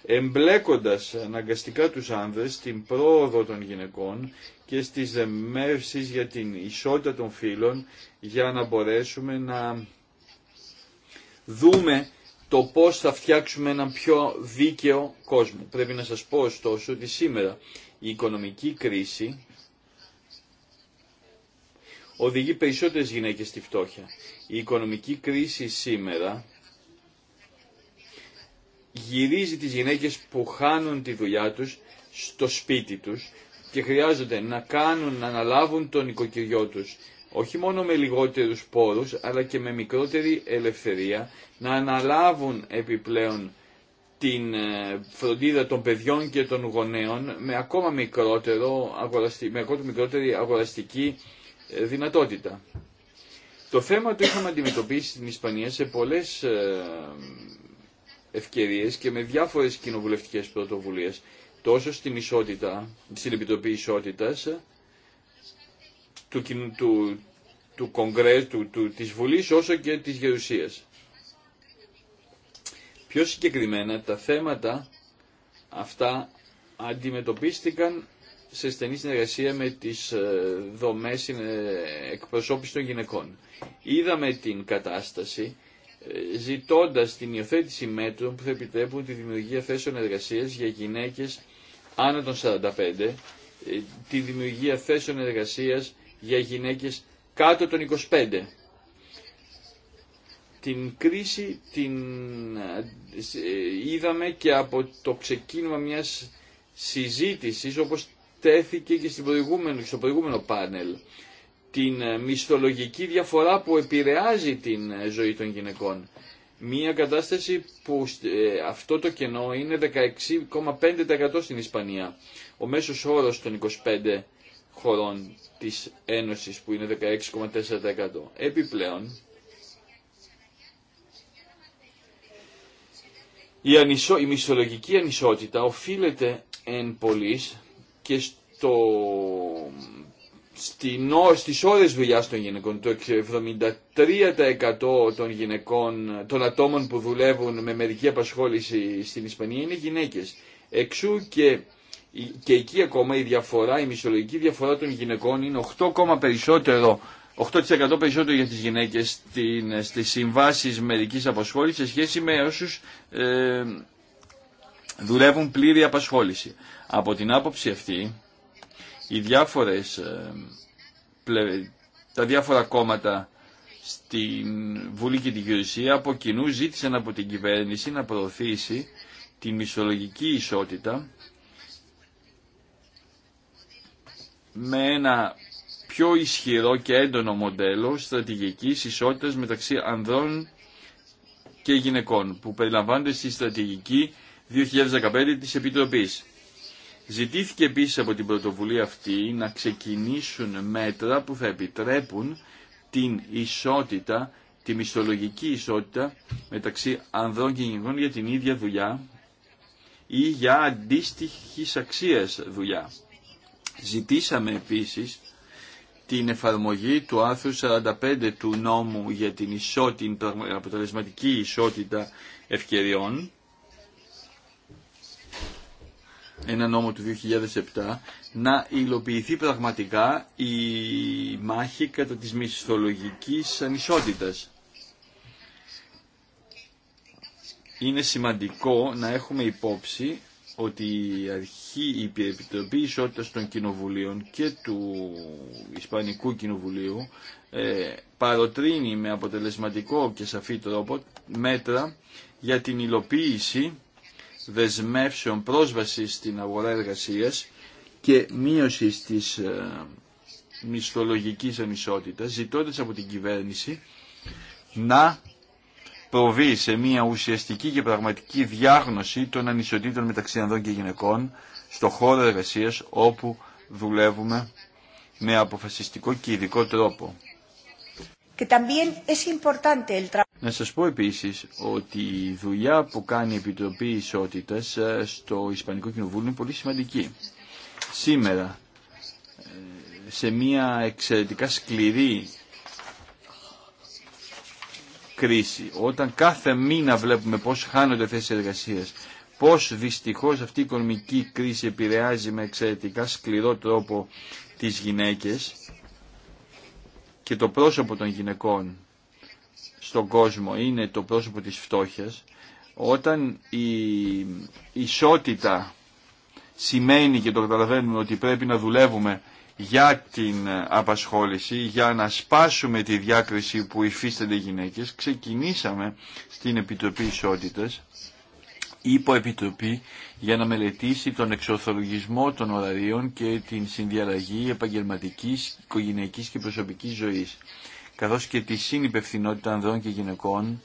εμπλέκοντας αναγκαστικά τους άνδρες στην πρόοδο των γυναικών και στις δεμεύσεις για την ισότητα των φύλων για να μπορέσουμε να δούμε το πώς θα φτιάξουμε έναν πιο δίκαιο κόσμο. Πρέπει να σας πω ωστόσο ότι σήμερα η οικονομική κρίση οδηγεί περισσότερες γυναίκες στη φτώχεια. Η οικονομική κρίση σήμερα γυρίζει τις γυναίκες που χάνουν τη δουλειά τους στο σπίτι τους και χρειάζονται να κάνουν, να αναλάβουν τον οικοκυριό τους, όχι μόνο με λιγότερους πόρους, αλλά και με μικρότερη ελευθερία, να αναλάβουν επιπλέον την ε, φροντίδα των παιδιών και των γονέων με ακόμα μικρότερο, με ακόμα μικρότερη αγοραστική ε, δυνατότητα. Το θέμα το είχαμε αντιμετωπίσει στην Ισπανία σε πολλές ε, και με διάφορες κοινοβουλευτικέ πρωτοβουλίες, τόσο στην ισότητα, στην Επιτροπή ισότητα του, του, του βουλή της Βουλής, όσο και της Γερουσίας. Πιο συγκεκριμένα, τα θέματα αυτά αντιμετωπίστηκαν σε στενή συνεργασία με τις ε, δομές ε, εκπροσώπησης των γυναικών. Είδαμε την κατάσταση ζητώντας την υιοθέτηση μέτρων που θα επιτρέπουν τη δημιουργία θέσεων εργασίας για γυναίκες άνω των 45, ε, τη δημιουργία θέσεων εργασίας για γυναίκες κάτω των 25. Την κρίση την ε, είδαμε και από το ξεκίνημα μιας συζήτησης όπως τέθηκε και στο προηγούμενο, στο προηγούμενο πάνελ την ε, μισθολογική διαφορά που επηρεάζει την ε, ζωή των γυναικών. Μία κατάσταση που ε, αυτό το κενό είναι 16,5% στην Ισπανία. Ο μέσος όρος των 25 χωρών της Ένωσης που είναι 16,4%. Επιπλέον, η, ανισο, η μισθολογική ανισότητα οφείλεται εν πολλής και στο στην, στις ώρες δουλειά των γυναικών. Το 73% των, γυναικών, των ατόμων που δουλεύουν με μερική απασχόληση στην Ισπανία είναι γυναίκες. Εξού και, και εκεί ακόμα η διαφορά, η μισολογική διαφορά των γυναικών είναι 8, περισσότερο 8% περισσότερο για τις γυναίκες στην, στις συμβάσεις μερικής απασχόλησης σε σχέση με όσους ε, δουλεύουν πλήρη απασχόληση. Από την άποψη αυτή, οι διάφορες, ε, τα διάφορα κόμματα στην Βουλή και την Κυρισία από κοινού ζήτησαν από την κυβέρνηση να προωθήσει τη μισολογική ισότητα με ένα πιο ισχυρό και έντονο μοντέλο στρατηγικής ισότητας μεταξύ ανδρών και γυναικών που περιλαμβάνονται στη στρατηγική 2015 της Επιτροπής. Ζητήθηκε επίσης από την πρωτοβουλία αυτή να ξεκινήσουν μέτρα που θα επιτρέπουν την ισότητα, τη μισθολογική ισότητα μεταξύ ανδρών και γυναικών για την ίδια δουλειά ή για αντίστοιχη αξίας δουλειά. Ζητήσαμε επίσης την εφαρμογή του άρθρου 45 του νόμου για την, ισότητα, την αποτελεσματική ισότητα ευκαιριών ένα νόμο του 2007 να υλοποιηθεί πραγματικά η μάχη κατά της μισθολογικής ανισότητας. Είναι σημαντικό να έχουμε υπόψη ότι η αρχή, η Επιτροπή Ισότητας των Κοινοβουλίων και του Ισπανικού Κοινοβουλίου ε, παροτρύνει με αποτελεσματικό και σαφή τρόπο μέτρα για την υλοποίηση δεσμεύσεων πρόσβαση στην αγορά εργασίας και μείωση της ε, μισθολογικής ανισότητας, ζητώντας από την κυβέρνηση να προβεί σε μια ουσιαστική και πραγματική διάγνωση των ανισοτήτων μεταξύ ανδρών και γυναικών στο χώρο εργασίας όπου δουλεύουμε με αποφασιστικό και ειδικό τρόπο. Να σας πω επίσης ότι η δουλειά που κάνει η Επιτροπή Ισότητας ε, στο Ισπανικό Κοινοβούλιο είναι πολύ σημαντική. Σήμερα, ε, σε μια εξαιρετικά σκληρή κρίση, όταν κάθε μήνα βλέπουμε πώς χάνονται θέσεις εργασίας, πώς δυστυχώς αυτή η οικονομική κρίση επηρεάζει με εξαιρετικά σκληρό τρόπο τις γυναίκες και το πρόσωπο των γυναικών στον κόσμο είναι το πρόσωπο της φτώχειας, όταν η ισότητα σημαίνει και το καταλαβαίνουμε ότι πρέπει να δουλεύουμε για την απασχόληση, για να σπάσουμε τη διάκριση που υφίστανται οι γυναίκες, ξεκινήσαμε στην Επιτροπή Ισότητας, Επιτροπή, για να μελετήσει τον εξορθολογισμό των ωραρίων και την συνδιαλλαγή επαγγελματικής, οικογενειακής και προσωπικής ζωής καθώς και τη συνυπευθυνότητα ανδρών και γυναικών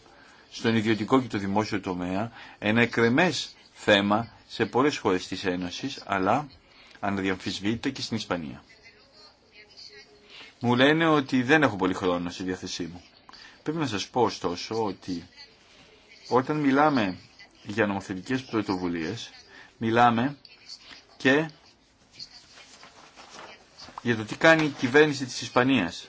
στον ιδιωτικό και το δημόσιο τομέα, ένα κρεμές θέμα σε πολλές χώρες της Ένωσης, αλλά αναδιαμφισβήτητα και στην Ισπανία. Μου λένε ότι δεν έχω πολύ χρόνο στη διάθεσή μου. Πρέπει να σας πω ωστόσο ότι όταν μιλάμε για νομοθετικές πρωτοβουλίες, μιλάμε και για το τι κάνει η κυβέρνηση της Ισπανίας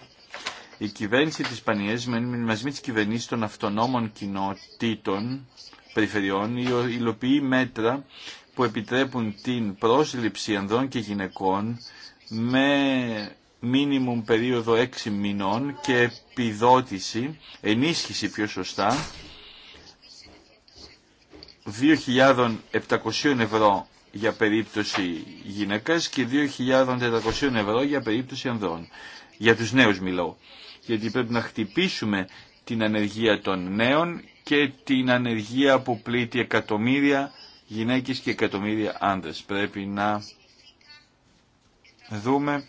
η κυβέρνηση της Ισπανίας μαζί με τις κυβερνήσεις των αυτονόμων κοινοτήτων περιφερειών υλοποιεί μέτρα που επιτρέπουν την πρόσληψη ανδρών και γυναικών με μίνιμουμ περίοδο 6 μηνών και επιδότηση, ενίσχυση πιο σωστά, 2.700 ευρώ για περίπτωση γυναίκας και 2.400 ευρώ για περίπτωση ανδρών. Για τους νέους μιλώ γιατί πρέπει να χτυπήσουμε την ανεργία των νέων και την ανεργία που πλήττει εκατομμύρια γυναίκες και εκατομμύρια άντρες. Πρέπει να δούμε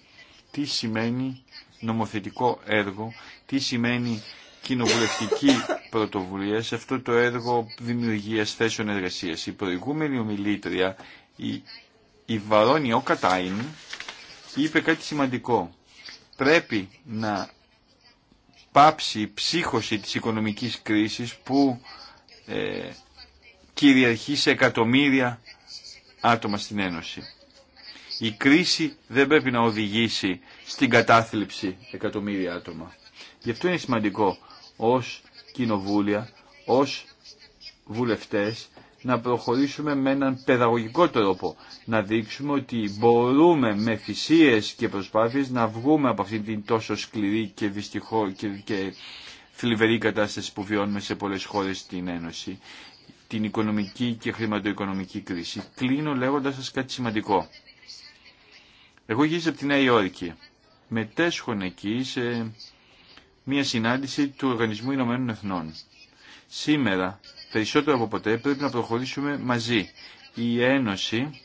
τι σημαίνει νομοθετικό έργο, τι σημαίνει κοινοβουλευτική πρωτοβουλία σε αυτό το έργο δημιουργίας θέσεων εργασίας. Η προηγούμενη ομιλήτρια, η, η Βαρόνια Κατάιν, είπε κάτι σημαντικό. Πρέπει να πάψει η ψύχωση της οικονομικής κρίσης που ε, κυριαρχεί σε εκατομμύρια άτομα στην Ένωση. Η κρίση δεν πρέπει να οδηγήσει στην κατάθλιψη εκατομμύρια άτομα. Γι' αυτό είναι σημαντικό ως κοινοβούλια, ως βουλευτές να προχωρήσουμε με έναν παιδαγωγικό τρόπο. Να δείξουμε ότι μπορούμε με θυσίες και προσπάθειες να βγούμε από αυτήν την τόσο σκληρή και, δυστυχώ, και, και θλιβερή κατάσταση που βιώνουμε σε πολλές χώρες στην Ένωση. Την οικονομική και χρηματοοικονομική κρίση. Κλείνω λέγοντας σας κάτι σημαντικό. Εγώ γύρισα από τη Νέα Υόρκη. Μετέσχον εκεί σε μια συνάντηση του Οργανισμού Ηνωμένων Εθνών. Σήμερα Περισσότερο από ποτέ πρέπει να προχωρήσουμε μαζί. Η Ένωση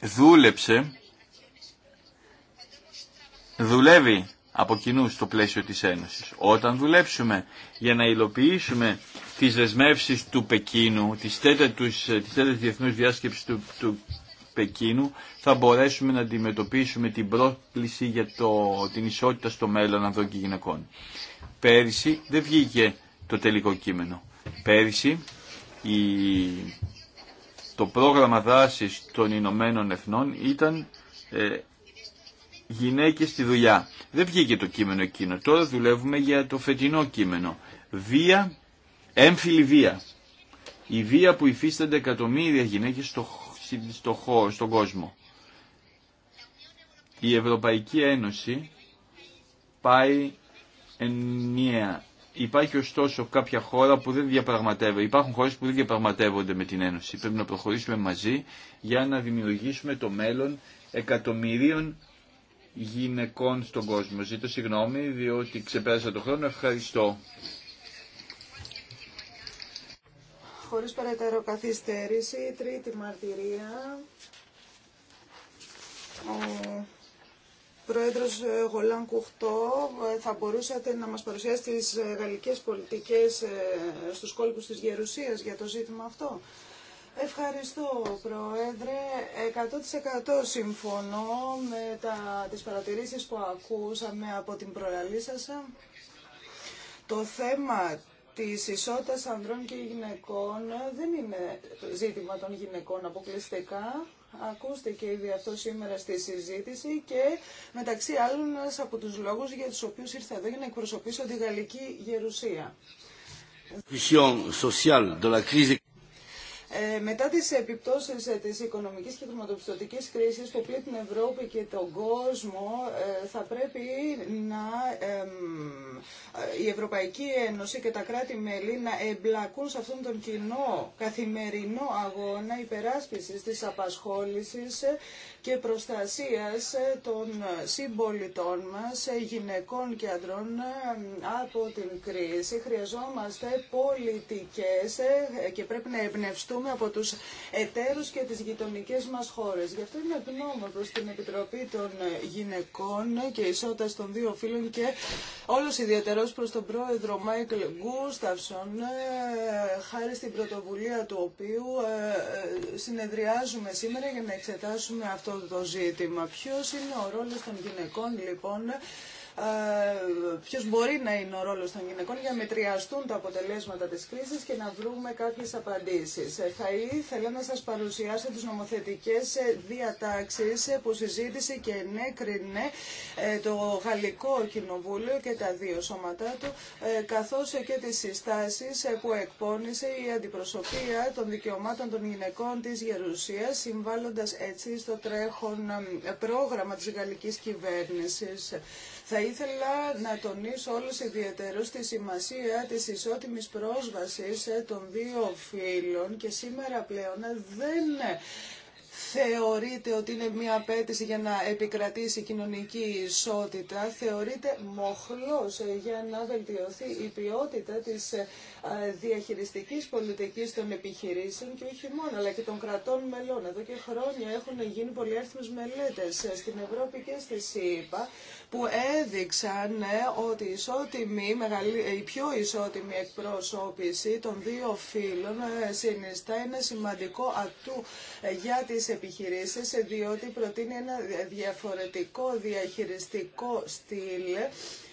δούλεψε, δουλεύει από κοινού στο πλαίσιο της Ένωσης. Όταν δουλέψουμε για να υλοποιήσουμε τις δεσμεύσεις του Πεκίνου, τις τέταρτης, τις διεθνούς διάσκεψης του, του Πεκίνου, θα μπορέσουμε να αντιμετωπίσουμε την πρόκληση για το, την ισότητα στο μέλλον ανδρών και γυναικών. Πέρυσι δεν βγήκε το τελικό κείμενο. Πέρυσι η... το πρόγραμμα δράσης των Ηνωμένων Εθνών ήταν ε, γυναίκες στη δουλειά. Δεν βγήκε το κείμενο εκείνο. Τώρα δουλεύουμε για το φετινό κείμενο. Βία, έμφυλη βία. Η βία που υφίστανται εκατομμύρια γυναίκες στο, στο στον κόσμο. Η Ευρωπαϊκή Ένωση πάει ενιαία Υπάρχει ωστόσο κάποια χώρα που δεν διαπραγματεύεται. Υπάρχουν χώρε που δεν διαπραγματεύονται με την Ένωση. Πρέπει να προχωρήσουμε μαζί για να δημιουργήσουμε το μέλλον εκατομμυρίων γυναικών στον κόσμο. Ζήτω συγγνώμη διότι ξεπέρασα τον χρόνο. Ευχαριστώ. Χωρίς περαιτέρω καθυστέρηση, τρίτη μαρτυρία. Πρόεδρος ε, Γολάν Κουχτό, ε, θα μπορούσατε να μας παρουσιάσετε τις ε, γαλλικές πολιτικές στους κόλπους της Γερουσίας για το ζήτημα αυτό. Ευχαριστώ, Πρόεδρε. 100% συμφωνώ με τα, τις παρατηρήσεις που ακούσαμε από την προαλή σας. Το θέμα της ισότητας ανδρών και γυναικών δεν είναι ζήτημα των γυναικών αποκλειστικά. Ακούστηκε ήδη αυτό σήμερα στη συζήτηση και μεταξύ άλλων ένα από τους λόγους για τους οποίους ήρθα εδώ για να εκπροσωπήσω τη γαλλική γερουσία. Ε, μετά τις επιπτώσεις ε, της οικονομικής και χρηματοπιστωτικής κρίσης που πλήττει την Ευρώπη και τον κόσμο ε, θα πρέπει να η Ευρωπαϊκή Ένωση και τα κράτη-μέλη να εμπλακούν σε αυτόν τον κοινό καθημερινό αγώνα υπεράσπισης της απασχόλησης και προστασίας ε, των συμπολιτών μας, ε, γυναικών και αντρών, ε, από την κρίση. Χρειαζόμαστε πολιτικές και πρέπει να εμπνευστούμε από τους εταίρους και τις γειτονικές μας χώρες. Γι' αυτό είναι πνόμο προς την Επιτροπή των Γυναικών και Ισότητας των Δύο Φίλων και όλος ιδιαίτερος προς τον πρόεδρο Μάικλ Γκούσταυσον, χάρη στην πρωτοβουλία του οποίου συνεδριάζουμε σήμερα για να εξετάσουμε αυτό αυτό το ζήτημα. Ποιος είναι ο ρόλος των γυναικών λοιπόν ε, Ποιο μπορεί να είναι ο ρόλο των γυναικών για να μετριαστούν τα αποτελέσματα της κρίση και να βρούμε κάποιε απαντήσει. Ε, Θα ήθελα να σα παρουσιάσω τι νομοθετικέ ε, διατάξει που συζήτησε και ενέκρινε το Γαλλικό Κοινοβούλιο και τα δύο σώματά του, καθώ και τι συστάσει που εκπώνησε η Αντιπροσωπεία των Δικαιωμάτων των Γυναικών της Γερουσία, συμβάλλοντα έτσι στο τρέχον πρόγραμμα της γαλλικής κυβέρνησης. Θα ήθελα να τονίσω όλος ιδιαίτερους τη σημασία της ισότιμης πρόσβασης ε, των δύο φύλων και σήμερα πλέον δεν θεωρείται ότι είναι μια απέτηση για να επικρατήσει κοινωνική ισότητα, θεωρείται μοχλός ε, για να βελτιωθεί η ποιότητα της ε, διαχειριστικής πολιτικής των επιχειρήσεων και όχι μόνο, αλλά και των κρατών μελών. Εδώ και χρόνια έχουν γίνει μελέτες στην Ευρώπη και στη ΣΥΠΑ που έδειξαν ναι, ότι η, ισότιμη, η πιο ισότιμη εκπρόσωπηση των δύο φύλων ε, συνιστά ένα σημαντικό ατού ε, για τις επιχειρήσεις διότι προτείνει ένα διαφορετικό διαχειριστικό στυλ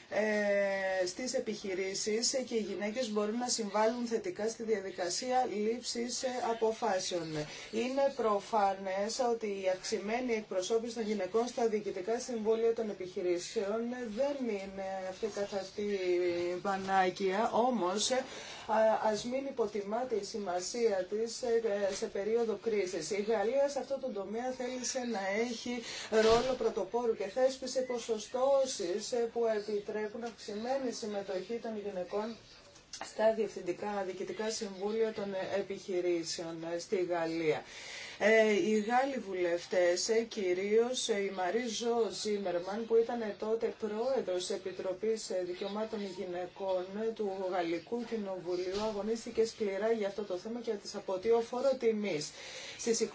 ε, στις επιχειρήσεις και οι γυναίκες μπορούν να συμβάλλουν θετικά στη διαδικασία λήψης αποφάσεων. Είναι προφανές ότι η αυξημένη εκπροσώπηση των γυναικών στα διοικητικά συμβούλια των επιχειρήσεων δεν είναι αυτή καθ' αυτή πανάκια, όμως ας μην υποτιμάται η σημασία της σε περίοδο κρίσης. Η Γαλλία σε αυτό το τομέα θέλησε να έχει ρόλο πρωτοπόρου και θέσπισε ποσοστώσεις που επιτρέπουν αυξημένη συμμετοχή των γυναικών στα διευθυντικά διοικητικά συμβούλια των επιχειρήσεων στη Γαλλία. Ε, οι Γάλλοι βουλευτές, ε, κυρίως ε, η Μαρίζο Ζίμερμαν που ήταν τότε πρόεδρος Επιτροπή Επιτροπής Δικαιωμάτων Γυναικών του Γαλλικού Κοινοβουλίου αγωνίστηκε σκληρά για αυτό το θέμα και τη αποτείω φόρο στις 27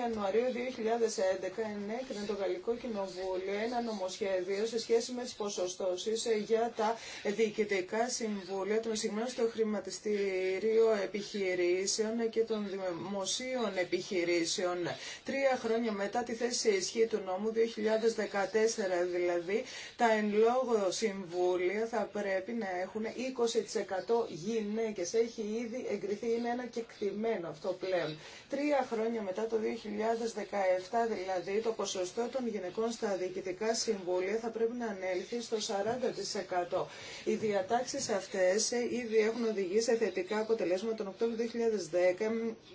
Ιανουαρίου 2011 ενέκρινε το Γαλλικό Κοινοβούλιο ένα νομοσχέδιο σε σχέση με τις ποσοστώσεις για τα διοικητικά συμβούλια των συγμένων στο χρηματιστήριο επιχειρήσεων και των δημοσίων επιχειρήσεων. Τρία χρόνια μετά τη θέση ισχύ του νόμου 2014 δηλαδή, τα εν λόγω συμβούλια θα πρέπει να έχουν 20% γυναίκες. Έχει ήδη εγκριθεί, είναι ένα κεκτημένο αυτό πλέον. Τρία χρόνια μετά το 2017 δηλαδή το ποσοστό των γυναικών στα διοικητικά συμβούλια θα πρέπει να ανέλθει στο 40%. Οι διατάξεις αυτές ε, ήδη έχουν οδηγήσει σε θετικά αποτελέσματα. Τον Οκτώβριο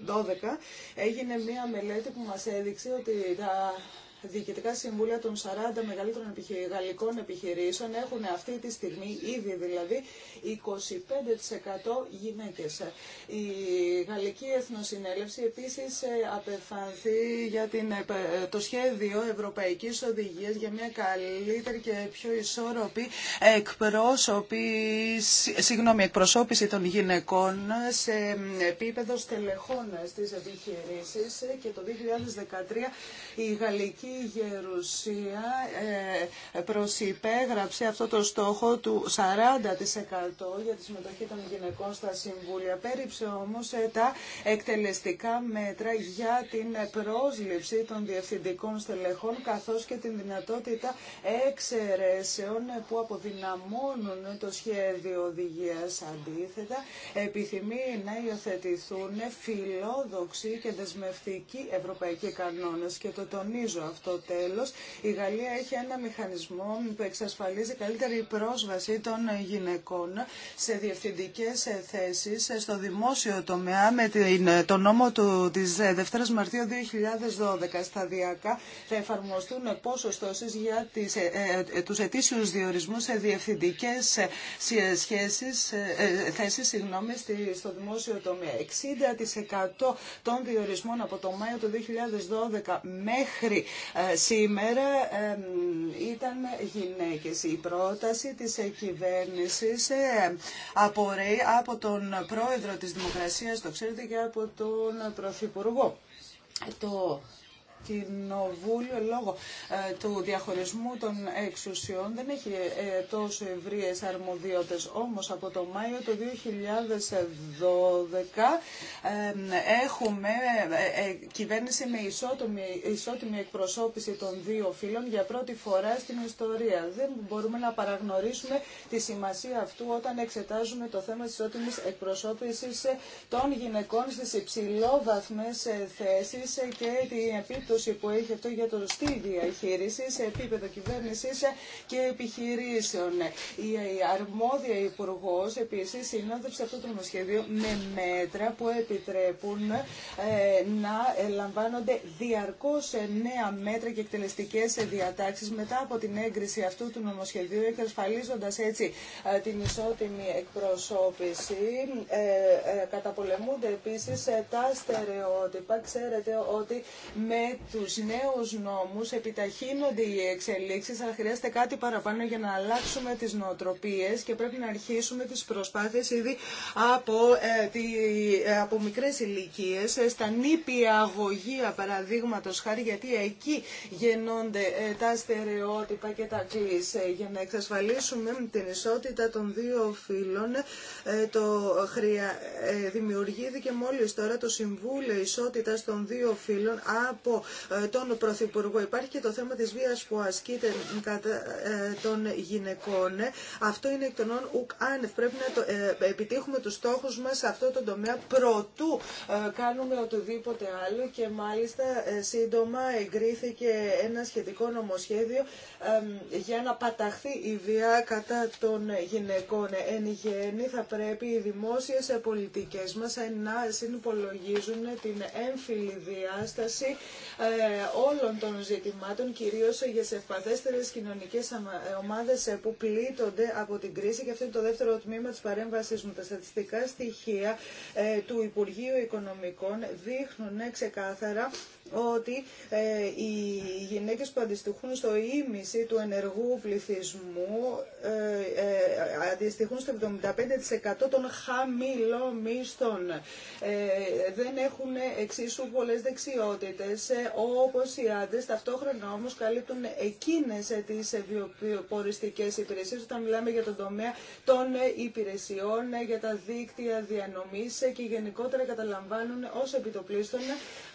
2012 έγινε μια μελέτη που μας έδειξε ότι τα διοικητικά συμβούλια των 40 μεγαλύτερων γαλλικών επιχειρήσεων έχουν αυτή τη στιγμή ήδη δηλαδή 25% γυναίκες. Η Γαλλική Εθνοσυνέλευση επίσης ε, απεφανθεί για την, ε, το σχέδιο Ευρωπαϊκής Οδηγίας για μια καλύτερη και πιο ισόρροπη συγγνώμη, εκπροσώπηση των γυναικών σε επίπεδο στελεχών στις επιχειρήσεις και το 2013 η Γαλλική η Γερουσία ε, προσυπέγραψε αυτό το στόχο του 40% για τη συμμετοχή των γυναικών στα συμβούλια. Πέριψε όμως ε, τα εκτελεστικά μέτρα για την πρόσληψη των διευθυντικών στελεχών καθώς και την δυνατότητα εξαιρέσεων που αποδυναμώνουν το σχέδιο οδηγίας αντίθετα. Επιθυμεί να υιοθετηθούν φιλόδοξοι και δεσμευτικοί ευρωπαϊκοί κανόνες και το τονίζω αυτό αυτό τέλος. Η Γαλλία έχει ένα μηχανισμό που εξασφαλίζει καλύτερη πρόσβαση των γυναικών σε διευθυντικές θέσεις στο δημόσιο τομέα με την, το νόμο του, της Μαρτίου 2012. Σταδιακά θα εφαρμοστούν ποσοστώσεις για τις, ε, ε, ε τους ετήσιους διορισμούς σε διευθυντικές ε, σχέσεις, ε, ε, θέσεις συγγνώμη, στο δημόσιο τομέα. 60% των διορισμών από το Μάιο του 2012 μέχρι ε, σήμερα ήταν γυναίκες. Η πρόταση της κυβέρνησης ε, απορρέει από τον πρόεδρο της Δημοκρασίας, το ξέρετε, και από τον Πρωθυπουργό κοινοβούλιο λόγω ε, του διαχωρισμού των εξουσιών δεν έχει ε, τόσο ευρειε αρμοδιότητες. Όμως από το Μάιο του 2012 έχουμε ε, κυβέρνηση με ισότιμη, ισότιμη εκπροσώπηση των δύο φύλων για πρώτη φορά στην ιστορία. Δεν μπορούμε να παραγνωρίσουμε τη σημασία αυτού όταν εξετάζουμε το θέμα της ισότιμη εκπροσώπησης των γυναικών στις υψηλόβαθμέ θέσει και την που έχει αυτό για το στη διαχείριση σε επίπεδο κυβέρνηση και επιχειρήσεων. Η αρμόδια υπουργό επίση συνόδευσε αυτό το νομοσχέδιο με μέτρα που επιτρέπουν ε, να λαμβάνονται διαρκώ νέα μέτρα και εκτελεστικέ διατάξει μετά από την έγκριση αυτού του νομοσχεδίου, εξασφαλίζοντα έτσι ε, την ισότιμη εκπροσώπηση. Ε, καταπολεμούνται επίση τα στερεότυπα. Ξέρετε ότι με τους νέους νόμους επιταχύνονται οι εξελίξεις, αλλά χρειάζεται κάτι παραπάνω για να αλλάξουμε τις νοοτροπίες και πρέπει να αρχίσουμε τις προσπάθειες ήδη από, ε, τη, ε, από μικρές ηλικίε, ε, στα νήπια αγωγεία παραδείγματος χάρη, γιατί εκεί γεννώνται ε, τα στερεότυπα και τα κλίσε. Για να εξασφαλίσουμε την ισότητα των δύο φύλων, ε, το χρεια... δημιουργήθηκε μόλις τώρα το Συμβούλιο Ισότητας των Δύο Φύλων από ε, τον Πρωθυπουργό. Υπάρχει και το θέμα της βίας που ασκείται κατά ε, των γυναικών. Ε, αυτό είναι εκ των ουκ άνευ. Πρέπει να επιτύχουμε τους στόχους μας σε αυτό το τομέα προτού κάνουμε οτιδήποτε άλλο και μάλιστα σύντομα εγκρίθηκε ένα σχετικό νομοσχέδιο για να παταχθεί η βία κατά των γυναικών. Εν γέννη θα πρέπει οι δημόσιες πολιτικές μας να συνυπολογίζουν την έμφυλη διάσταση ε, όλων των ζητημάτων, κυρίως για τις ευπαθέστερες κοινωνικές ε, ομάδες ε, που πλήττονται από την κρίση και αυτό είναι το δεύτερο τμήμα της παρέμβασής μου. Τα στατιστικά στοιχεία του Υπουργείου Οικονομικών δείχνουν ξεκάθαρα ότι ε, οι γυναίκες που αντιστοιχούν στο ίμιση του ενεργού πληθυσμού ε, ε, αντιστοιχούν στο 75% των χαμηλών δεν έχουν εξίσου πολλές δεξιότητες όπως οι άντρες, ταυτόχρονα όμως καλύπτουν εκείνες τις βιοποριστικές υπηρεσίες όταν μιλάμε για τον τομέα των υπηρεσιών, για τα δίκτυα διανομής και γενικότερα καταλαμβάνουν ως επιτοπλίστων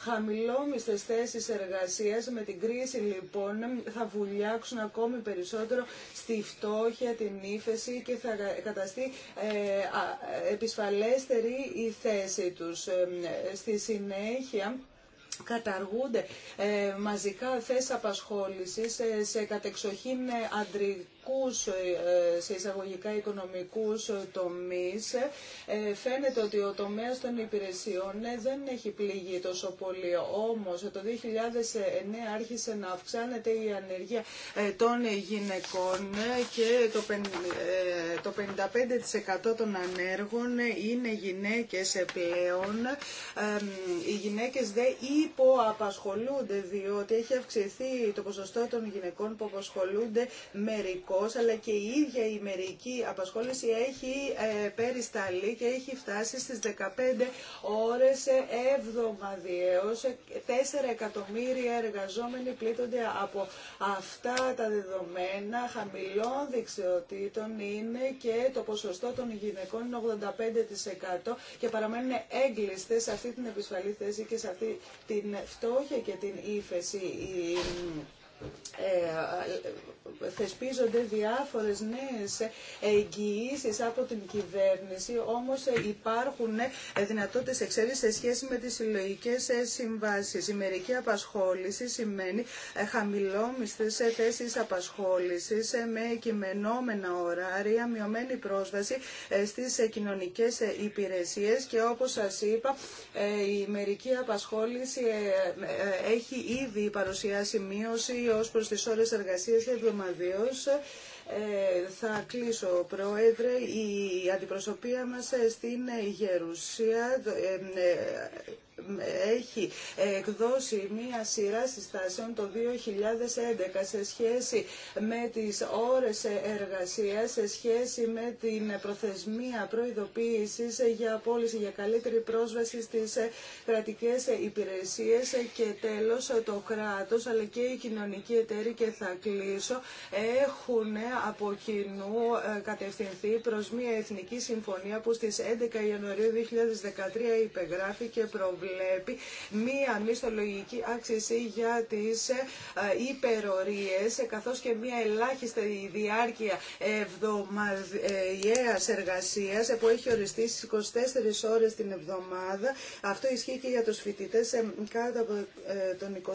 χαμηλόμιστες θέσεις εργασίας. Με την κρίση λοιπόν θα βουλιάξουν ακόμη περισσότερο στη φτώχεια, την ύφεση και θα καταστεί ε, επισφαλέστερη η θέση τους. Ε, στη συνέχεια καταργούνται ε, μαζικά θέσεις απασχόλησης σε κατεξοχήν αντρικό ε, σε εισαγωγικά οικονομικούς ε, τομείς ε, φαίνεται ότι ο τομέας των υπηρεσιών δεν έχει πληγεί τόσο πολύ. Όμως το 2009 άρχισε να αυξάνεται η ανεργία των γυναικών και το 55% των ανέργων είναι γυναίκες πλέον. Οι γυναίκες δεν υποαπασχολούνται διότι έχει αυξηθεί το ποσοστό των γυναικών που απασχολούνται μερικών αλλά και η ίδια η μερική απασχόληση έχει ε, περισταλεί και έχει φτάσει στις 15 ώρες εβδομαδιαίως. 4 εκατομμύρια εργαζόμενοι πλήττονται από αυτά τα δεδομένα χαμηλών δεξιοτήτων είναι και το ποσοστό των γυναικών είναι 85% και παραμένουν έγκλειστες σε αυτή την επισφαλή θέση και σε αυτή την φτώχεια και την ύφεση. Ε, ε, θεσπίζονται διάφορες νέες εγγυήσεις από την κυβέρνηση, όμως ε, υπάρχουν δυνατότητες εξαίρεσης σε σχέση με τις συλλογικέ συμβάσεις. Η μερική απασχόληση σημαίνει χαμηλόμιστες θέσεις απασχόλησης με κειμενόμενα ωράρια, μειωμένη πρόσβαση στις κοινωνικές υπηρεσίες και όπως σας είπα η μερική απασχόληση έχει ήδη παρουσιάσει μείωση ως προς τις ώρες εργασίας εβδομαδίως. Ε, θα κλείσω, Πρόεδρε, η αντιπροσωπεία μας ε, στην Γερουσία ε, έχει εκδώσει μία σειρά συστάσεων το 2011 σε σχέση με τις ώρες εργασίας, σε σχέση με την προθεσμία προειδοποίησης για απόλυση, για καλύτερη πρόσβαση στις κρατικές υπηρεσίες και τέλος το κράτος αλλά και οι κοινωνικοί εταίροι και θα κλείσω έχουν από κοινού ε, κατευθυνθεί προς μία εθνική συμφωνία που στις 11 Ιανουαρίου 2013 υπεγράφηκε και προβλέπει μία μισθολογική άξιση για τις ε, υπερορίες καθώς και μία ελάχιστη διάρκεια εβδομαδιαίας εργασίας ε, που έχει οριστεί στις 24 ώρες την εβδομάδα. Αυτό ισχύει και για τους φοιτητές ε, κάτω από τον 25,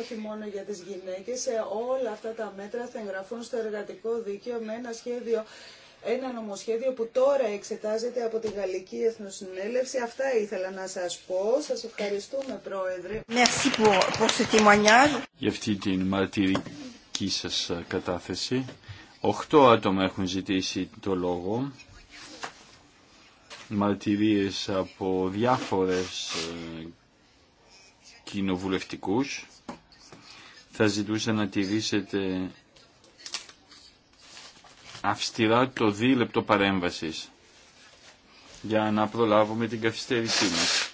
όχι μόνο για τις γυναίκες. Όλα αυτά τα μέτρα θα εγγραφούν στο εργατικό δίκαιο με ένα σχέδιο ένα νομοσχέδιο που τώρα εξετάζεται από τη Γαλλική Εθνοσυνέλευση. Αυτά ήθελα να σας πω. Σας ευχαριστούμε, Πρόεδρε. Για αυτή την μαρτυρική σας κατάθεση. Οχτώ άτομα έχουν ζητήσει το λόγο. Μαρτυρίες από διάφορες ε, κοινοβουλευτικούς. Θα ζητούσα να τηρήσετε αυστηρά το δίλεπτο παρέμβασης για να προλάβουμε την καθυστέρησή μας.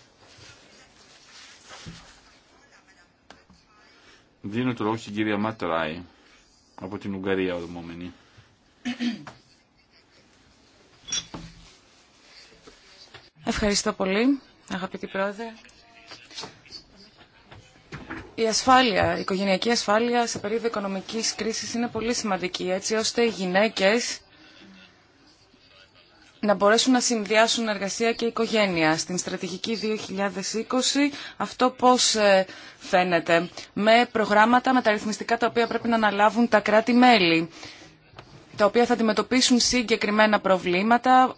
Δίνω το λόγο στην κυρία Ματράη από την Ουγγαρία ορμόμενη. Ευχαριστώ πολύ, αγαπητή Πρόεδρε, η ασφάλεια, η οικογενειακή ασφάλεια σε περίοδο οικονομικής κρίσης είναι πολύ σημαντική, έτσι ώστε οι γυναίκες να μπορέσουν να συνδυάσουν εργασία και οικογένεια. Στην στρατηγική 2020 αυτό πώς ε, φαίνεται, με προγράμματα μεταρρυθμιστικά τα οποία πρέπει να αναλάβουν τα κράτη-μέλη, τα οποία θα αντιμετωπίσουν συγκεκριμένα προβλήματα,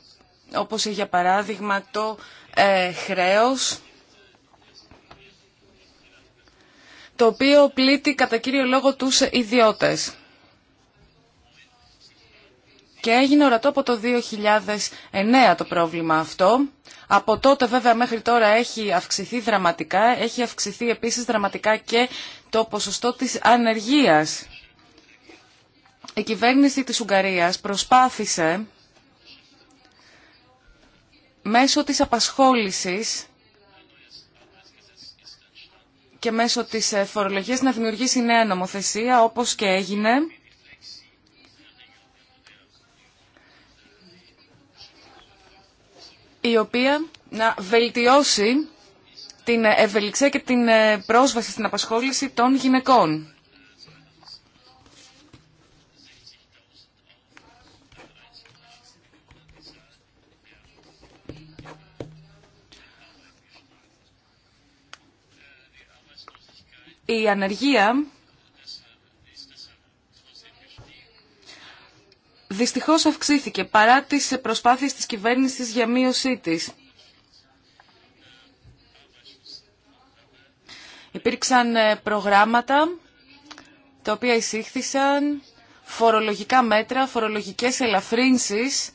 όπως για παράδειγμα το ε, χρέος, το οποίο πλήττει κατά κύριο λόγο τους ιδιώτες. Και έγινε ορατό από το 2009 το πρόβλημα αυτό. Από τότε βέβαια μέχρι τώρα έχει αυξηθεί δραματικά, έχει αυξηθεί επίσης δραματικά και το ποσοστό της ανεργίας. Η κυβέρνηση της Ουγγαρίας προσπάθησε μέσω της απασχόλησης και μέσω της ε, φορολογίας να δημιουργήσει νέα νομοθεσία όπως και έγινε. η οποία να βελτιώσει την ευελιξία και την ε, πρόσβαση στην απασχόληση των γυναικών. η ανεργία δυστυχώς αυξήθηκε παρά τις προσπάθειες της κυβέρνησης για μείωσή της. Υπήρξαν ε, προγράμματα τα οποία εισήχθησαν, φορολογικά μέτρα, φορολογικές ελαφρύνσεις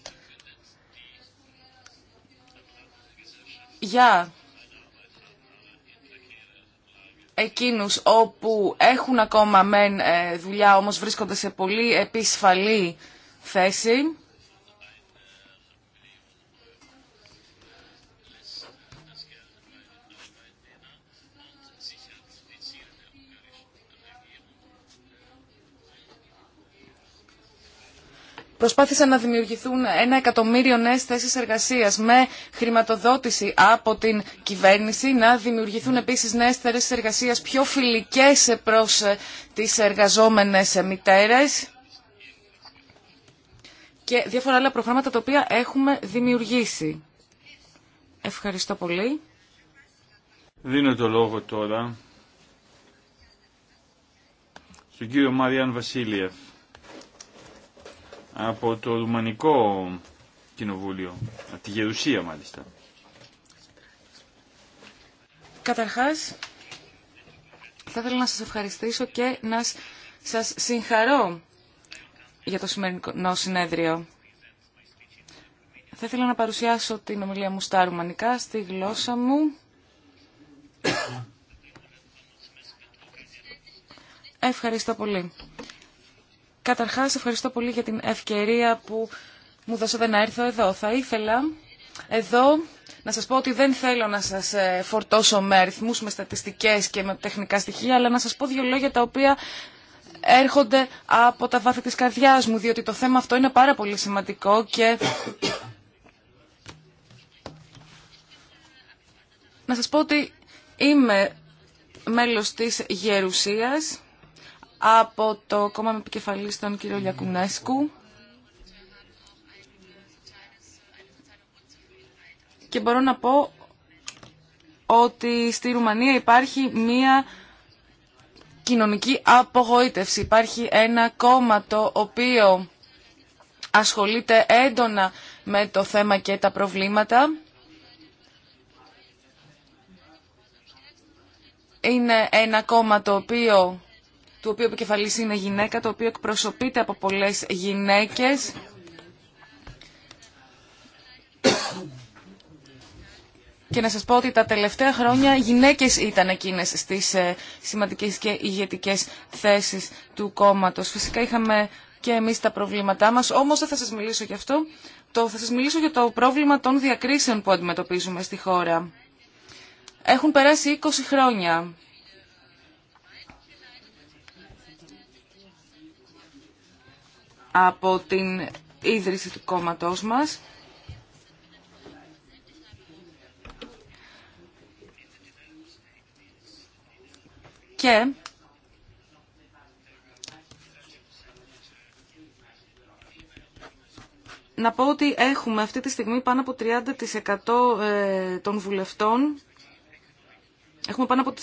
για εκείνους όπου έχουν ακόμα μεν ε, δουλειά όμως βρίσκονται σε πολύ επισφαλή θέση προσπάθησαν να δημιουργηθούν ένα εκατομμύριο νέες θέσεις εργασίας με χρηματοδότηση από την κυβέρνηση, να δημιουργηθούν επίσης νέες θέσεις εργασίας πιο φιλικές προ ε, τι εργαζόμενες μητέρε και διάφορα άλλα προγράμματα τα οποία έχουμε δημιουργήσει. Ευχαριστώ πολύ. Δίνω το λόγο τώρα στον κύριο Μαριάν Βασίλειεφ από το Ρουμανικό Κοινοβούλιο, από τη Γερουσία μάλιστα. Καταρχάς, θα ήθελα να σας ευχαριστήσω και να σας συγχαρώ για το σημερινό συνέδριο. Θα ήθελα να παρουσιάσω την ομιλία μου στα ρουμανικά, στη γλώσσα μου. Ευχαριστώ πολύ. Καταρχάς, ευχαριστώ πολύ για την ευκαιρία που μου δώσατε να έρθω εδώ. Θα ήθελα εδώ να σας πω ότι δεν θέλω να σας ε, φορτώσω με αριθμούς, με στατιστικές και με τεχνικά στοιχεία, αλλά να σας πω δύο λόγια τα οποία έρχονται από τα βάθη της καρδιάς μου, διότι το θέμα αυτό είναι πάρα πολύ σημαντικό και... να σας πω ότι είμαι μέλος της Γερουσίας από το κόμμα με επικεφαλή στον κύριο Λιακουνέσκου. Και μπορώ να πω ότι στη Ρουμανία υπάρχει μία κοινωνική απογοήτευση. Υπάρχει ένα κόμμα το οποίο ασχολείται έντονα με το θέμα και τα προβλήματα. Είναι ένα κόμμα το οποίο το οποίο επικεφαλής είναι γυναίκα, το οποίο εκπροσωπείται από πολλές γυναίκες. Και να σας πω ότι τα τελευταία χρόνια γυναίκες ήταν εκείνες στις ε, σημαντικές και ηγετικές θέσεις του κόμματος. Φυσικά είχαμε και εμείς τα προβλήματά μας, όμως δεν θα σας μιλήσω για αυτό. Το, θα σας μιλήσω για το πρόβλημα των διακρίσεων που αντιμετωπίζουμε στη χώρα. Έχουν περάσει 20 χρόνια από την ίδρυση του κόμματός μας. Και να πω ότι έχουμε αυτή τη στιγμή πάνω από 30% ε, των βουλευτών Έχουμε πάνω από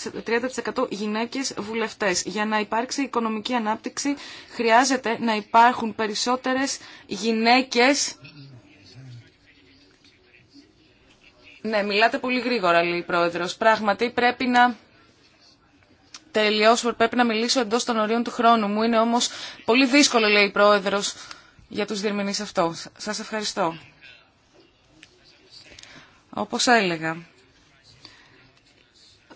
30% γυναίκες βουλευτές. Για να υπάρξει οικονομική ανάπτυξη χρειάζεται να υπάρχουν περισσότερες γυναίκες... Ναι, μιλάτε πολύ γρήγορα, λέει η Πρόεδρος. Πράγματι πρέπει να τελειώσω, πρέπει να μιλήσω εντός των ορίων του χρόνου μου. Είναι όμως πολύ δύσκολο, λέει η Πρόεδρος, για τους διερμηνείς αυτό. Σας ευχαριστώ. Όπως έλεγα,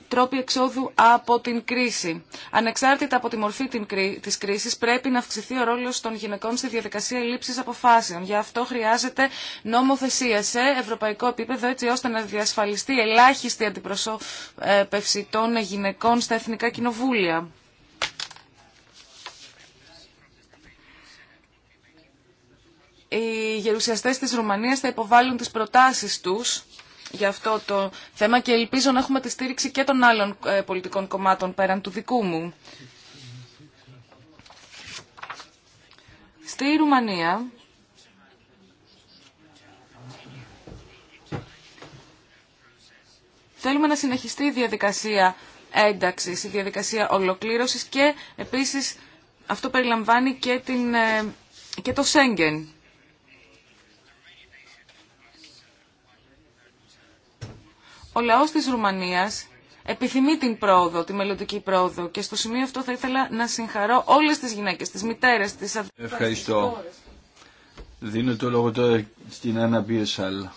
τρόποι εξόδου από την κρίση. Ανεξάρτητα από τη μορφή της κρίσης πρέπει να αυξηθεί ο ρόλος των γυναικών στη διαδικασία λήψης αποφάσεων. Γι' αυτό χρειάζεται νομοθεσία σε ευρωπαϊκό επίπεδο έτσι ώστε να διασφαλιστεί ελάχιστη αντιπροσώπευση των γυναικών στα εθνικά κοινοβούλια. Οι γερουσιαστές της Ρουμανίας θα υποβάλουν τις προτάσεις τους για αυτό το θέμα και ελπίζω να έχουμε τη στήριξη και των άλλων ε, πολιτικών κομμάτων πέραν του δικού μου. Στη Ρουμανία θέλουμε να συνεχιστεί η διαδικασία ένταξης, η διαδικασία ολοκλήρωσης και επίσης αυτό περιλαμβάνει και, την, ε, και το Σέγγεν. Ο λαός της Ρουμανίας επιθυμεί την πρόοδο, τη μελλοντική πρόοδο και στο σημείο αυτό θα ήθελα να συγχαρώ όλες τις γυναίκες, τις μητέρες, τις αδελφές. Ευχαριστώ. Δίνω το λόγο τώρα στην Άννα Πίεσαλ.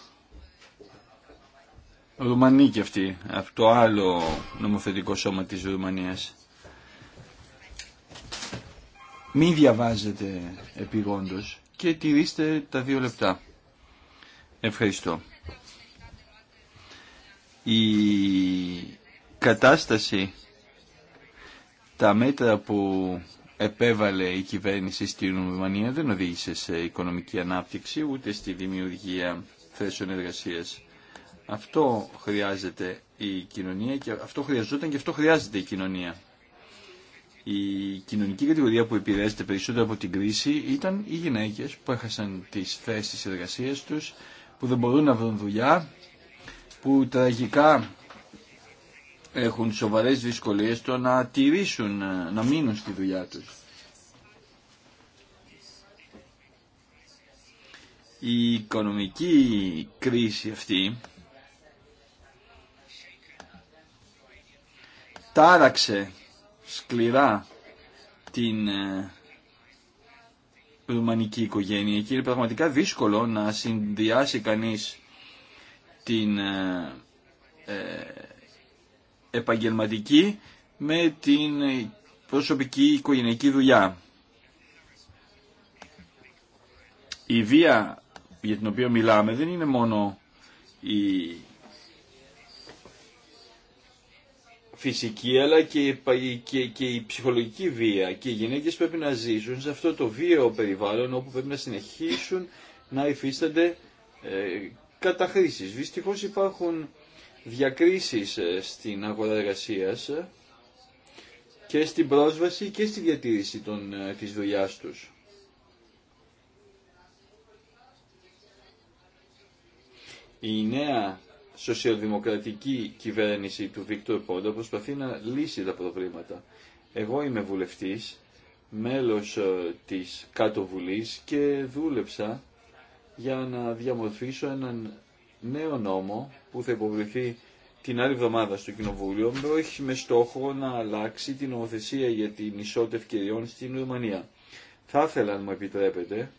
Ρουμανή και αυτή, από το άλλο νομοθετικό σώμα της Ρουμανίας. Μην διαβάζετε επιγόντως και τηρήστε τα δύο λεπτά. Ευχαριστώ. Η κατάσταση, τα μέτρα που επέβαλε η κυβέρνηση στην Ουρμανία δεν οδήγησε σε οικονομική ανάπτυξη ούτε στη δημιουργία θέσεων εργασίας. Αυτό χρειάζεται η κοινωνία και αυτό χρειαζόταν και αυτό χρειάζεται η κοινωνία. Η κοινωνική κατηγορία που επηρέαζεται περισσότερο από την κρίση ήταν οι γυναίκες που έχασαν τις θέσεις εργασίας τους, που δεν μπορούν να βρουν δουλειά που τραγικά έχουν σοβαρές δυσκολίες στο να τηρήσουν, να μείνουν στη δουλειά τους. Η οικονομική κρίση αυτή τάραξε σκληρά την ε, ρουμανική οικογένεια και είναι πραγματικά δύσκολο να συνδυάσει κανείς την ε, ε, επαγγελματική με την προσωπική οικογενειακή δουλειά. Η βία για την οποία μιλάμε δεν είναι μόνο η φυσική αλλά και, και, η ψυχολογική βία και οι γυναίκες πρέπει να ζήσουν σε αυτό το βίαιο περιβάλλον όπου πρέπει να συνεχίσουν να υφίστανται ε, καταχρήσεις. Δυστυχώς υπάρχουν διακρίσεις ε, στην αγορά εργασίας ε, και στην πρόσβαση και στη διατήρηση των, ε, της δουλειά τους. Η νέα σοσιαλδημοκρατική κυβέρνηση του Βίκτορ Πόντα προσπαθεί να λύσει τα προβλήματα. Εγώ είμαι βουλευτής, μέλος της Κάτω Βουλής και δούλεψα για να διαμορφήσω έναν νέο νόμο που θα υποβληθεί την άλλη εβδομάδα στο Κοινοβούλιο, που έχει με στόχο να αλλάξει την νομοθεσία για την ισότητα ευκαιριών στην Ρουμανία. Θα ήθελα, αν μου επιτρέπετε,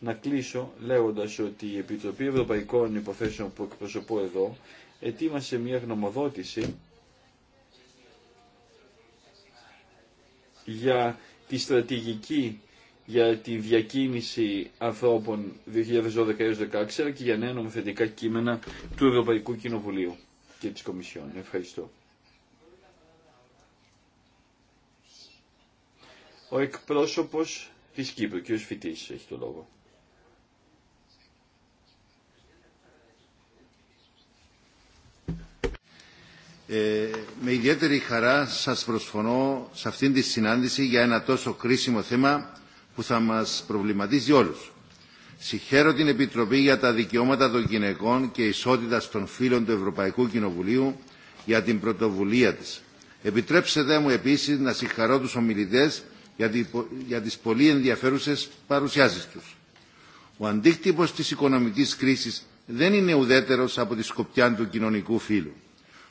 να κλείσω λέγοντας ότι η Επιτροπή Ευρωπαϊκών Υποθέσεων που εκπροσωπώ εδώ ετοίμασε μια γνωμοδότηση για τη στρατηγική για τη διακίνηση ανθρώπων 2012-2016 και για νέα νομοθετικά κείμενα του Ευρωπαϊκού Κοινοβουλίου και της Κομισιόν. Ευχαριστώ. Ο εκπρόσωπος της Κύπρου, κ. Φυτής, έχει το λόγο. Ε, με ιδιαίτερη χαρά σας προσφωνώ σε αυτήν τη συνάντηση για ένα τόσο κρίσιμο θέμα που θα μας προβληματίζει όλους. Συγχαίρω την Επιτροπή για τα Δικαιώματα των Γυναικών και Ισότητα των Φίλων του Ευρωπαϊκού Κοινοβουλίου για την πρωτοβουλία της. Επιτρέψτε μου επίσης να συγχαρώ τους ομιλητές για τις πολύ ενδιαφέρουσες παρουσιάσεις τους. Ο αντίκτυπος της οικονομικής κρίσης δεν είναι ουδέτερος από τη σκοπιά του κοινωνικού φύλου.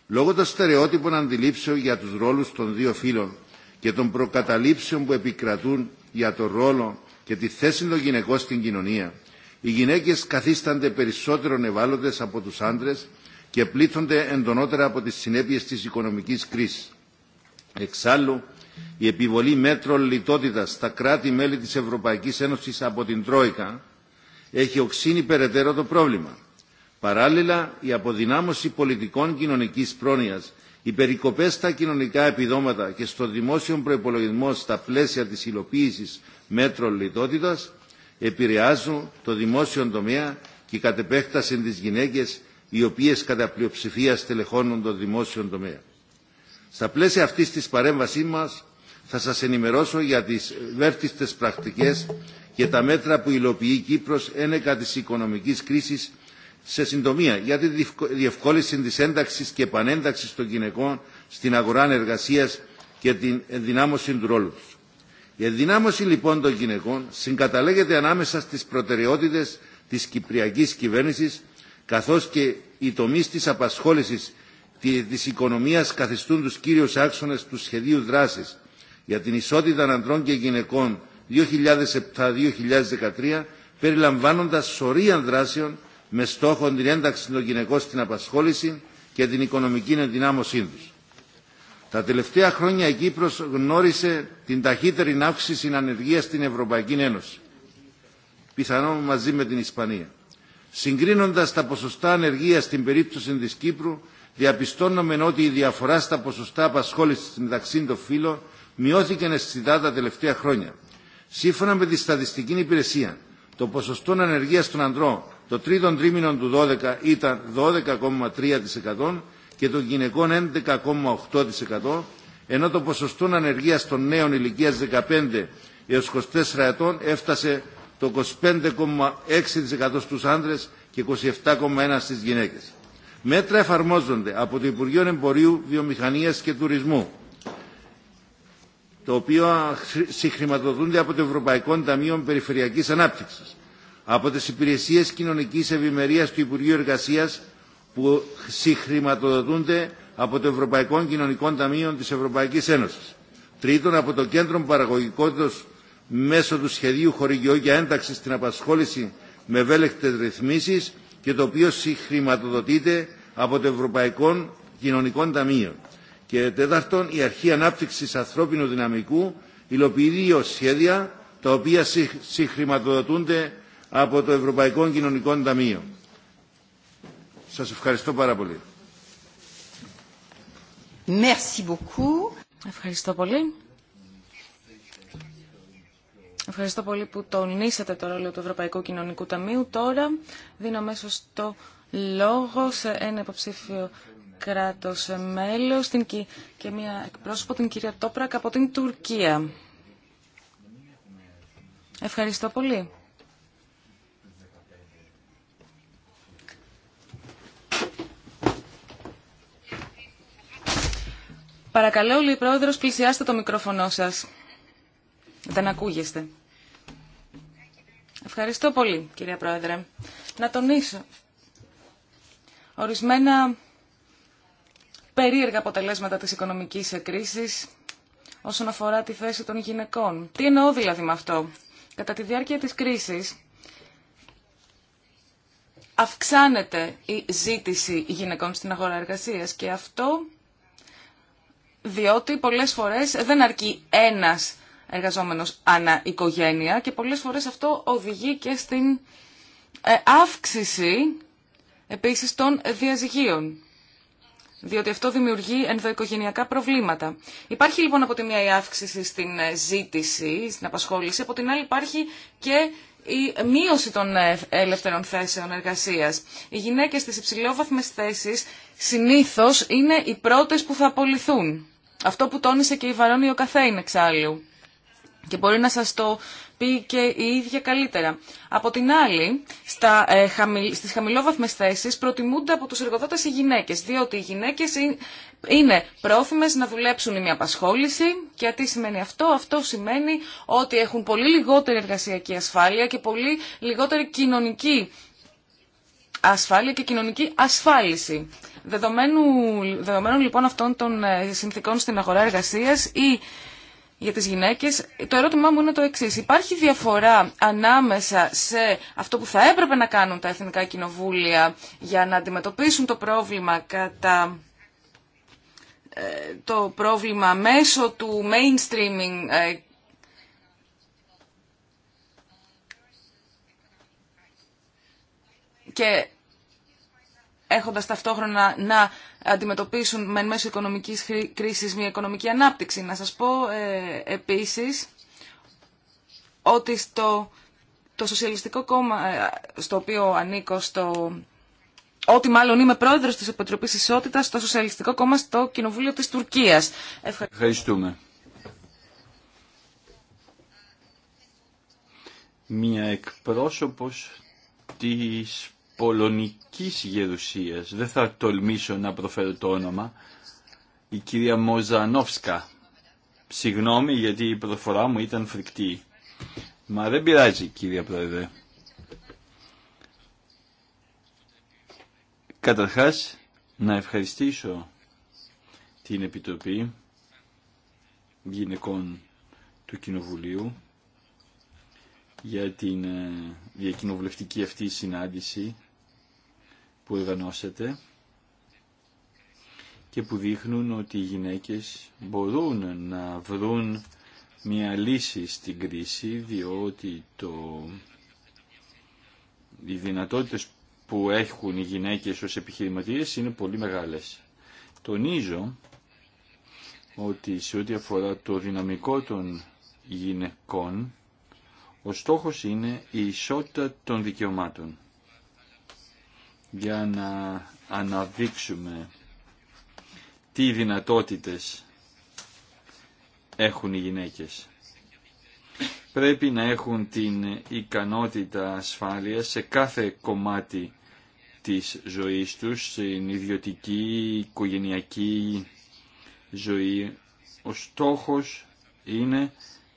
Λόγω των στερεότυπων αντιλήψεων για τους ρόλους των δύο φύλων και των προκαταλήψεων που επικρατούν για το ρόλο και τη θέση των γυναικών στην κοινωνία, οι γυναίκες καθίστανται περισσότερο ευάλωτες από τους άντρες και πλήθονται εντονότερα από τις συνέπειες της οικονομικής κρίσης. Εξάλλου, η επιβολή μέτρων λιτότητας στα κράτη-μέλη της Ευρωπαϊκής Ένωσης από την Τρόικα έχει οξύνει περαιτέρω το πρόβλημα. Παράλληλα, η αποδυνάμωση πολιτικών κοινωνικής πρόνοιας οι περικοπέ στα κοινωνικά επιδόματα και στο δημόσιο προπολογισμό στα πλαίσια τη υλοποίηση μέτρων λιτότητα επηρεάζουν το δημόσιο τομέα και κατ' επέκταση τι γυναίκε, οι οποίε κατά πλειοψηφία στελεχώνουν το δημόσιο τομέα. Στα πλαίσια αυτή τη παρέμβασή μα, θα σα ενημερώσω για τι βέρτιστε πρακτικέ και τα μέτρα που υλοποιεί Κύπρος ένεκα τη οικονομική κρίση σε συντομία για τη διευκόλυνση της ένταξης και επανένταξης των γυναικών στην αγορά εργασίας και την ενδυνάμωση του ρόλου τους. Η ενδυνάμωση λοιπόν των γυναικών συγκαταλέγεται ανάμεσα στις προτεραιότητες της κυπριακής κυβέρνησης καθώς και οι τομείς της απασχόλησης της οικονομίας καθιστούν τους κύριους άξονες του σχεδίου δράσης για την ισότητα ανδρών και γυναικών 2007-2013 περιλαμβάνοντας σωρία δράσεων με στόχο την ένταξη των γυναικών στην απασχόληση και την οικονομική ενδυνάμωσή του. Τα τελευταία χρόνια η Κύπρος γνώρισε την ταχύτερη αύξηση ανεργία στην Ευρωπαϊκή Ένωση, πιθανόν μαζί με την Ισπανία. Συγκρίνοντας τα ποσοστά ανεργίας στην περίπτωση της Κύπρου, διαπιστώνουμε ότι η διαφορά στα ποσοστά απασχόλησης μεταξύ των φύλων μειώθηκε αισθητά τα τελευταία χρόνια. Σύμφωνα με τη Στατιστική Υπηρεσία, το ποσοστό ανεργία των ανδρών το τρίτο τρίμηνο του 2012 ήταν 12,3% και των γυναικών 11,8%, ενώ το ποσοστό ανεργίας των νέων ηλικίας 15 έως 24 ετών έφτασε το 25,6% στους άνδρες και 27,1% στις γυναίκες. Μέτρα εφαρμόζονται από το Υπουργείο Εμπορίου, Βιομηχανίας και Τουρισμού, το οποίο συγχρηματοδοτούνται από το Ευρωπαϊκό Ταμείο Περιφερειακής Ανάπτυξης από τις υπηρεσίες κοινωνικής ευημερίας του Υπουργείου Εργασίας που συγχρηματοδοτούνται από το Ευρωπαϊκό Κοινωνικό Ταμείο της Ευρωπαϊκής Ένωσης. Τρίτον, από το Κέντρο Παραγωγικότητας μέσω του Σχεδίου Χορηγιό για Ένταξη στην Απασχόληση με Βέλεκτες ρυθμίσεις και το οποίο συγχρηματοδοτείται από το Ευρωπαϊκό Κοινωνικό Ταμείο. Και τέταρτον, η Αρχή Ανάπτυξης Ανθρώπινου Δυναμικού υλοποιεί δύο σχέδια τα οποία συγχρηματοδοτούνται από το Ευρωπαϊκό Κοινωνικό Ταμείο. Σας ευχαριστώ πάρα πολύ. Merci beaucoup. Ευχαριστώ πολύ. Ευχαριστώ πολύ που τονίσατε το ρόλο του Ευρωπαϊκού Κοινωνικού Ταμείου. Τώρα δίνω μέσω το λόγο σε ένα υποψήφιο κράτος μέλος την, και μια εκπρόσωπο, την κυρία Τόπρακ από την Τουρκία. Ευχαριστώ πολύ. Παρακαλώ, λέει πρόεδρος, πλησιάστε το μικρόφωνο σας. Δεν ακούγεστε. Ευχαριστώ πολύ, κυρία Πρόεδρε. Να τονίσω ορισμένα περίεργα αποτελέσματα της οικονομικής κρίσης όσον αφορά τη θέση των γυναικών. Τι εννοώ δηλαδή με αυτό. Κατά τη διάρκεια της κρίσης αυξάνεται η ζήτηση γυναικών στην αγορά εργασίας και αυτό διότι πολλές φορές δεν αρκεί ένας εργαζόμενος ανά οικογένεια και πολλές φορές αυτό οδηγεί και στην ε, αύξηση επίσης των διαζυγίων διότι αυτό δημιουργεί ενδοοικογενειακά προβλήματα. Υπάρχει λοιπόν από τη μία η αύξηση στην ε, ζήτηση, στην απασχόληση, από την άλλη υπάρχει και η μείωση των ε, ελεύθερων θέσεων εργασίας. Οι γυναίκες στις υψηλόβαθμες θέσεις συνήθως είναι οι πρώτες που θα απολυθούν. Αυτό που τόνισε και η ο Καθέιν εξάλλου. Και μπορεί να σας το πει και η ίδια καλύτερα. Από την άλλη, στα, ε, στις χαμηλόβαθμες θέσεις προτιμούνται από τους εργοδότες οι γυναίκες, διότι οι γυναίκες είναι πρόθυμες να δουλέψουν η μια απασχόληση και τι σημαίνει αυτό. Αυτό σημαίνει ότι έχουν πολύ λιγότερη εργασιακή ασφάλεια και πολύ λιγότερη κοινωνική ασφάλεια και κοινωνική ασφάλιση. Δεδομένου, δεδομένου λοιπόν αυτών των ε, συνθήκων στην αγορά εργασίας ή για τις γυναίκες, το ερώτημά μου είναι το εξής. Υπάρχει διαφορά ανάμεσα σε αυτό που θα έπρεπε να κάνουν τα εθνικά κοινοβούλια για να αντιμετωπίσουν το πρόβλημα κατά ε, το πρόβλημα μέσω του mainstreaming ε, και έχοντας ταυτόχρονα να αντιμετωπίσουν με μέσω οικονομικής κρίσης μια οικονομική ανάπτυξη. Να σας πω ε, επίσης ότι στο το Σοσιαλιστικό Κόμμα, ε, στο οποίο ανήκω, στο, ότι μάλλον είμαι πρόεδρος της Επιτροπής Ισότητας, στο Σοσιαλιστικό Κόμμα στο Κοινοβούλιο της Τουρκίας. Ευχαριστούμε. Μία εκπρόσωπος της πολωνικής γερουσίας, δεν θα τολμήσω να προφέρω το όνομα, η κυρία Μοζανόφσκα. Συγγνώμη γιατί η προφορά μου ήταν φρικτή. Μα δεν πειράζει κυρία Πρόεδρε. Καταρχάς να ευχαριστήσω την Επιτροπή Γυναικών του Κοινοβουλίου για την ε, διακοινοβουλευτική αυτή συνάντηση που οργανώσατε και που δείχνουν ότι οι γυναίκες μπορούν να βρουν μια λύση στην κρίση διότι το... οι δυνατότητες που έχουν οι γυναίκες ως επιχειρηματίες είναι πολύ μεγάλες. Τονίζω ότι σε ό,τι αφορά το δυναμικό των γυναικών ο στόχος είναι η ισότητα των δικαιωμάτων για να αναδείξουμε τι δυνατότητες έχουν οι γυναίκες. Πρέπει να έχουν την ικανότητα ασφάλειας σε κάθε κομμάτι της ζωής τους, στην ιδιωτική, οικογενειακή ζωή. Ο στόχος είναι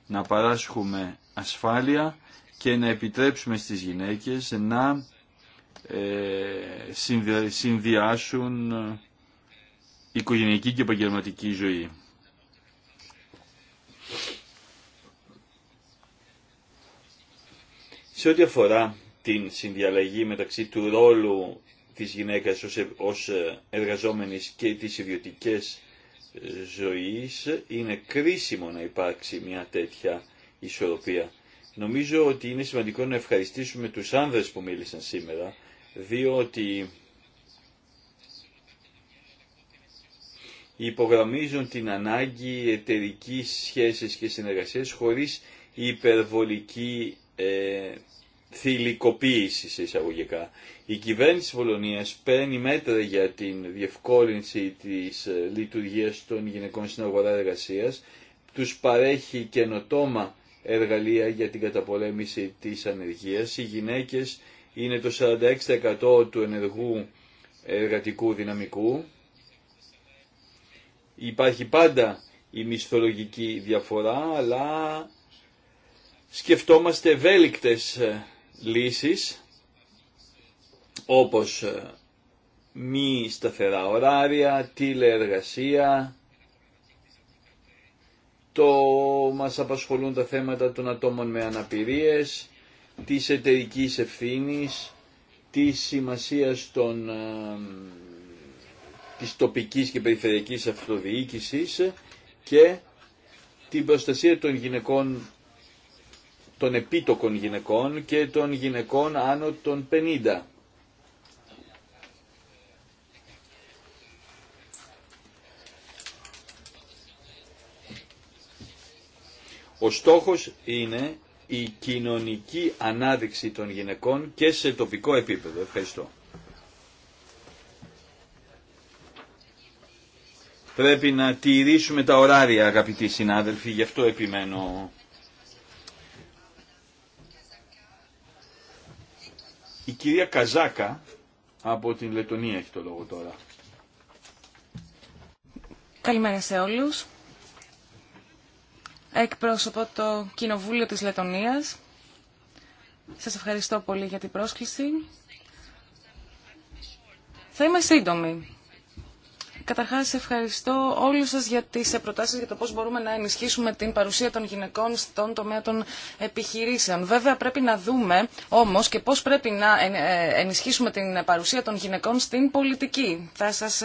να παράσχουμε ασφάλεια και να επιτρέψουμε στις γυναίκες να ε, συνδυάσουν ε, οικογενειακή και επαγγελματική ζωή. Σε ό,τι αφορά την συνδιαλλαγή μεταξύ του ρόλου της γυναίκας ως ε, εργαζόμενης και της ιδιωτικής ζωής, είναι κρίσιμο να υπάρξει μια τέτοια ισορροπία. Νομίζω ότι είναι σημαντικό να ευχαριστήσουμε τους άνδρες που μίλησαν σήμερα, διότι υπογραμμίζουν την ανάγκη εταιρική σχέσης και συνεργασίας χωρίς υπερβολική ε, θηλυκοποίηση σε εισαγωγικά. Η κυβέρνηση της παίρνει μέτρα για την διευκόλυνση της ε, λειτουργίας των γυναικών στην αγορά εργασίας, τους παρέχει καινοτόμα εργαλεία για την καταπολέμηση της ανεργίας. Οι γυναίκες είναι το 46% του ενεργού εργατικού δυναμικού. Υπάρχει πάντα η μισθολογική διαφορά, αλλά σκεφτόμαστε ευέλικτες ε, λύσεις, όπως ε, μη σταθερά ωράρια, τηλεεργασία, το μας απασχολούν τα θέματα των ατόμων με αναπηρίες, της εταιρικής ευθύνης, της σημασίας των, ε, της τοπικής και περιφερειακής αυτοδιοίκησης και την προστασία των γυναικών των επίτοκων γυναικών και των γυναικών άνω των 50. Ο στόχος είναι η κοινωνική ανάδειξη των γυναικών και σε τοπικό επίπεδο. Ευχαριστώ. Πρέπει να τηρήσουμε τα ωράρια αγαπητοί συνάδελφοι, γι' αυτό επιμένω. Η κυρία Καζάκα από την Λετωνία έχει το λόγο τώρα. Καλημέρα σε όλους εκπρόσωπο το Κοινοβούλιο της Λετωνίας. Σας ευχαριστώ πολύ για την πρόσκληση. Θα είμαι σύντομη. Καταρχάς ευχαριστώ όλους σας για τις προτάσεις για το πώς μπορούμε να ενισχύσουμε την παρουσία των γυναικών στον τομέα των επιχειρήσεων. Βέβαια πρέπει να δούμε όμως και πώς πρέπει να ε, ε, ενισχύσουμε την παρουσία των γυναικών στην πολιτική. Θα σας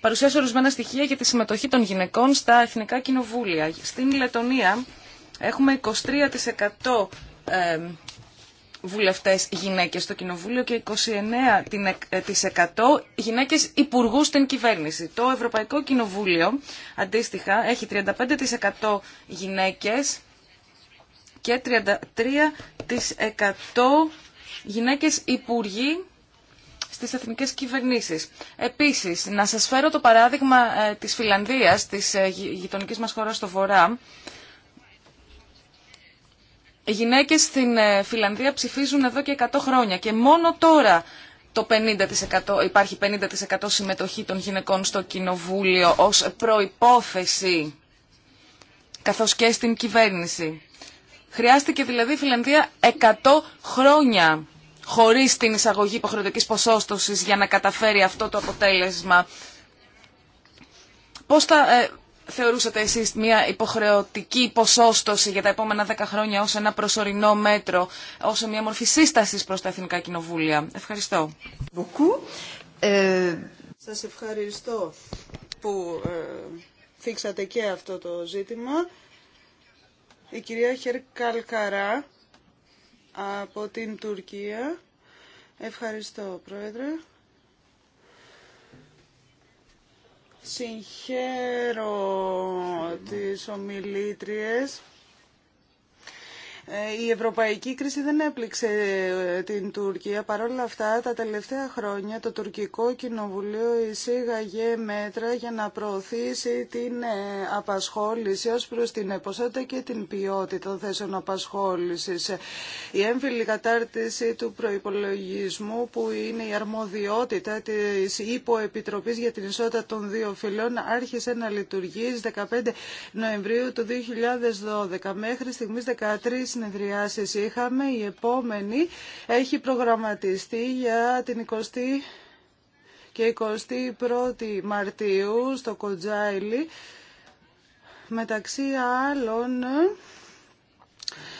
παρουσιάσω ορισμένα στοιχεία για τη συμμετοχή των γυναικών στα εθνικά κοινοβούλια. Στην Λετωνία έχουμε 23% ε, βουλευτές γυναίκες στο Κοινοβούλιο και 29% γυναίκες υπουργού στην κυβέρνηση. Το Ευρωπαϊκό Κοινοβούλιο αντίστοιχα έχει 35% γυναίκες και 33% γυναίκες υπουργοί στις εθνικές κυβερνήσεις. Επίσης, να σας φέρω το παράδειγμα ε, της Φιλανδίας, της ε, γειτονικής μας χώρας στο Βορρά. Οι γυναίκες στην ε, Φιλανδία ψηφίζουν εδώ και 100 χρόνια και μόνο τώρα το 50%, υπάρχει 50% συμμετοχή των γυναικών στο κοινοβούλιο ως προϋπόθεση καθώς και στην κυβέρνηση. Χρειάστηκε δηλαδή η Φιλανδία 100 χρόνια χωρίς την εισαγωγή υποχρεωτικής ποσόστοσης για να καταφέρει αυτό το αποτέλεσμα. Πώς θα ε, θεωρούσατε εσείς μια υποχρεωτική ποσόστοση για τα επόμενα δέκα χρόνια ως ένα προσωρινό μέτρο, ως μια μορφή σύστασης προς τα Εθνικά Κοινοβούλια. Ευχαριστώ. Ε, σας ευχαριστώ που ε, θίξατε και αυτό το ζήτημα. Η κυρία Χερκαλκαρά από την Τουρκία. Ευχαριστώ, Πρόεδρε. Συγχαίρω τις ομιλήτριες. Ε, η ευρωπαϊκή κρίση δεν έπληξε ε, την Τουρκία. Παρ' όλα αυτά, τα τελευταία χρόνια το τουρκικό κοινοβουλίο εισήγαγε μέτρα για να προωθήσει την ε, απασχόληση ως προς την ποσότητα και την ποιότητα των θέσεων απασχόληση. Η έμφυλη κατάρτιση του προϋπολογισμού που είναι η αρμοδιότητα της Υποεπιτροπής για την Ισότητα των Δύο Φυλών άρχισε να λειτουργεί στι 15 Νοεμβρίου του 2012. Μέχρι στιγμής 13 συνεδριάσεις είχαμε. Η επόμενη έχει προγραμματιστεί για την 20 και 21η Μαρτίου στο Κοντζάιλι. Μεταξύ άλλων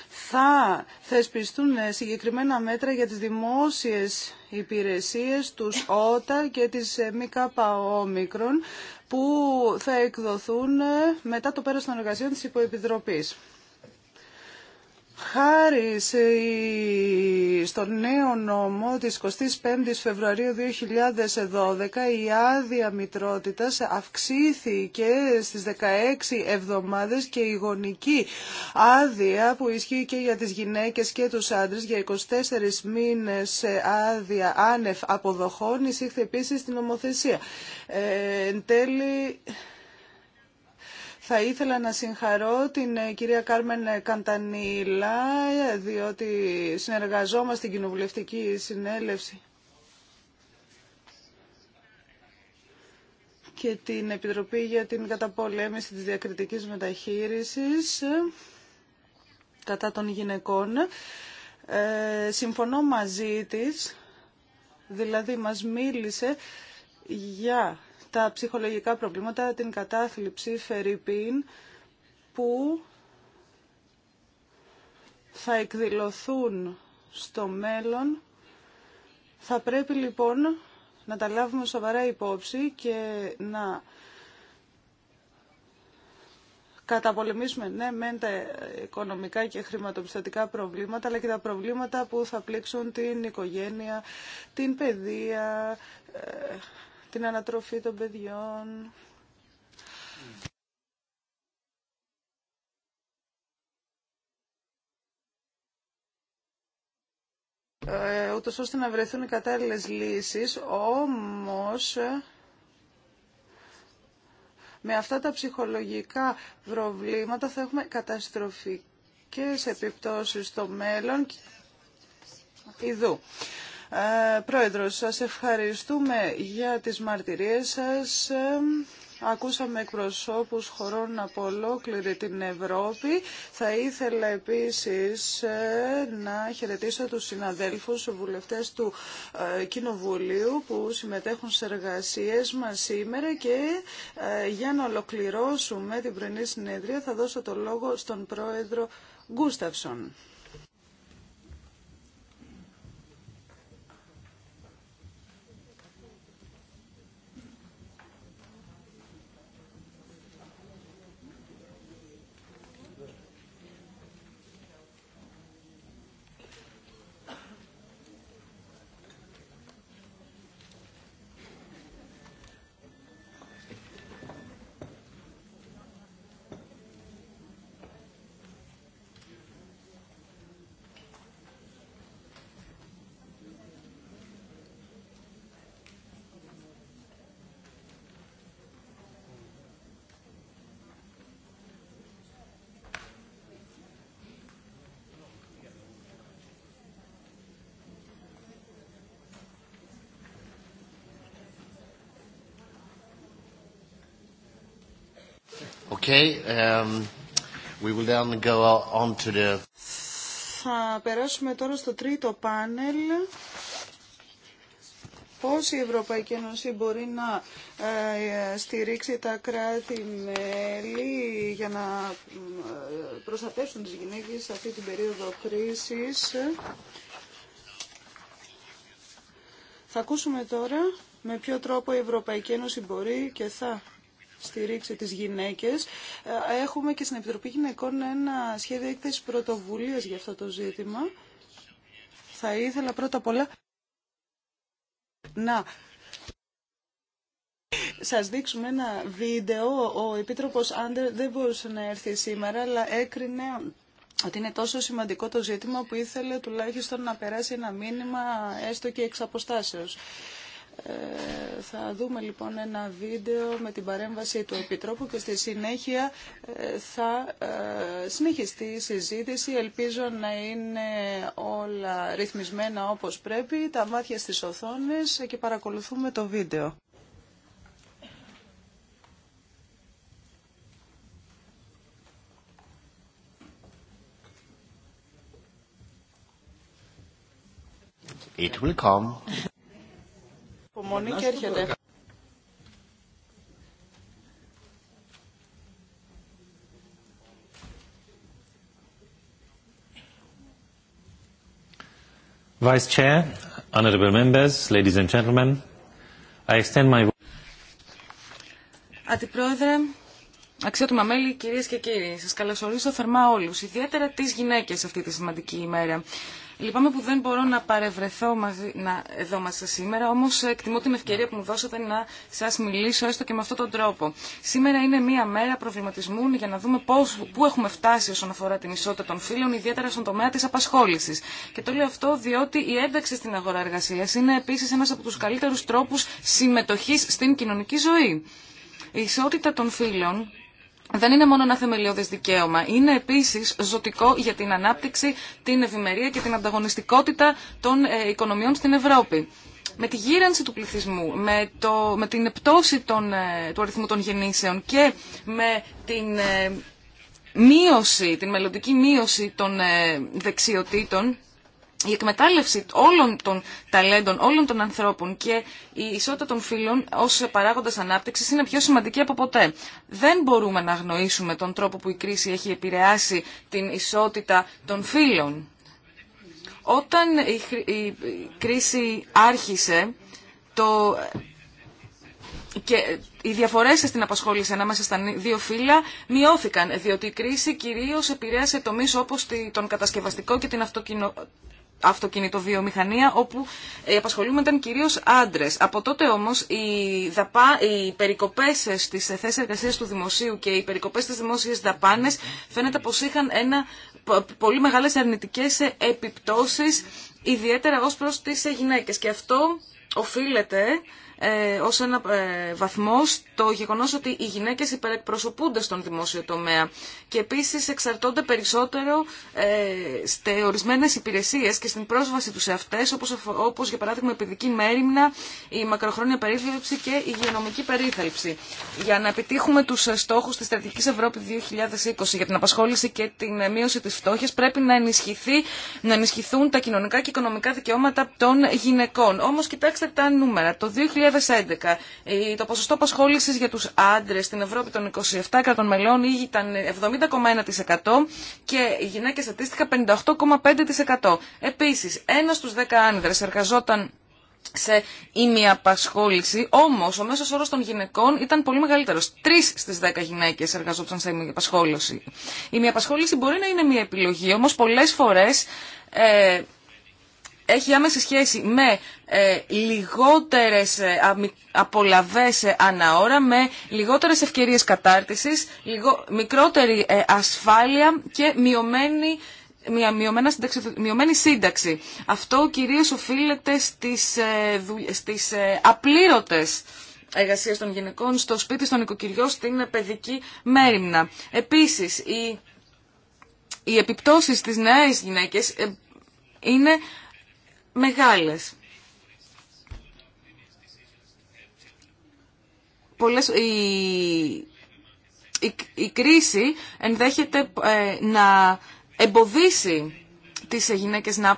θα θεσπιστούν συγκεκριμένα μέτρα για τις δημόσιες υπηρεσίες τους ΟΤΑ και τις ΜΚΟ που θα εκδοθούν μετά το πέρας των εργασιών της Χάρη στο νέο νόμο της 25ης Φεβρουαρίου 2012 η άδεια μητρότητας αυξήθηκε στις 16 εβδομάδες και η γονική άδεια που ισχύει και για τις γυναίκες και τους άντρες για 24 μήνες άδεια άνευ αποδοχών εισήχθη επίσης στην νομοθεσία. Ε, εν τέλει... Θα ήθελα να συγχαρώ την ε, κυρία Κάρμεν Καντανίλα, διότι συνεργαζόμαστε στην Κοινοβουλευτική Συνέλευση και την Επιτροπή για την Καταπολέμηση της Διακριτικής Μεταχείρισης ε, κατά των γυναικών. Ε, συμφωνώ μαζί της, δηλαδή μας μίλησε για τα ψυχολογικά προβλήματα, την κατάθλιψη, φερρυπίν, που θα εκδηλωθούν στο μέλλον. Θα πρέπει λοιπόν να τα λάβουμε σοβαρά υπόψη και να καταπολεμήσουμε ναι μεν τα οικονομικά και χρηματοπιστωτικά προβλήματα αλλά και τα προβλήματα που θα πλήξουν την οικογένεια, την παιδεία, ε, την ανατροφή των παιδιών. Ε, ούτως ώστε να βρεθούν οι κατάλληλες λύσεις, όμως ε, με αυτά τα ψυχολογικά προβλήματα θα έχουμε καταστροφικές επιπτώσεις στο μέλλον. Ιδού. Ε, πρόεδρος, σας ευχαριστούμε για τις μαρτυρίες σας. Ε, ακούσαμε εκπροσώπους χωρών από ολόκληρη την Ευρώπη. Θα ήθελα επίσης ε, να χαιρετήσω τους συναδέλφους βουλευτές του Κοινοβουλίου που συμμετέχουν σε εργασίες μας σήμερα και για να ολοκληρώσουμε την πρωινή συνεδρία θα δώσω το λόγο στον πρόεδρο Γκούσταυσον. Um, θα περάσουμε τώρα στο τρίτο πάνελ. Πώς η Ευρωπαϊκή Ένωση μπορεί να ε, στηρίξει τα κράτη-μέλη για να ε, προστατεύσουν τις γυναίκες σε αυτή την περίοδο κρίσης. Θα ακούσουμε τώρα με ποιο τρόπο η Ευρωπαϊκή Ένωση μπορεί και θα στήριξη τις γυναίκες. Ε, έχουμε και στην Επιτροπή Γυναικών ένα σχέδιο έκθεση πρωτοβουλίας για αυτό το ζήτημα. Θα ήθελα πρώτα απ' όλα να σας δείξουμε ένα βίντεο. Ο Επίτροπος Άντερ δεν μπορούσε να έρθει σήμερα, αλλά έκρινε ότι είναι τόσο σημαντικό το ζήτημα που ήθελε τουλάχιστον να περάσει ένα μήνυμα έστω και εξ ε, θα δούμε λοιπόν ένα βίντεο με την παρέμβαση του Επιτρόπου και στη συνέχεια ε, θα ε, συνεχιστεί η συζήτηση. Ελπίζω να είναι όλα ρυθμισμένα όπως πρέπει, τα μάτια στις οθόνες και παρακολουθούμε το βίντεο. It will Υπομονή και έρχεται. Vice Chair, honorable members, ladies and gentlemen, I extend my... Αντιπρόεδρε, Αξιότιμα μέλη, κυρίε και κύριοι, σα καλωσορίζω θερμά όλου, ιδιαίτερα τι γυναίκε αυτή τη σημαντική ημέρα. Λυπάμαι που δεν μπορώ να παρευρεθώ μαζί, να, εδώ μαζί σα σήμερα, όμω, εκτιμώ την ευκαιρία που μου δώσατε να σα μιλήσω έστω και με αυτόν τον τρόπο. Σήμερα είναι μία μέρα προβληματισμού για να δούμε πώς, πού έχουμε φτάσει όσον αφορά την ισότητα των φίλων, ιδιαίτερα στον τομέα τη απασχόληση. Και το λέω αυτό διότι η ένταξη στην αγορά εργασία είναι επίση ένα από του καλύτερου τρόπου συμμετοχή στην κοινωνική ζωή. Η ισότητα των φύλων δεν είναι μόνο ένα θεμελιώδε δικαίωμα. Είναι επίση ζωτικό για την ανάπτυξη, την ευημερία και την ανταγωνιστικότητα των ε, οικονομιών στην Ευρώπη. Με τη γύρανση του πληθυσμού, με, το, με την πτώση των, ε, του αριθμού των γεννήσεων και με την ε, μείωση, την μελλοντική μείωση των δεξιοτήτων, η εκμετάλλευση όλων των ταλέντων, όλων των ανθρώπων και η ισότητα των φίλων ως παράγοντας ανάπτυξης είναι πιο σημαντική από ποτέ. Δεν μπορούμε να αγνοήσουμε τον τρόπο που η κρίση έχει επηρεάσει την ισότητα των φύλων. Όταν η κρίση άρχισε το... και οι διαφορές στην απασχόληση ανάμεσα στα δύο φύλλα μειώθηκαν, διότι η κρίση κυρίως επηρέασε τομείς όπως τον κατασκευαστικό και την αυτοκινητοβιομηχανία όπου ε, απασχολούμενταν κυρίως άντρες. Από τότε όμως οι, δαπα... οι περικοπές στις θέσεις εργασίας του δημοσίου και οι περικοπές στις δημόσιες δαπάνες φαίνεται πως είχαν ένα πολύ μεγάλες αρνητικές ε, επιπτώσεις ιδιαίτερα ως προς τις ε, γυναίκες και αυτό οφείλεται ε, ως ένα ε, βαθμό το γεγονός ότι οι γυναίκες υπερεκπροσωπούνται στον δημόσιο τομέα και επίσης εξαρτώνται περισσότερο ε, σε ορισμένες υπηρεσίες και στην πρόσβαση τους σε αυτές όπως, για παράδειγμα η παιδική μέρημνα, η μακροχρόνια περίθαλψη και η υγειονομική περίθαλψη. Για να επιτύχουμε τους στόχους της Στρατηγικής Ευρώπη 2020 για την απασχόληση και την μείωση της φτώχειας πρέπει να, ενισχυθεί, να ενισχυθούν τα κοινωνικά και οικονομικά δικαιώματα των γυναικών. Όμως κοιτάξτε τα νούμερα. Το 2011 το ποσοστό απασχόληση για του άντρε στην Ευρώπη των 27 κρατών μελών ήταν 70,1% και οι γυναίκε αντίστοιχα 58,5%. Επίση, ένα στου 10 άνδρες εργαζόταν σε ήμια απασχόληση, όμω ο μέσο όρο των γυναικών ήταν πολύ μεγαλύτερο. Τρει στι δέκα γυναίκε εργαζόταν σε ήμια απασχόληση. Η ήμια απασχόληση μπορεί να είναι μια επιλογή, όμω πολλέ φορέ ε, έχει άμεση σχέση με ε, λιγότερες ε, απολαβές ε, ώρα με λιγότερες ευκαιρίες κατάρτισης, λιγο, μικρότερη ε, ασφάλεια και μειωμένη μια μειωμένη σύνταξη. Αυτό κυρίως οφείλεται στις, στις απλήρωτες εργασίες των γυναικών στο σπίτι, στον οικοκυριό, στην παιδική μέρημνα. Επίσης, οι, οι επιπτώσεις στις νέες γυναίκες είναι μεγάλες. Πολλές, η, η, κρίση ενδέχεται ε, να εμποδίσει τις γυναίκες να,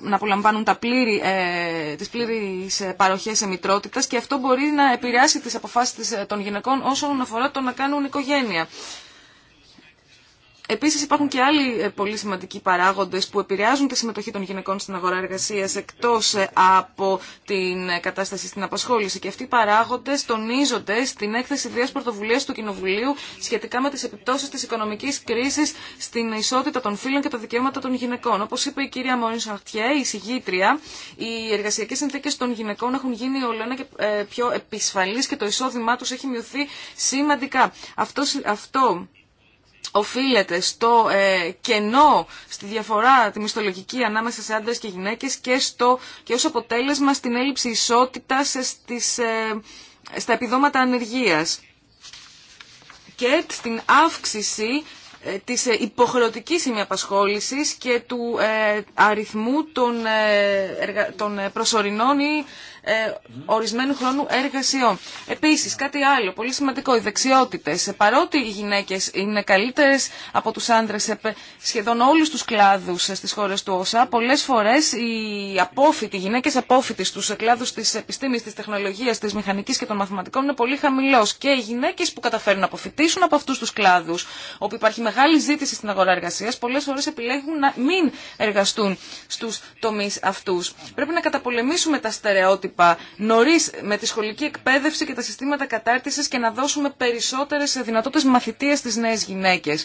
να απολαμβάνουν τα πλήρη, ε, τις πλήρης ε, παροχές εμιτρότητας και αυτό μπορεί να επηρεάσει τις αποφάσεις ε, των γυναικών όσον αφορά το να κάνουν οικογένεια. Επίσης υπάρχουν και άλλοι ε, πολύ σημαντικοί παράγοντες που επηρεάζουν τη συμμετοχή των γυναικών στην αγορά εργασίας εκτός ε, από την ε, κατάσταση στην απασχόληση και αυτοί οι παράγοντες τονίζονται στην έκθεση δύο πρωτοβουλία του Κοινοβουλίου σχετικά με τις επιπτώσεις της οικονομικής κρίσης στην ισότητα των φύλων και τα δικαιώματα των γυναικών. Όπως είπε η κυρία Μωρήν Σαρτιέ, η συγγήτρια, οι εργασιακές συνθήκες των γυναικών έχουν γίνει όλο ένα και πιο επισφαλείς και το εισόδημά τους έχει μειωθεί σημαντικά. Αυτό, αυτό οφείλεται στο ε, κενό, στη διαφορά τη μισθολογική ανάμεσα σε άντρες και γυναίκες και, στο, και ως αποτέλεσμα στην έλλειψη ισότητας στις, ε, στα επιδόματα ανεργίας και στην αύξηση ε, της ε, υποχρεωτικής ημιαπασχόλησης και του αριθμού των, των προσωρινών ή ε, ορισμένου χρόνου εργασιών. Επίση, κάτι άλλο, πολύ σημαντικό, οι δεξιότητε. Ε, παρότι οι γυναίκε είναι καλύτερε από του άντρε, σε σχεδόν όλου του κλάδου ε, στι χώρε του ΩΣΑ, Πολλέ φορέ οι απόφοιτοι, οι γυναίκες απόφοιτοι στους κλάδους τη επιστήμης, τη τεχνολογίας, της μηχανικής και των μαθηματικών είναι πολύ χαμηλός. Και οι γυναίκε που καταφέρουν να αποφοιτήσουν από αυτού του κλάδου, όπου υπάρχει μεγάλη ζήτηση στην αγορά εργασία, πολλέ φορέ επιλέγουν να μην εργαστούν στου τομεί αυτού. Πρέπει να καταπολεμήσουμε τα στερεότυπα νωρί με τη σχολική εκπαίδευση και τα συστήματα κατάρτιση και να δώσουμε περισσότερε δυνατότητε μαθητεία στι νέε γυναίκε.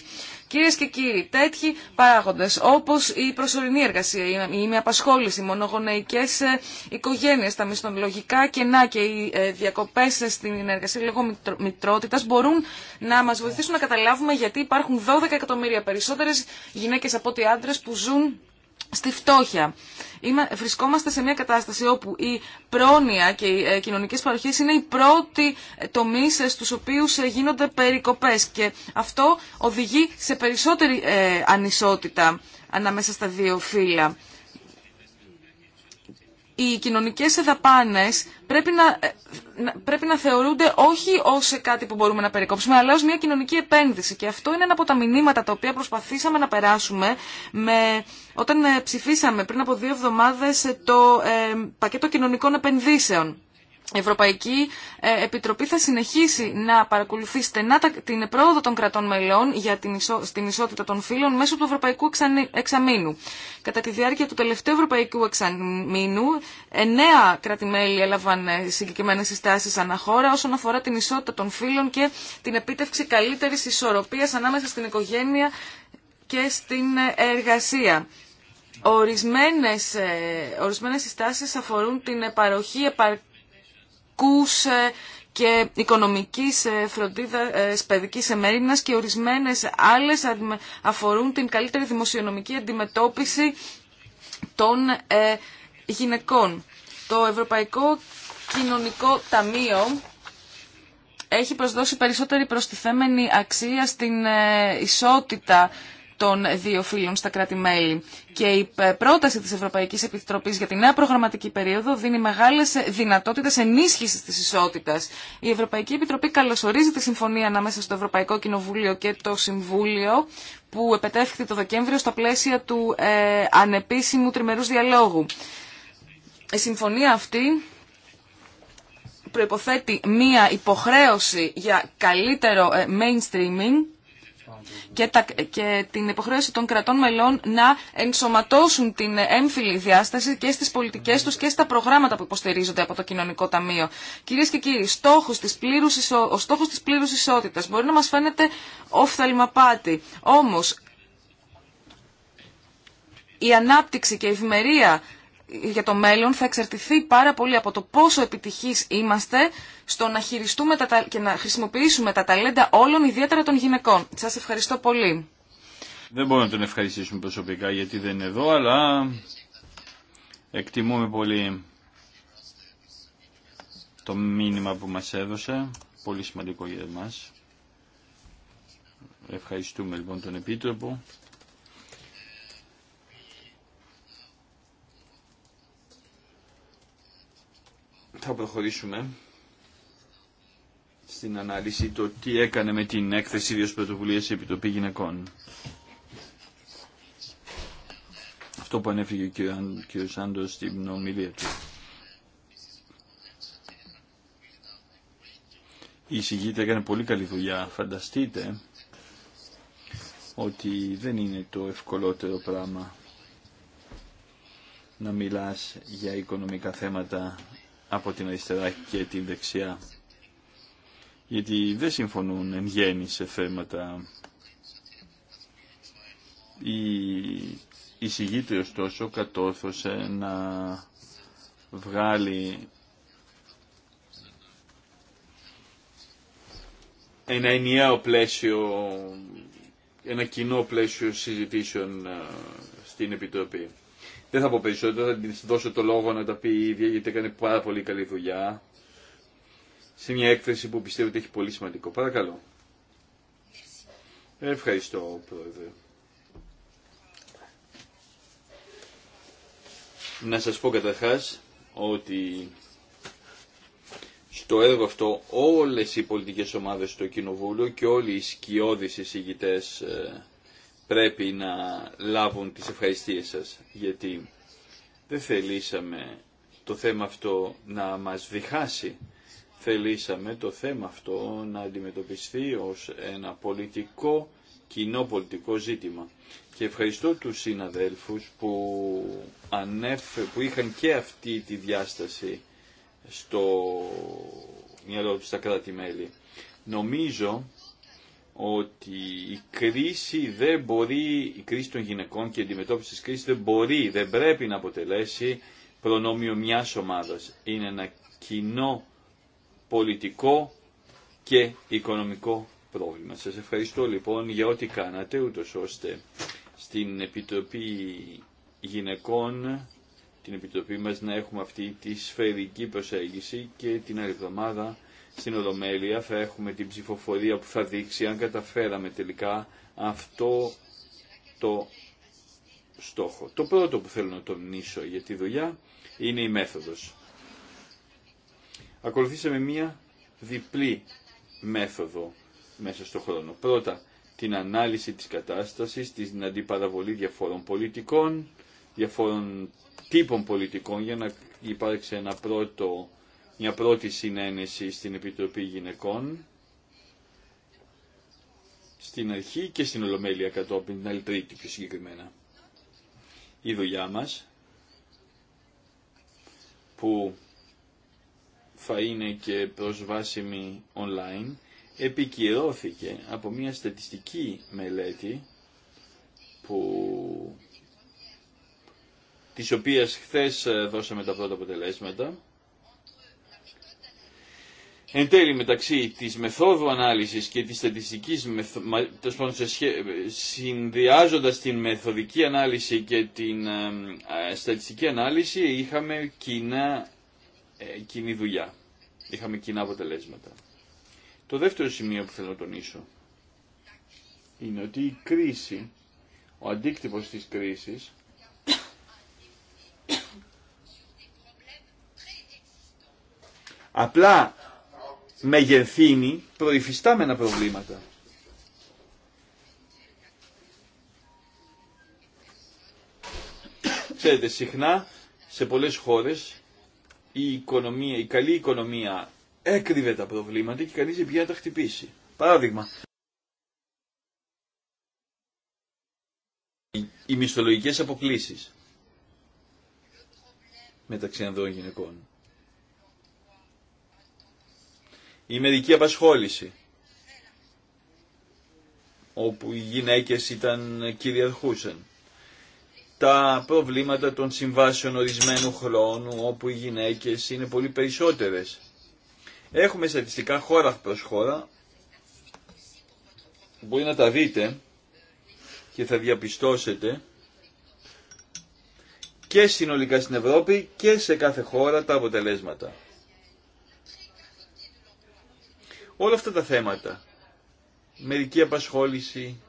Κυρίε και κύριοι, τέτοιοι παράγοντε όπω η προσωρινή εργασία, η μεαπασχόληση, οι μονογονεϊκέ ε, οικογένειε, τα μισθολογικά κενά και οι ε, διακοπέ ε, στην εργασία λόγω μητρότητα μπορούν να μα βοηθήσουν να καταλάβουμε γιατί υπάρχουν 12 εκατομμύρια περισσότερε γυναίκε από ότι άντρε που ζουν στη φτώχεια βρισκόμαστε σε μια κατάσταση όπου η πρόνοια και οι ε, κοινωνικές παροχές είναι οι πρώτοι ε, τομεί ε, στους οποίους γίνονται περικοπές και αυτό οδηγεί σε περισσότερη ανισότητα ανάμεσα στα δύο φύλλα οι κοινωνικές δαπάνες πρέπει να, πρέπει να θεωρούνται όχι ως κάτι που μπορούμε να περικόψουμε, αλλά ως μια κοινωνική επένδυση. Και αυτό είναι ένα από τα μηνύματα τα οποία προσπαθήσαμε να περάσουμε με, όταν ε, ψηφίσαμε πριν από δύο εβδομάδες το ε, πακέτο κοινωνικών επενδύσεων. Η Ευρωπαϊκή ε, Επιτροπή θα συνεχίσει να παρακολουθεί στενά την πρόοδο των κρατών μελών για την στην ισότητα των φύλων μέσω του Ευρωπαϊκού Εξαμήνου. Κατά τη διάρκεια του τελευταίου Ευρωπαϊκού Εξαμήνου, εννέα κράτη-μέλη έλαβαν ε, συγκεκριμένε συστάσει αναχώρα όσον αφορά την ισότητα των φύλων και την επίτευξη καλύτερη ισορροπίας ανάμεσα στην οικογένεια και στην ε, εργασία. Ορισμένες, ορισμένες συστάσεις αφορούν την παροχή επαρκή ε, και οικονομικής ε, φροντίδας ε, παιδικής εμέρινας και ορισμένες άλλες αφορούν την καλύτερη δημοσιονομική αντιμετώπιση των γυναικών. Το Ευρωπαϊκό Κοινωνικό Ταμείο έχει προσδώσει περισσότερη προστιθέμενη αξία στην ισότητα των δύο φίλων στα κράτη-μέλη. Και η πρόταση της Ευρωπαϊκής Επιτροπής για τη νέα προγραμματική περίοδο δίνει μεγάλες δυνατότητες ενίσχυσης της ισότητας. Η Ευρωπαϊκή Επιτροπή καλωσορίζει τη συμφωνία ανάμεσα στο Ευρωπαϊκό Κοινοβούλιο και το Συμβούλιο που επετέφθη το Δεκέμβριο στα πλαίσια του ε, ανεπίσημου τριμερούς διαλόγου. Η συμφωνία αυτή προϋποθέτει μία υποχρέωση για καλύτερο ε, mainstreaming και, τα, την υποχρέωση των κρατών μελών να ενσωματώσουν την έμφυλη διάσταση και στις πολιτικές τους και στα προγράμματα που υποστηρίζονται από το Κοινωνικό Ταμείο. Κυρίες και κύριοι, στόχος της ο στόχος της πλήρους ισότητας μπορεί να μας φαίνεται οφθαλμαπάτη, όμως η ανάπτυξη και η ευημερία για το μέλλον θα εξαρτηθεί πάρα πολύ από το πόσο επιτυχείς είμαστε στο να χειριστούμε τα, και να χρησιμοποιήσουμε τα ταλέντα όλων, ιδιαίτερα των γυναικών. Σας ευχαριστώ πολύ. Δεν μπορώ να τον ευχαριστήσουμε προσωπικά γιατί δεν είναι εδώ, αλλά εκτιμούμε πολύ το μήνυμα που μας έδωσε, πολύ σημαντικό για εμάς. Ευχαριστούμε λοιπόν τον Επίτροπο. θα προχωρήσουμε στην ανάλυση το τι έκανε με την έκθεση ιδίως πρωτοβουλίας επί Επιτροπή Γυναικών. Αυτό που ανέφυγε ο κ. Σάντος στην ομιλία του. Η συγκίτρια έκανε πολύ καλή δουλειά. Φανταστείτε ότι δεν είναι το ευκολότερο πράγμα να μιλάς για οικονομικά θέματα από την αριστερά και την δεξιά γιατί δεν συμφωνούν εν γέννη σε θέματα. Η, η ωστόσο κατόρθωσε να βγάλει ένα ενιαίο πλαίσιο, ένα κοινό πλαίσιο συζητήσεων ε, στην Επιτροπή. Δεν θα πω περισσότερο, θα τη δώσω το λόγο να τα πει η ίδια γιατί έκανε πάρα πολύ καλή δουλειά σε μια έκθεση που πιστεύω ότι έχει πολύ σημαντικό. Παρακαλώ. Ευχαριστώ, Πρόεδρε. Να σας πω καταρχάς ότι στο έργο αυτό όλες οι πολιτικές ομάδες στο Κοινοβούλιο και όλοι οι σκιώδεις εισηγητές ε, πρέπει να λάβουν τις ευχαριστίες σας, γιατί δεν θελήσαμε το θέμα αυτό να μας διχάσει. Θελήσαμε το θέμα αυτό να αντιμετωπιστεί ως ένα πολιτικό, κοινό πολιτικό ζήτημα. Και ευχαριστώ τους συναδέλφους που, ανέφε, που είχαν και αυτή τη διάσταση στο μυαλό τους στα κράτη-μέλη. Νομίζω ότι η κρίση, δεν μπορεί, η κρίση των γυναικών και η αντιμετώπιση της κρίσης δεν μπορεί, δεν πρέπει να αποτελέσει προνόμιο μιας ομάδας. Είναι ένα κοινό πολιτικό και οικονομικό πρόβλημα. Σας ευχαριστώ λοιπόν για ό,τι κάνατε, ούτως ώστε στην Επιτροπή Γυναικών, την Επιτροπή μας να έχουμε αυτή τη σφαιρική προσέγγιση και την άλλη εβδομάδα στην Ολομέλεια θα έχουμε την ψηφοφορία που θα δείξει αν καταφέραμε τελικά αυτό το στόχο. Το πρώτο που θέλω να τονίσω για τη δουλειά είναι η μέθοδος. Ακολουθήσαμε μία διπλή μέθοδο μέσα στον χρόνο. Πρώτα, την ανάλυση της κατάστασης, την αντιπαραβολή διαφόρων πολιτικών, διαφόρων τύπων πολιτικών για να υπάρξει ένα πρώτο μια πρώτη συνένεση στην Επιτροπή Γυναικών στην αρχή και στην Ολομέλεια κατόπιν, την άλλη τρίτη πιο συγκεκριμένα. Η δουλειά μας που θα είναι και προσβάσιμη online επικυρώθηκε από μια στατιστική μελέτη που της οποίας χθες ε, δώσαμε τα πρώτα αποτελέσματα Εν τέλει μεταξύ της μεθόδου ανάλυσης και της στατιστικής, συνδυάζοντας την μεθοδική ανάλυση και την ε, ε, στατιστική ανάλυση είχαμε κοινά, ε, κοινή δουλειά, είχαμε κοινά αποτελέσματα. Το δεύτερο σημείο που θέλω να τονίσω είναι ότι η κρίση, ο αντίκτυπος της κρίσης απλά μεγεθύνει προϊφιστάμενα προβλήματα. Ξέρετε, συχνά σε πολλές χώρες η, η καλή οικονομία έκρυβε τα προβλήματα και κανείς δεν πια τα χτυπήσει. Παράδειγμα, οι μισθολογικές αποκλήσεις μεταξύ ανδρών γυναικών. Η μερική απασχόληση, όπου οι γυναίκες ήταν κυριαρχούσαν. Τα προβλήματα των συμβάσεων ορισμένου χρόνου, όπου οι γυναίκες είναι πολύ περισσότερες. Έχουμε στατιστικά χώρα προς χώρα, μπορεί να τα δείτε και θα διαπιστώσετε και συνολικά στην Ευρώπη και σε κάθε χώρα τα αποτελέσματα. Όλα αυτά τα θέματα, μερική απασχόληση,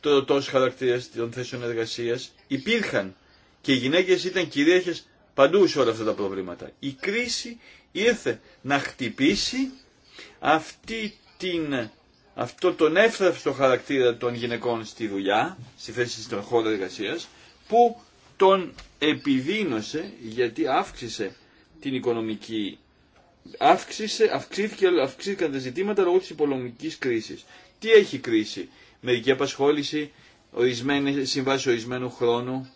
το τόσο χαρακτήρα των θέσεων εργασία, υπήρχαν και οι γυναίκε ήταν κυρίαρχε παντού σε όλα αυτά τα προβλήματα. Η κρίση ήρθε να χτυπήσει αυτή την, αυτό τον έφραυστο χαρακτήρα των γυναικών στη δουλειά, στη θέση των χώρο εργασία, που τον επιδίνωσε γιατί αύξησε την οικονομική αύξησε, αυξήθηκε, αυξήθηκαν τα ζητήματα λόγω της υπολογικής κρίσης. Τι έχει κρίση, μερική απασχόληση, συμβάσει συμβάσεις ορισμένου χρόνου,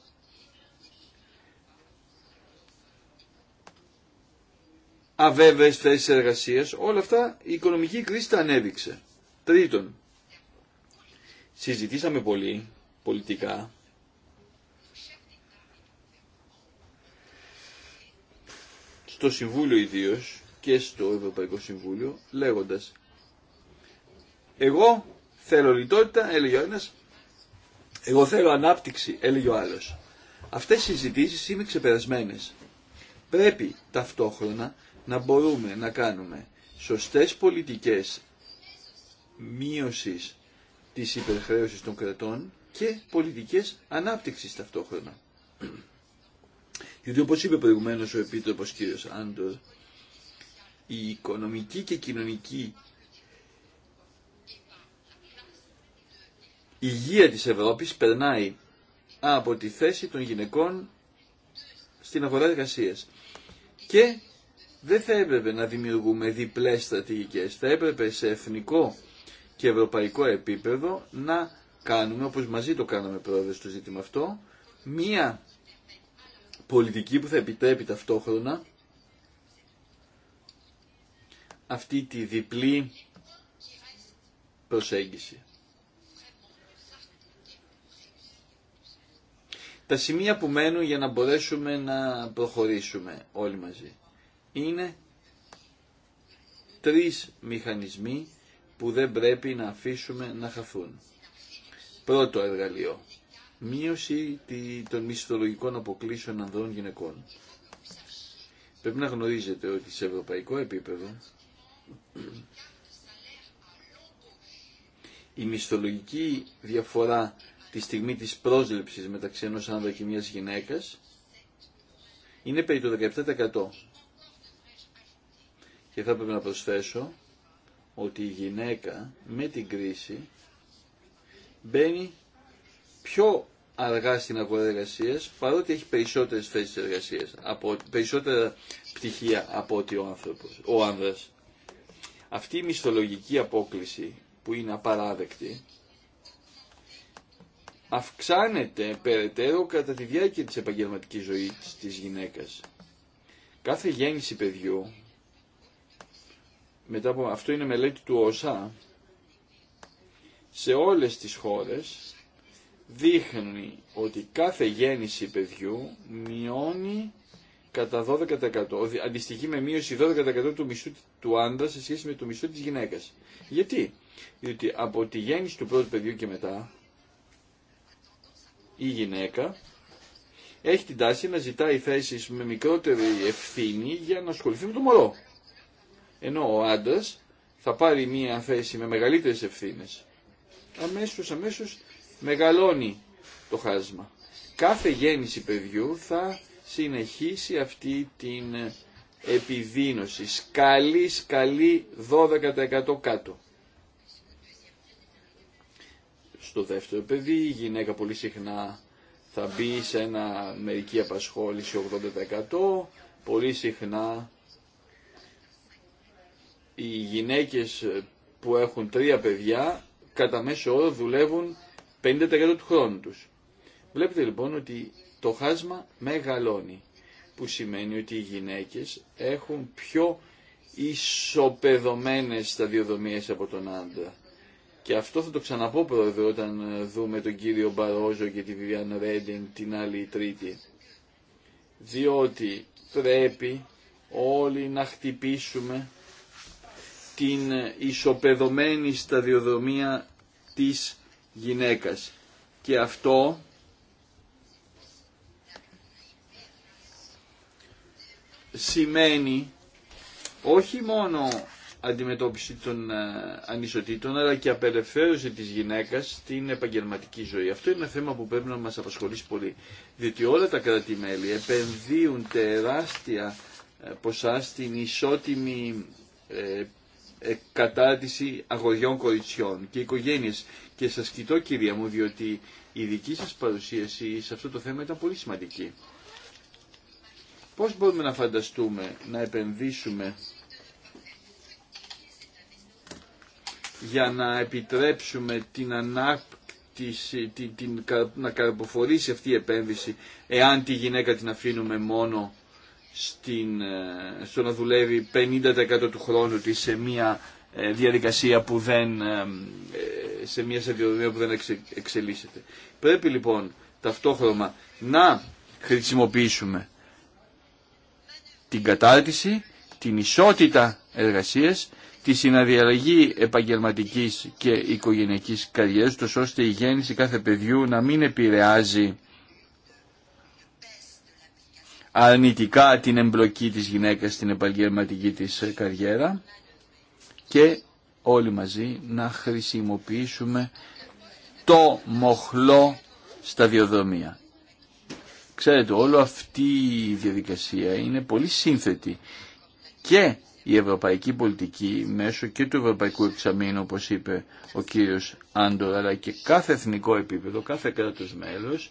αβέβαιες θέσεις εργασίας, όλα αυτά η οικονομική κρίση τα ανέδειξε. Τρίτον, συζητήσαμε πολύ πολιτικά στο Συμβούλιο ιδίως και στο Ευρωπαϊκό Συμβούλιο λέγοντας εγώ θέλω λιτότητα, έλεγε ο εγώ θέλω ανάπτυξη, έλεγε ο άλλος. Αυτές οι συζητήσεις είναι ξεπερασμένες. Πρέπει ταυτόχρονα να μπορούμε να κάνουμε σωστές πολιτικές μείωσης της υπερχρέωσης των κρατών και πολιτικές ανάπτυξης ταυτόχρονα. Γιατί όπως είπε προηγουμένως ο Επίτροπος κ. Άντορ, η οικονομική και κοινωνική υγεία της Ευρώπης περνάει από τη θέση των γυναικών στην αγορά εργασία. Και δεν θα έπρεπε να δημιουργούμε διπλές στρατηγικές. Θα έπρεπε σε εθνικό και ευρωπαϊκό επίπεδο να κάνουμε, όπως μαζί το κάναμε πρόεδρε στο ζήτημα αυτό, μία πολιτική που θα επιτρέπει ταυτόχρονα αυτή τη διπλή προσέγγιση. Τα σημεία που μένουν για να μπορέσουμε να προχωρήσουμε όλοι μαζί είναι τρεις μηχανισμοί που δεν πρέπει να αφήσουμε να χαθούν. Πρώτο εργαλείο. Μείωση των μισθολογικών αποκλήσεων ανδρών γυναικών. Πρέπει να γνωρίζετε ότι σε ευρωπαϊκό επίπεδο η μισθολογική διαφορά τη στιγμή της πρόσληψης μεταξύ ενός άνδρα και μιας γυναίκας είναι περί το 17%. Και θα πρέπει να προσθέσω ότι η γυναίκα με την κρίση μπαίνει πιο αργά στην αγορά εργασία, παρότι έχει περισσότερες θέσεις εργασίας, από, περισσότερα πτυχία από ότι ο, άνθρωπος, ο άνδρας. Αυτή η μισθολογική απόκληση που είναι απαράδεκτη αυξάνεται περαιτέρω κατά τη διάρκεια της επαγγελματικής ζωής της γυναίκας. Κάθε γέννηση παιδιού, μετά από, αυτό είναι μελέτη του ΩΣΑ, σε όλες τις χώρες δείχνει ότι κάθε γέννηση παιδιού μειώνει κατά 12%, αντιστοιχεί με μείωση 12% του μισθού του άντρα σε σχέση με το μισθό της γυναίκας. Γιατί? Διότι από τη γέννηση του πρώτου παιδιού και μετά η γυναίκα έχει την τάση να ζητάει θέσεις με μικρότερη ευθύνη για να ασχοληθεί με το μωρό. Ενώ ο άντρα θα πάρει μία θέση με μεγαλύτερες ευθύνες. Αμέσως, αμέσως μεγαλώνει το χάσμα. Κάθε γέννηση παιδιού θα συνεχίσει αυτή την επιδείνωση. Καλή, καλή 12% κάτω. Στο δεύτερο παιδί η γυναίκα πολύ συχνά θα μπει σε ένα μερική απασχόληση 80%. Πολύ συχνά οι γυναίκες που έχουν τρία παιδιά κατά μέσο όρο δουλεύουν 50% του χρόνου τους. Βλέπετε λοιπόν ότι το χάσμα μεγαλώνει που σημαίνει ότι οι γυναίκες έχουν πιο ισοπεδωμένες σταδιοδρομίες από τον άντρα. Και αυτό θα το ξαναπώ πρόεδρε όταν ε, δούμε τον κύριο Μπαρόζο και τη Βιβιάν Ρέντιν την άλλη τρίτη. Διότι πρέπει όλοι να χτυπήσουμε την ισοπεδωμένη σταδιοδρομία της γυναίκας. Και αυτό σημαίνει όχι μόνο αντιμετώπιση των ε, ανισοτήτων αλλά και απελευθέρωση της γυναίκας στην επαγγελματική ζωή. Αυτό είναι ένα θέμα που πρέπει να μας απασχολήσει πολύ. Διότι όλα τα κράτη-μέλη επενδύουν τεράστια ε, ποσά στην ισότιμη ε, κατάρτιση αγοριών κοριτσιών και οικογένειες. Και σας κοιτώ κυρία μου διότι η δική σας παρουσίαση σε αυτό το θέμα ήταν πολύ σημαντική. Πώς μπορούμε να φανταστούμε να επενδύσουμε για να επιτρέψουμε την ανάπτυξη, την, την, να καρποφορήσει αυτή η επένδυση εάν τη γυναίκα την αφήνουμε μόνο στην, ε, στο να δουλεύει 50% του χρόνου της σε μια ε, διαδικασία που δεν, ε, σε μια σαδιοδομία που δεν εξε, εξελίσσεται. Πρέπει λοιπόν ταυτόχρονα να χρησιμοποιήσουμε την κατάρτιση, την ισότητα εργασίας, τη συναδιαλλαγή επαγγελματικής και οικογενειακής καριέρας, τόσο ώστε η γέννηση κάθε παιδιού να μην επηρεάζει αρνητικά την εμπλοκή της γυναίκας στην επαγγελματική της καριέρα και όλοι μαζί να χρησιμοποιήσουμε το μοχλό στα Ξέρετε, όλο αυτή η διαδικασία είναι πολύ σύνθετη και η ευρωπαϊκή πολιτική μέσω και του ευρωπαϊκού εξαμήνου, όπως είπε ο κύριος Άντορ, αλλά και κάθε εθνικό επίπεδο, κάθε κράτος μέλος,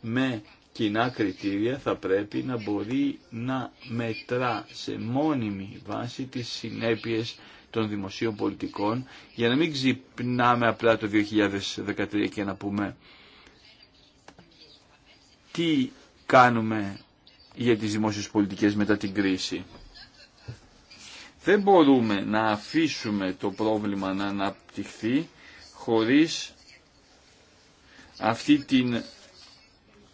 με κοινά κριτήρια θα πρέπει να μπορεί να μετρά σε μόνιμη βάση τις συνέπειες των δημοσίων πολιτικών για να μην ξυπνάμε απλά το 2013 και να πούμε τι κάνουμε για τις δημόσιες πολιτικές μετά την κρίση. Δεν μπορούμε να αφήσουμε το πρόβλημα να αναπτυχθεί χωρίς αυτή την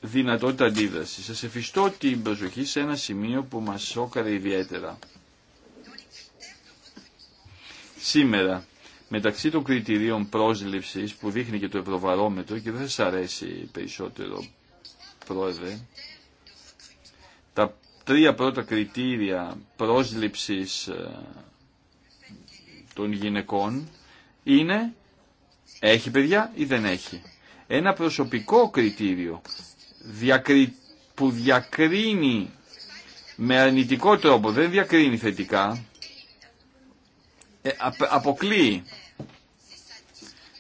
δυνατότητα αντίδραση. Σας εφιστώ την προσοχή σε ένα σημείο που μας σώκαρε ιδιαίτερα. Σήμερα, μεταξύ των κριτηρίων πρόσληψης που δείχνει και το Ευρωβαρόμετρο και δεν σας αρέσει περισσότερο τα τρία πρώτα κριτήρια πρόσληψης ε, των γυναικών είναι έχει παιδιά ή δεν έχει. Ένα προσωπικό κριτήριο που διακρίνει με αρνητικό τρόπο, δεν διακρίνει θετικά, ε, αποκλείει.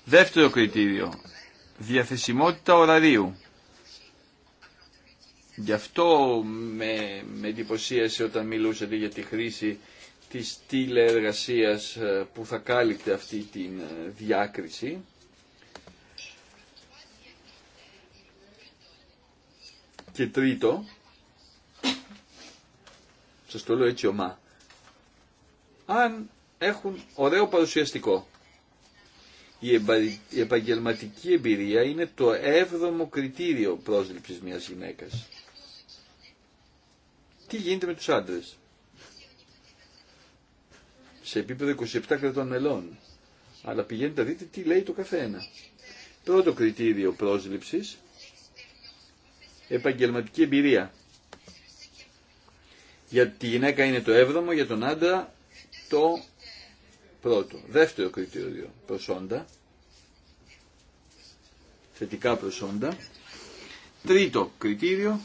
Δεύτερο κριτήριο, διαθεσιμότητα ωραρίου. Γι' αυτό με, με εντυπωσίασε όταν μιλούσατε για τη χρήση της τηλεεργασίας ε, που θα κάλυπτε αυτή τη ε, διάκριση. Και τρίτο, σας το λέω έτσι ομά, αν έχουν ωραίο παρουσιαστικό. Η επαγγελματική εμπειρία είναι το έβδομο κριτήριο πρόσληψης μιας γυναίκας τι γίνεται με τους άντρες. Σε επίπεδο 27 κρατών μελών. Αλλά πηγαίνετε να δείτε τι λέει το καθένα. Πρώτο κριτήριο πρόσληψης, επαγγελματική εμπειρία. Για τη γυναίκα είναι το έβδομο, για τον άντρα το πρώτο. Δεύτερο κριτήριο, προσόντα. Θετικά προσόντα. Τρίτο κριτήριο,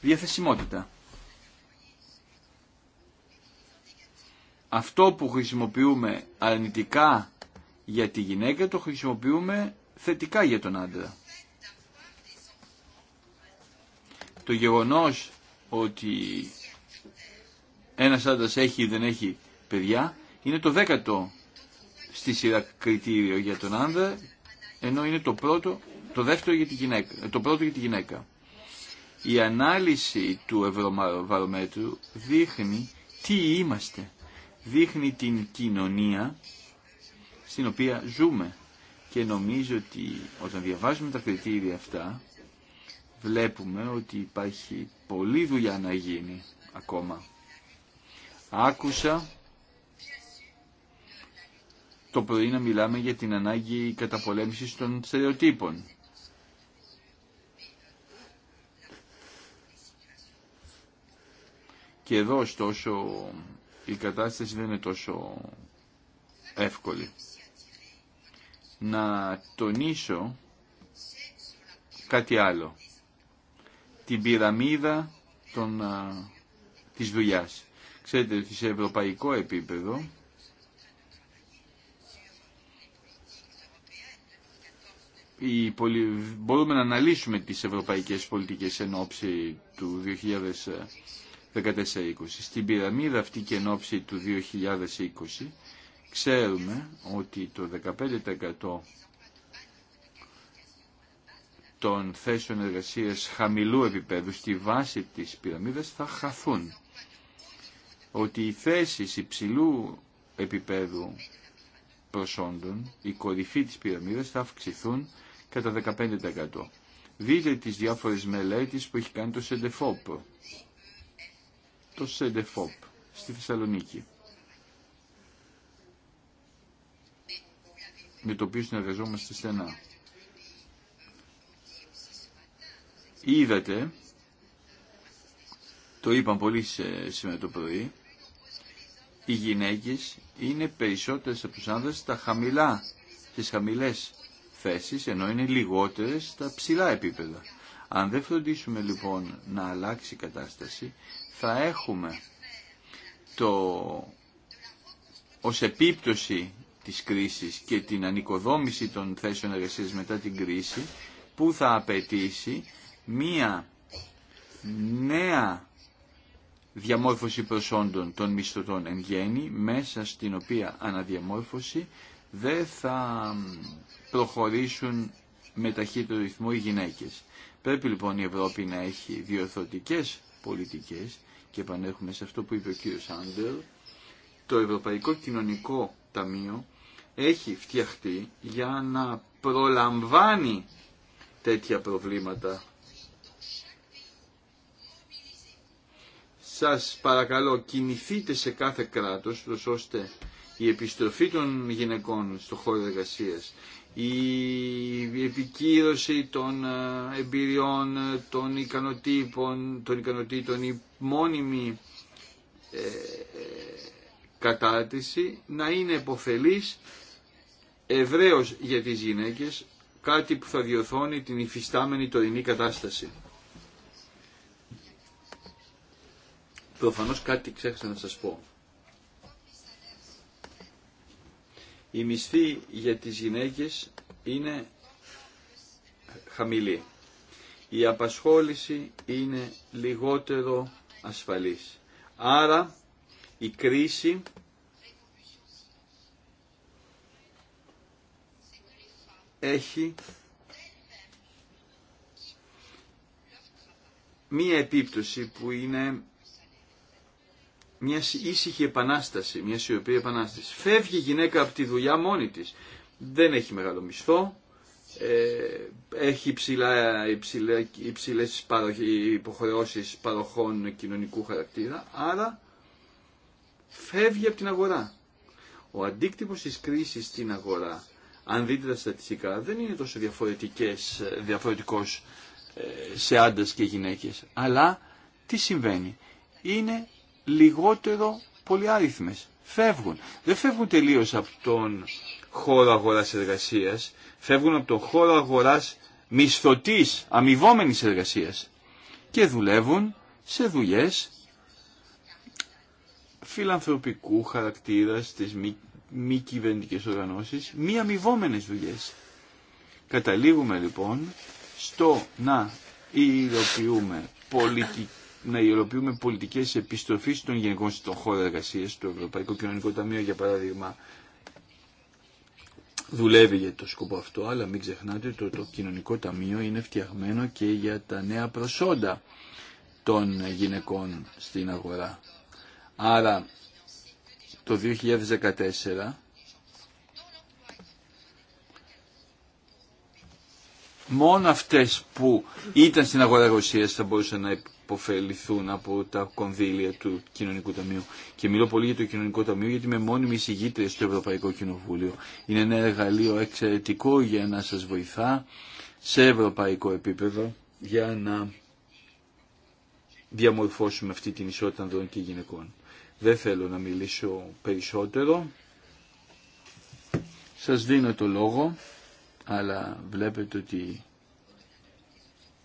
διαθεσιμότητα. αυτό που χρησιμοποιούμε αρνητικά για τη γυναίκα το χρησιμοποιούμε θετικά για τον άντρα. Το γεγονός ότι ένας άντρας έχει ή δεν έχει παιδιά είναι το δέκατο στη σειρά κριτήριο για τον άντρα ενώ είναι το πρώτο, το δεύτερο για τη γυναίκα, το πρώτο για τη γυναίκα. Η ανάλυση του Ευρωβαρομέτρου δείχνει τι είμαστε δείχνει την κοινωνία στην οποία ζούμε. Και νομίζω ότι όταν διαβάζουμε τα κριτήρια αυτά, βλέπουμε ότι υπάρχει πολλή δουλειά να γίνει ακόμα. Άκουσα το πρωί να μιλάμε για την ανάγκη καταπολέμησης των στερεοτύπων. Και εδώ ωστόσο η κατάσταση δεν είναι τόσο εύκολη. Να τονίσω κάτι άλλο. Την πυραμίδα των, της δουλειάς. Ξέρετε ότι σε ευρωπαϊκό επίπεδο η πολυ... μπορούμε να αναλύσουμε τις ευρωπαϊκές πολιτικές εν ώψη του 14-20. Στην πυραμίδα αυτή και εν ώψη του 2020 ξέρουμε ότι το 15% των θέσεων εργασίας χαμηλού επίπεδου στη βάση της πυραμίδας θα χαθούν. Ότι οι θέσεις υψηλού επίπεδου προσόντων, η κορυφή της πυραμίδας θα αυξηθούν κατά 15%. Δείτε τις διάφορες μελέτες που έχει κάνει το ΣΕΝΤΕΦΟΠΡΟ το ΣΕΝΤΕΦΟΠ στη Θεσσαλονίκη. με το οποίο συνεργαζόμαστε στενά. Είδατε, το είπαν πολύ σήμερα το πρωί, οι γυναίκες είναι περισσότερες από τους άνδρες στα χαμηλά, στις χαμηλές θέσεις, ενώ είναι λιγότερες στα ψηλά επίπεδα. Αν δεν φροντίσουμε λοιπόν να αλλάξει η κατάσταση, θα έχουμε το, ως επίπτωση της κρίσης και την ανοικοδόμηση των θέσεων εργασίας μετά την κρίση που θα απαιτήσει μία νέα διαμόρφωση προσόντων των μισθωτών εν γέννη, μέσα στην οποία αναδιαμόρφωση δεν θα προχωρήσουν με ταχύτερο ρυθμό οι γυναίκες. Πρέπει λοιπόν η Ευρώπη να έχει διορθωτικές πολιτικές και επανέρχομαι σε αυτό που είπε ο κύριος Άντερ, το Ευρωπαϊκό Κοινωνικό Ταμείο έχει φτιαχτεί για να προλαμβάνει τέτοια προβλήματα. Σας παρακαλώ κινηθείτε σε κάθε κράτος ώστε η επιστροφή των γυναικών στο χώρο εργασίας, η επικύρωση των ε, εμπειριών, των, ικανοτήτων, των ικανοτήτων, η μόνιμη ε, κατάρτιση να είναι εποφελής ευρέως για τις γυναίκες, κάτι που θα διορθώνει την υφιστάμενη τωρινή κατάσταση. Προφανώς κάτι ξέχασα να σας πω. Η μισθή για τις γυναίκες είναι χαμηλή. Η απασχόληση είναι λιγότερο ασφαλής. Άρα η κρίση έχει μία επίπτωση που είναι μια ήσυχη επανάσταση, μια σιωπή επανάσταση. Φεύγει η γυναίκα από τη δουλειά μόνη τη. Δεν έχει μεγάλο μισθό, ε, έχει υψηλά, υψηλά, υψηλές υποχρεώσεις παροχών κοινωνικού χαρακτήρα, άρα φεύγει από την αγορά. Ο αντίκτυπος της κρίσης στην αγορά, αν δείτε τα στατιστικά, δεν είναι τόσο διαφορετικές, διαφορετικός ε, σε άντρες και γυναίκες. Αλλά τι συμβαίνει. Είναι λιγότερο πολυάριθμες. Φεύγουν. Δεν φεύγουν τελείως από τον χώρο αγοράς εργασίας, φεύγουν από τον χώρο αγοράς μισθωτής, αμοιβόμενη εργασίας και δουλεύουν σε δουλειές φιλανθρωπικού χαρακτήρα στις μη, μη κυβερνητικέ οργανώσεις, μη αμοιβόμενε δουλειές. Καταλήγουμε λοιπόν στο να υλοποιούμε πολιτική να υλοποιούμε πολιτικές επιστροφή των γενικών στον χώρο εργασία, το Ευρωπαϊκό Κοινωνικό Ταμείο για παράδειγμα δουλεύει για το σκοπό αυτό, αλλά μην ξεχνάτε ότι το, Κοινωνικό Ταμείο είναι φτιαγμένο και για τα νέα προσόντα των γυναικών στην αγορά. Άρα το 2014 μόνο αυτές που ήταν στην αγορά εργασία θα μπορούσαν να υποφεληθούν από τα κονδύλια του Κοινωνικού Ταμείου. Και μιλώ πολύ για το Κοινωνικό Ταμείο γιατί είμαι μόνιμη εισηγήτρια στο Ευρωπαϊκό Κοινοβούλιο. Είναι ένα εργαλείο εξαιρετικό για να σας βοηθά σε ευρωπαϊκό επίπεδο για να διαμορφώσουμε αυτή την ισότητα ανδρών και γυναικών. Δεν θέλω να μιλήσω περισσότερο. Σας δίνω το λόγο, αλλά βλέπετε ότι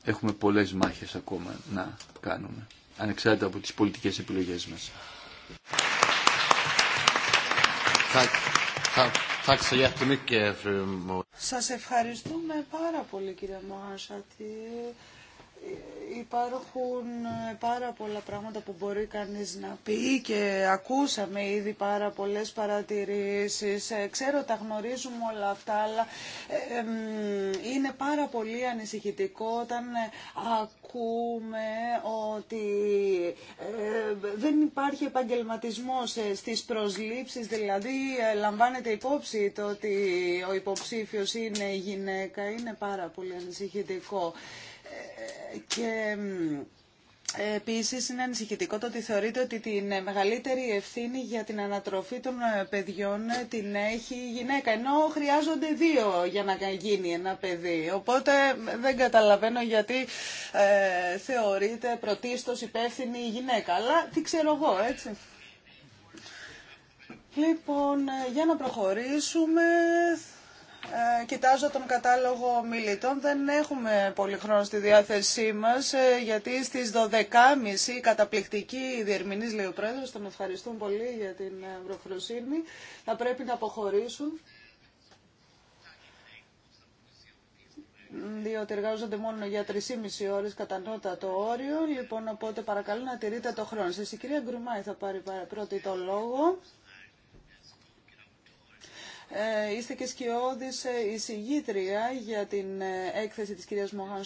έχουμε πολλές μάχες ακόμα να κάνουμε, ανεξάρτητα από τις πολιτικές επιλογές μας. Σας ευχαριστούμε πάρα πολύ κύριε Μάσατη υπάρχουν ε, πάρα πολλά πράγματα που μπορεί κανείς να πει και ακούσαμε ήδη πάρα πολλές παρατηρήσεις. Ε, ξέρω τα γνωρίζουμε όλα αυτά, αλλά ε, είναι πάρα πολύ ανησυχητικό όταν ακούμε ότι δεν υπάρχει επαγγελματισμός στις προσλήψεις, δηλαδή λαμβάνεται υπόψη το ότι ο υποψήφιος είναι η γυναίκα, είναι πάρα πολύ ανησυχητικό και ε, επίσης είναι ανησυχητικό το ότι θεωρείται ότι την ε, μεγαλύτερη ευθύνη για την ανατροφή των ε, παιδιών την έχει η γυναίκα, ενώ χρειάζονται δύο για να γίνει ένα παιδί. Οπότε δεν καταλαβαίνω γιατί θεωρείται πρωτίστως υπεύθυνη η γυναίκα. Αλλά τι ξέρω εγώ, έτσι. Λοιπόν, για να προχωρήσουμε, ε, κοιτάζω τον κατάλογο μιλητών. Δεν έχουμε πολύ χρόνο στη διάθεσή μας, ε, γιατί στις 12.30 η καταπληκτική διερμηνής, λέει ο Πρόεδρος, τον ευχαριστούν πολύ για την ευρωχροσύνη, θα πρέπει να αποχωρήσουν. διότι εργάζονται μόνο για 3,5 ώρες κατά νότα το όριο, λοιπόν, οπότε παρακαλώ να τηρείτε το χρόνο σας. Η κυρία Γκρουμάη θα πάρει πρώτη το λόγο. Ε, είστε και σκιώδης ε, εισηγήτρια για την ε, έκθεση της κυρίας Μοχάν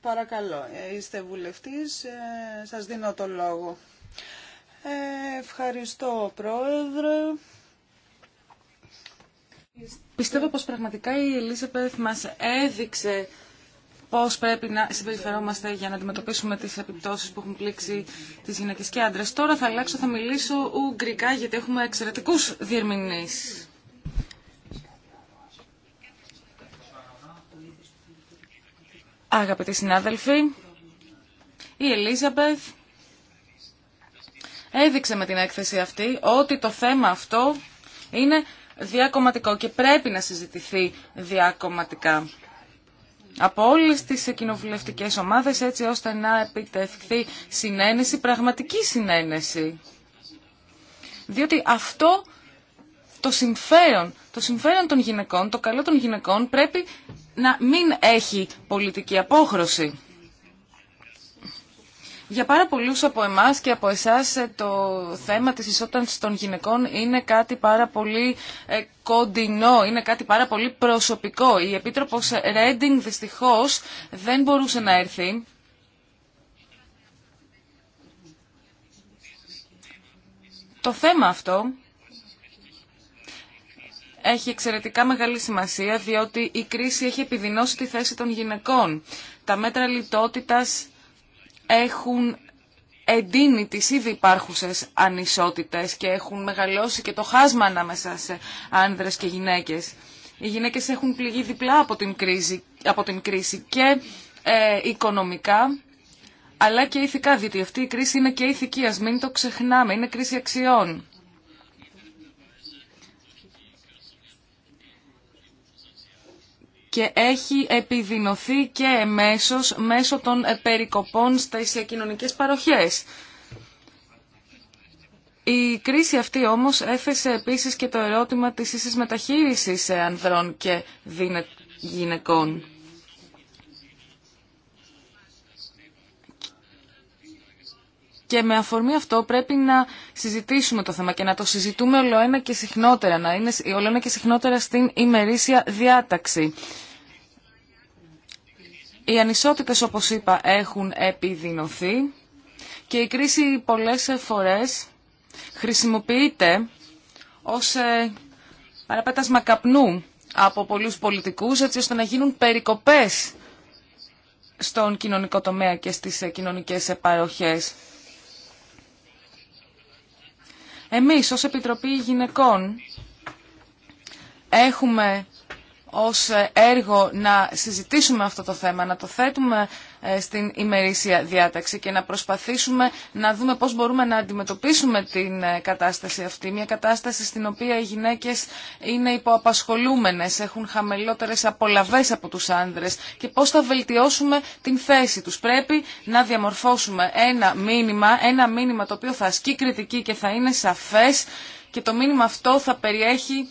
Παρακαλώ, είστε βουλευτής, σας δίνω το λόγο. ευχαριστώ, Πρόεδρε. Πιστεύω πως πραγματικά η Ελίζαπεθ μας έδειξε Πώ πρέπει να συμπεριφερόμαστε για να αντιμετωπίσουμε τις επιπτώσει που έχουν πλήξει τις γυναίκες και άντρε. Τώρα θα αλλάξω, θα μιλήσω ουγγρικά γιατί έχουμε εξαιρετικού διερμηνείς. Αγαπητοί συνάδελφοι, η Ελίζαμπεθ έδειξε με την έκθεση αυτή ότι το θέμα αυτό είναι διακομματικό και πρέπει να συζητηθεί διακομματικά από όλες τις κοινοβουλευτικέ ομάδες έτσι ώστε να επιτευχθεί συνένεση, πραγματική συνένεση. Διότι αυτό το συμφέρον, το συμφέρον των γυναικών, το καλό των γυναικών πρέπει να μην έχει πολιτική απόχρωση. Για πάρα πολλούς από εμάς και από εσάς ε, το θέμα της ισότητας των γυναικών είναι κάτι πάρα πολύ ε, κοντινό, είναι κάτι πάρα πολύ προσωπικό. Η Επίτροπος Ρέντινγκ δυστυχώς δεν μπορούσε να έρθει. Το θέμα αυτό έχει εξαιρετικά μεγάλη σημασία διότι η κρίση έχει επιδεινώσει τη θέση των γυναικών. Τα μέτρα λιτότητας έχουν εντείνει τις ήδη υπάρχουσες ανισότητες και έχουν μεγαλώσει και το χάσμα ανάμεσα σε άνδρες και γυναίκες. Οι γυναίκες έχουν πληγεί διπλά από την κρίση, από την κρίση και ε, οικονομικά αλλά και ηθικά, διότι αυτή η κρίση είναι και ηθική, ας μην το ξεχνάμε, είναι κρίση αξιών. και έχει επιδεινωθεί και εμέσως μέσω των ε, περικοπών στις κοινωνικές παροχές. Η κρίση αυτή όμως έθεσε επίσης και το ερώτημα της ίσης μεταχείρισης ε, ανδρών και γυναικών. Και με αφορμή αυτό πρέπει να συζητήσουμε το θέμα και να το συζητούμε ολοένα και συχνότερα, να είναι ολοένα και συχνότερα στην ημερήσια διάταξη. Οι ανισότητες, όπως είπα, έχουν επιδεινωθεί και η κρίση πολλές φορές χρησιμοποιείται ως ε, παραπέτασμα καπνού από πολλούς πολιτικούς έτσι ώστε να γίνουν περικοπές στον κοινωνικό τομέα και στις ε, κοινωνικές παροχές. Εμείς ως Επιτροπή Γυναικών έχουμε ως έργο να συζητήσουμε αυτό το θέμα, να το θέτουμε ε, στην ημερήσια διάταξη και να προσπαθήσουμε να δούμε πώς μπορούμε να αντιμετωπίσουμε την ε, κατάσταση αυτή. Μια κατάσταση στην οποία οι γυναίκες είναι υποαπασχολούμενες, έχουν χαμελότερες απολαβές από τους άνδρες και πώς θα βελτιώσουμε την θέση τους. Πρέπει να διαμορφώσουμε ένα μήνυμα, ένα μήνυμα το οποίο θα ασκεί κριτική και θα είναι σαφές και το μήνυμα αυτό θα περιέχει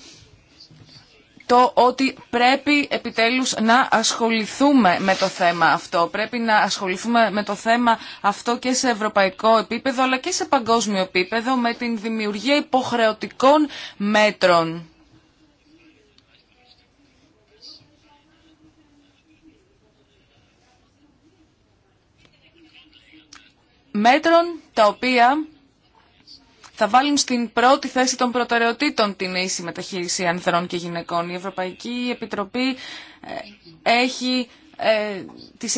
το ότι πρέπει επιτέλους να ασχοληθούμε με το θέμα αυτό. Πρέπει να ασχοληθούμε με το θέμα αυτό και σε ευρωπαϊκό επίπεδο αλλά και σε παγκόσμιο επίπεδο με την δημιουργία υποχρεωτικών μέτρων. Μέτρων τα οποία θα βάλουν στην πρώτη θέση των προτεραιοτήτων την ίση μεταχείριση ανδρών και γυναικών. Η Ευρωπαϊκή Επιτροπή ε, έχει, ε,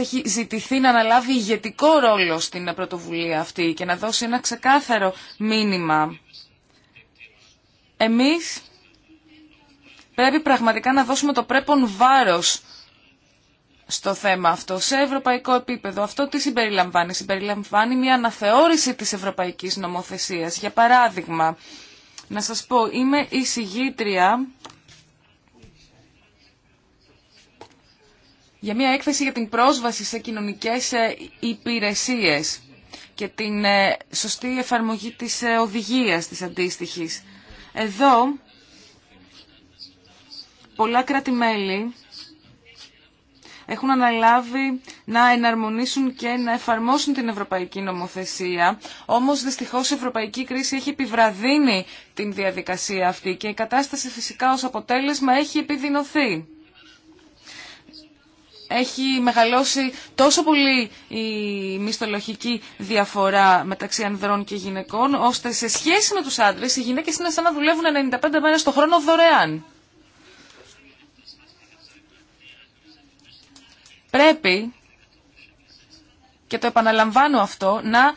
έχει ζητηθεί να αναλάβει ηγετικό ρόλο στην πρωτοβουλία αυτή και να δώσει ένα ξεκάθαρο μήνυμα. Εμείς πρέπει πραγματικά να δώσουμε το πρέπον βάρος στο θέμα αυτό σε ευρωπαϊκό επίπεδο. Αυτό τι συμπεριλαμβάνει. Συμπεριλαμβάνει μια αναθεώρηση της ευρωπαϊκής νομοθεσίας. Για παράδειγμα, να σας πω, είμαι η συγγήτρια για μια έκθεση για την πρόσβαση σε κοινωνικές ε, υπηρεσίες και την ε, σωστή εφαρμογή της ε, οδηγίας της αντίστοιχης. Εδώ πολλά κράτη-μέλη έχουν αναλάβει να εναρμονίσουν και να εφαρμόσουν την ευρωπαϊκή νομοθεσία. Όμως δυστυχώς η ευρωπαϊκή κρίση έχει επιβραδύνει την διαδικασία αυτή και η κατάσταση φυσικά ως αποτέλεσμα έχει επιδεινωθεί. Έχει μεγαλώσει τόσο πολύ η μισθολογική διαφορά μεταξύ ανδρών και γυναικών, ώστε σε σχέση με τους άντρες οι γυναίκες είναι σαν να δουλεύουν 95 μέρες το χρόνο δωρεάν. πρέπει, και το επαναλαμβάνω αυτό, να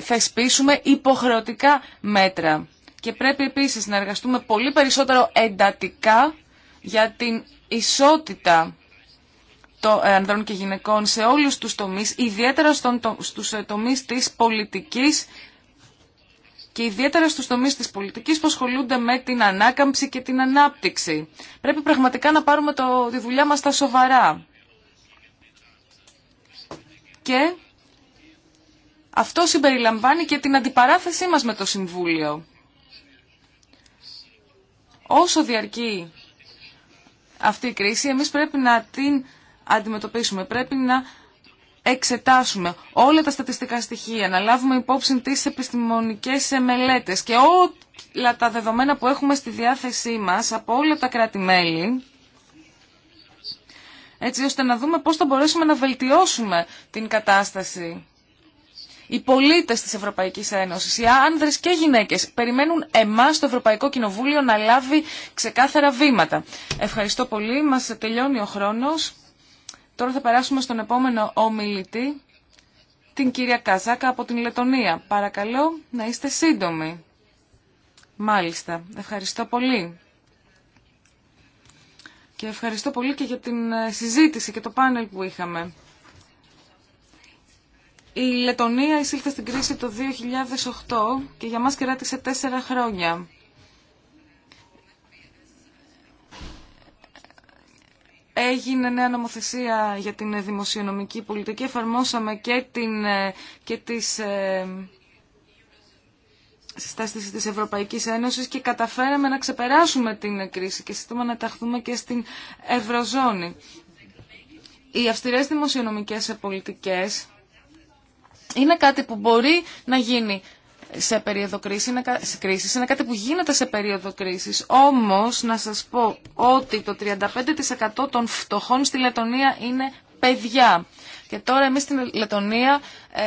θεσπίσουμε υποχρεωτικά μέτρα. Και πρέπει επίσης να εργαστούμε πολύ περισσότερο εντατικά για την ισότητα των ε, ανδρών και γυναικών σε όλους τους τομείς, ιδιαίτερα στον, στους ε, τομείς της πολιτικής και ιδιαίτερα στους τομείς της πολιτικής που ασχολούνται με την ανάκαμψη και την ανάπτυξη. Πρέπει πραγματικά να πάρουμε το, τη δουλειά μας στα σοβαρά και αυτό συμπεριλαμβάνει και την αντιπαράθεσή μας με το Συμβούλιο. Όσο διαρκεί αυτή η κρίση, εμείς πρέπει να την αντιμετωπίσουμε, πρέπει να εξετάσουμε όλα τα στατιστικά στοιχεία, να λάβουμε υπόψη τις επιστημονικές μελέτες και όλα τα δεδομένα που έχουμε στη διάθεσή μας από όλα τα κράτη-μέλη, έτσι ώστε να δούμε πώς θα μπορέσουμε να βελτιώσουμε την κατάσταση. Οι πολίτες της Ευρωπαϊκής Ένωσης, οι άνδρες και οι γυναίκες, περιμένουν εμάς το Ευρωπαϊκό Κοινοβούλιο να λάβει ξεκάθαρα βήματα. Ευχαριστώ πολύ, μας τελειώνει ο χρόνος. Τώρα θα περάσουμε στον επόμενο ομιλητή, την κυρία Καζάκα από την Λετωνία. Παρακαλώ να είστε σύντομοι. Μάλιστα, ευχαριστώ πολύ και ευχαριστώ πολύ και για την ε, συζήτηση και το πάνελ που είχαμε. Η Λετωνία εισήλθε στην κρίση το 2008 και για μας κράτησε τέσσερα χρόνια. Έγινε νέα νομοθεσία για την δημοσιονομική πολιτική. Εφαρμόσαμε και, την, ε, και τις ε, συστάσεις της Ευρωπαϊκής Ένωσης και καταφέραμε να ξεπεράσουμε την κρίση και σύντομα να ταχθούμε και στην Ευρωζώνη. Οι αυστηρές δημοσιονομικές πολιτικές είναι κάτι που μπορεί να γίνει σε περίοδο κρίση, είναι, κρίσης, είναι κάτι που γίνεται σε περίοδο κρίσης. Όμως, να σας πω ότι το 35% των φτωχών στη Λετωνία είναι παιδιά. Και τώρα εμείς στην Λετωνία ε,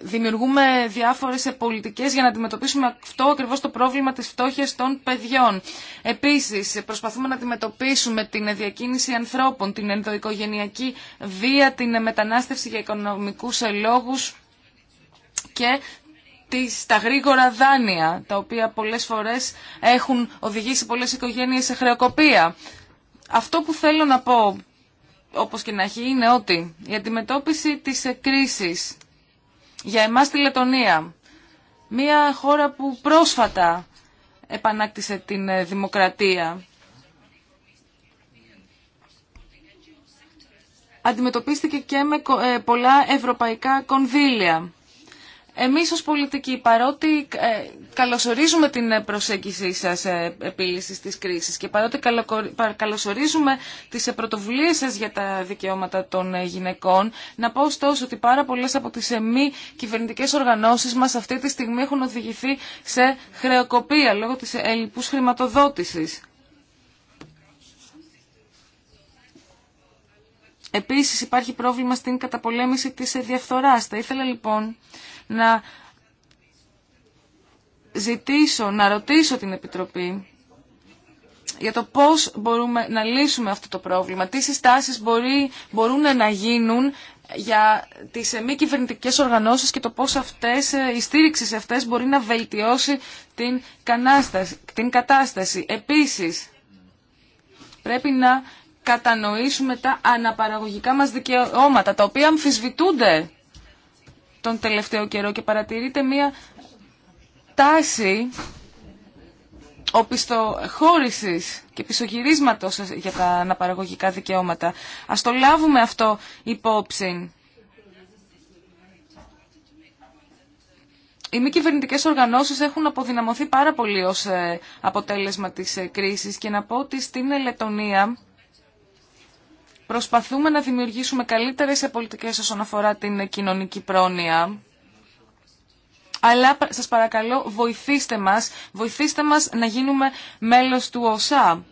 δημιουργούμε διάφορες πολιτικές για να αντιμετωπίσουμε αυτό ακριβώς το πρόβλημα της φτώχειας των παιδιών. Επίσης προσπαθούμε να αντιμετωπίσουμε την διακίνηση ανθρώπων, την ενδοοικογενειακή βία, την μετανάστευση για οικονομικούς λόγους και τα γρήγορα δάνεια, τα οποία πολλές φορές έχουν οδηγήσει πολλές οικογένειες σε χρεοκοπία. Αυτό που θέλω να πω όπως και να έχει, είναι ότι η αντιμετώπιση της κρίσης για εμάς τη Λετωνία, μια χώρα που πρόσφατα επανάκτησε την ε, δημοκρατία, αντιμετωπίστηκε και με ε, πολλά ευρωπαϊκά κονδύλια. Εμείς ως πολιτικοί, παρότι ε, καλωσορίζουμε την προσέγγιση σας ε, επίλυσης της κρίσης και παρότι καλωσορίζουμε τις ε, πρωτοβουλίες σας για τα δικαιώματα των γυναικών, να πω ωστόσο ότι πάρα πολλές από τις μη κυβερνητικές οργανώσεις μας αυτή τη στιγμή έχουν οδηγηθεί σε χρεοκοπία λόγω της ελλειπούς χρηματοδότησης. Επίσης υπάρχει πρόβλημα στην καταπολέμηση της διαφθοράς. Θα ήθελα λοιπόν να ζητήσω, να ρωτήσω την Επιτροπή για το πώς μπορούμε να λύσουμε αυτό το πρόβλημα, τι συστάσεις μπορεί, μπορούν να γίνουν για τις μη κυβερνητικέ οργανώσεις και το πώς αυτές, η στήριξη σε αυτές μπορεί να βελτιώσει την, την κατάσταση. Επίσης, πρέπει να κατανοήσουμε τα αναπαραγωγικά μας δικαιώματα, τα οποία αμφισβητούνται τον τελευταίο καιρό και παρατηρείται μία τάση οπισθοχώρησης και πισωγυρίσματος για τα αναπαραγωγικά δικαιώματα. Ας το λάβουμε αυτό υπόψη. Οι μη κυβερνητικέ οργανώσεις έχουν αποδυναμωθεί πάρα πολύ ως ε, αποτέλεσμα της ε, κρίσης και να πω ότι στην Λετωνία Προσπαθούμε να δημιουργήσουμε καλύτερες πολιτικές όσον αφορά την κοινωνική πρόνοια. Αλλά σας παρακαλώ βοηθήστε μας, βοηθήστε μας να γίνουμε μέλος του ΟΣΑ.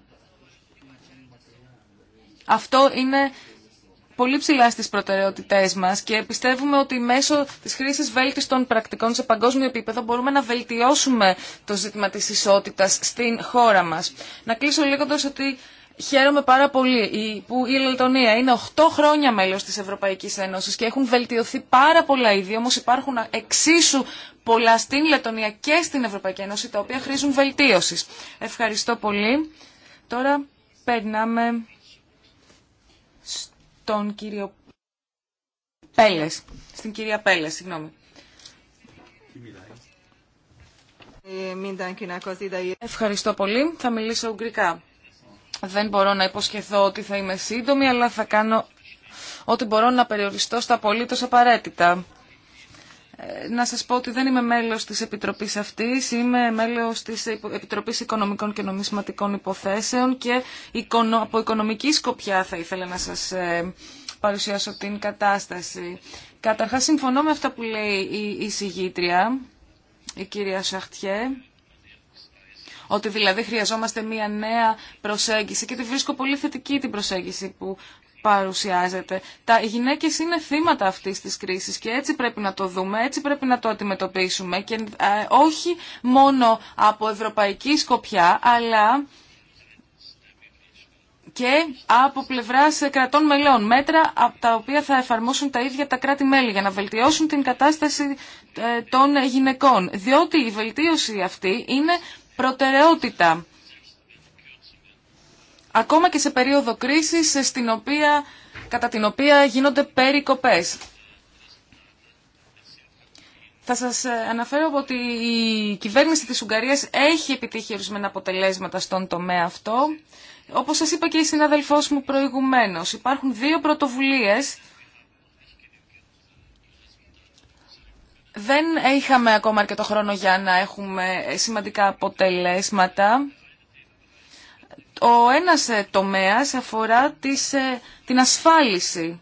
Αυτό είναι πολύ ψηλά στις προτεραιότητές μας και πιστεύουμε ότι μέσω της χρήσης βέλτιστων πρακτικών σε παγκόσμιο επίπεδο μπορούμε να βελτιώσουμε το ζήτημα της ισότητας στην χώρα μας. Να κλείσω λέγοντα ότι Χαίρομαι πάρα πολύ που η Λετωνία είναι 8 χρόνια μέλος της Ευρωπαϊκής Ένωσης και έχουν βελτιωθεί πάρα πολλά ήδη, όμω υπάρχουν εξίσου πολλά στην Λετωνία και στην Ευρωπαϊκή Ένωση, τα οποία χρήζουν βελτίωση. Ευχαριστώ πολύ. Τώρα περνάμε στον κύριο Πέλες, στην κυρία Πέλε. συγγνώμη. Ε, Ευχαριστώ πολύ. Θα μιλήσω ουγγρικά. Δεν μπορώ να υποσχεθώ ότι θα είμαι σύντομη, αλλά θα κάνω ότι μπορώ να περιοριστώ στα απολύτως απαραίτητα. Ε, να σας πω ότι δεν είμαι μέλος της Επιτροπής αυτής, είμαι μέλος της Επιτροπής Οικονομικών και Νομισματικών Υποθέσεων και από οικονομική σκοπιά θα ήθελα να σας ε, παρουσιάσω την κατάσταση. Καταρχάς συμφωνώ με αυτά που λέει η συγγήτρια, η κυρία Σαχτιέ. Ότι δηλαδή χρειαζόμαστε μια νέα προσέγγιση και τη βρίσκω πολύ θετική την προσέγγιση που παρουσιάζεται. Τα γυναίκες είναι θύματα αυτής της κρίσης και έτσι πρέπει να το δούμε, έτσι πρέπει να το αντιμετωπίσουμε και ε, όχι μόνο από ευρωπαϊκή σκοπιά, αλλά και από πλευρά κρατών μελών. Μέτρα από τα οποία θα εφαρμόσουν τα ίδια τα κράτη-μέλη για να βελτιώσουν την κατάσταση ε, των γυναικών. Διότι η βελτίωση αυτή είναι προτεραιότητα. Ακόμα και σε περίοδο κρίσης στην οποία, κατά την οποία γίνονται περικοπές. Θα σας ε, αναφέρω ότι η κυβέρνηση της Ουγγαρίας έχει επιτύχει ορισμένα αποτελέσματα στον τομέα αυτό. Όπως σας είπα και η συναδελφός μου προηγουμένως, υπάρχουν δύο πρωτοβουλίες δεν είχαμε ακόμα αρκετό χρόνο για να έχουμε σημαντικά αποτελέσματα. Ο ένας ε, τομέας αφορά τις, ε, την ασφάλιση.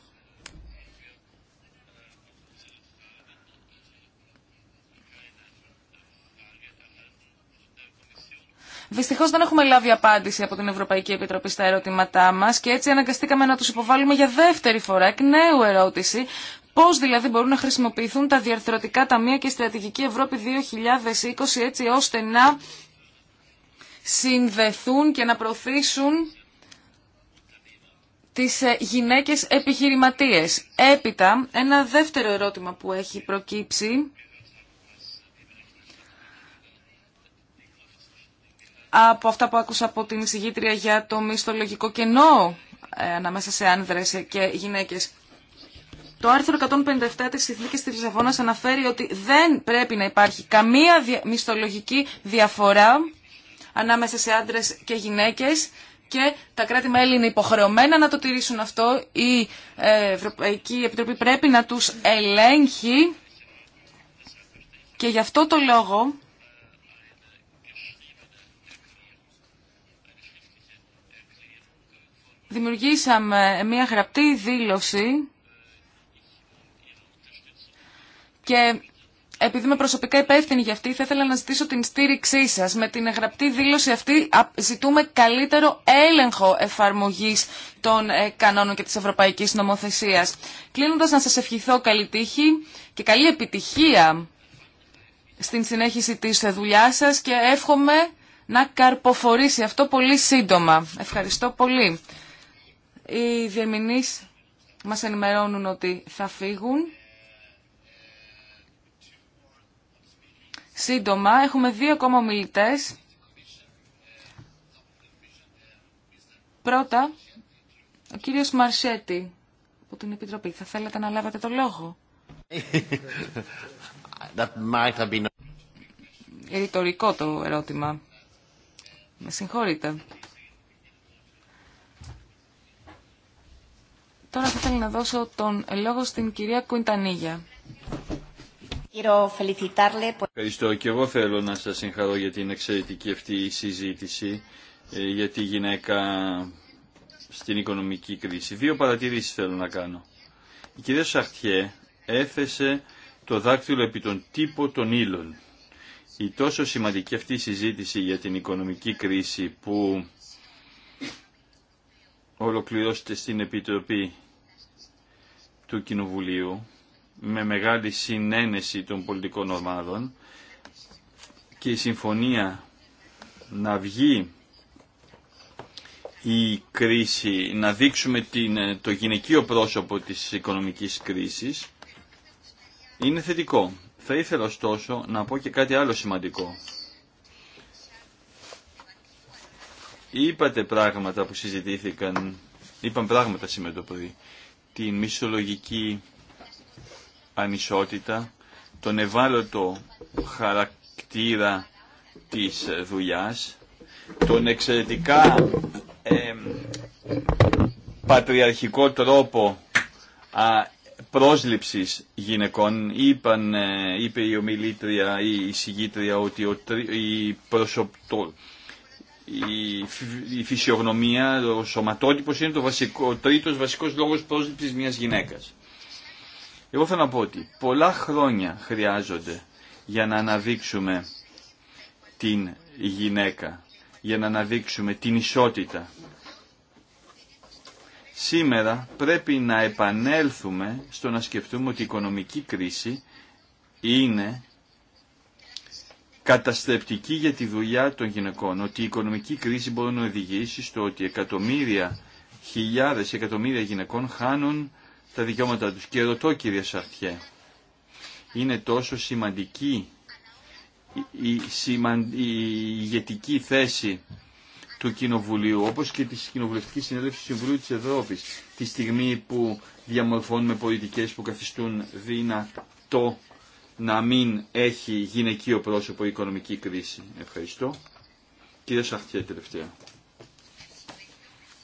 Δυστυχώ δεν έχουμε λάβει απάντηση από την Ευρωπαϊκή Επιτροπή στα ερωτήματά μα και έτσι αναγκαστήκαμε να του υποβάλουμε για δεύτερη φορά εκ νέου ερώτηση Πώς δηλαδή μπορούν να χρησιμοποιηθούν τα διαρθρωτικά ταμεία και η στρατηγική Ευρώπη 2020 έτσι ώστε να συνδεθούν και να προωθήσουν τις ε, γυναίκες επιχειρηματίες. Έπειτα, ένα δεύτερο ερώτημα που έχει προκύψει από αυτά που άκουσα από την εισηγήτρια για το μισθολογικό κενό ε, ανάμεσα σε άνδρες και γυναίκες. Το άρθρο 157 της Συνθήκης της Λισαβόνας αναφέρει ότι δεν πρέπει να υπάρχει καμία μισθολογική διαφορά ανάμεσα σε άντρες και γυναίκες και τα κράτη-μέλη είναι υποχρεωμένα να το τηρήσουν αυτό. Η ε, Ευρωπαϊκή Επιτροπή πρέπει να τους ελέγχει και γι' αυτό το λόγο δημιουργήσαμε μια γραπτή δήλωση Και επειδή είμαι προσωπικά υπεύθυνη για αυτή, θα ήθελα να ζητήσω την στήριξή σας. Με την γραπτή δήλωση αυτή ζητούμε καλύτερο έλεγχο εφαρμογής των ε, κανόνων και της ευρωπαϊκής νομοθεσίας. κλείνοντα να σας ευχηθώ καλή τύχη και καλή επιτυχία στην συνέχιση της δουλειά σα και εύχομαι να καρποφορήσει αυτό πολύ σύντομα. Ευχαριστώ πολύ. Οι διεμηνείς μας ενημερώνουν ότι θα φύγουν. σύντομα. Έχουμε δύο ακόμα ομιλητέ. Πρώτα, ο κύριος Μαρσέτη από την Επιτροπή. Θα θέλατε να λάβετε το λόγο. That Ρητορικό το ερώτημα. Με συγχωρείτε. Τώρα θα ήθελα να δώσω τον λόγο στην κυρία Κουιντανίγια. Ευχαριστώ και εγώ θέλω να σας συγχαρώ για την εξαιρετική αυτή συζήτηση ε, για τη γυναίκα στην οικονομική κρίση. Δύο παρατηρήσεις θέλω να κάνω. Η κυρία Σαχτιέ έθεσε το δάκτυλο επί τον τύπο των ύλων. Η τόσο σημαντική αυτή συζήτηση για την οικονομική κρίση που ολοκληρώσετε στην Επιτροπή του Κοινοβουλίου με μεγάλη συνένεση των πολιτικών ομάδων και η συμφωνία να βγει η κρίση, να δείξουμε την, το γυναικείο πρόσωπο της οικονομικής κρίσης είναι θετικό. Θα ήθελα ωστόσο να πω και κάτι άλλο σημαντικό. Είπατε πράγματα που συζητήθηκαν, είπαν πράγματα σήμερα το πρωί, την μισολογική ανισότητα, τον ευάλωτο χαρακτήρα της δουλειάς, τον εξαιρετικά πατριαρχικό τρόπο α, πρόσληψης γυναικών. Είπαν, ε, είπε η ομιλήτρια ή η συγγήτρια ότι ο, η, φυσιογνωμία, ο σωματότυπος είναι το βασικό, ο τρίτος βασικός λόγος πρόσληψης μιας γυναίκας. Εγώ θέλω να πω ότι πολλά χρόνια χρειάζονται για να αναδείξουμε την γυναίκα, για να αναδείξουμε την ισότητα. Σήμερα πρέπει να επανέλθουμε στο να σκεφτούμε ότι η οικονομική κρίση είναι καταστρεπτική για τη δουλειά των γυναικών, ότι η οικονομική κρίση μπορεί να οδηγήσει στο ότι εκατομμύρια, χιλιάδες εκατομμύρια γυναικών χάνουν τα δικαιώματα τους. Και ρωτώ κύριε Σαρτιέ, είναι τόσο σημαντική η, η ηγετική θέση του Κοινοβουλίου, όπως και της Κοινοβουλευτικής Συνέλευσης του Συμβουλίου της Ευρώπης, τη στιγμή που διαμορφώνουμε πολιτικές που καθιστούν δυνατό να μην έχει γυναικείο πρόσωπο η οικονομική κρίση. Ευχαριστώ. Κύριε Σαρτιέ τελευταία.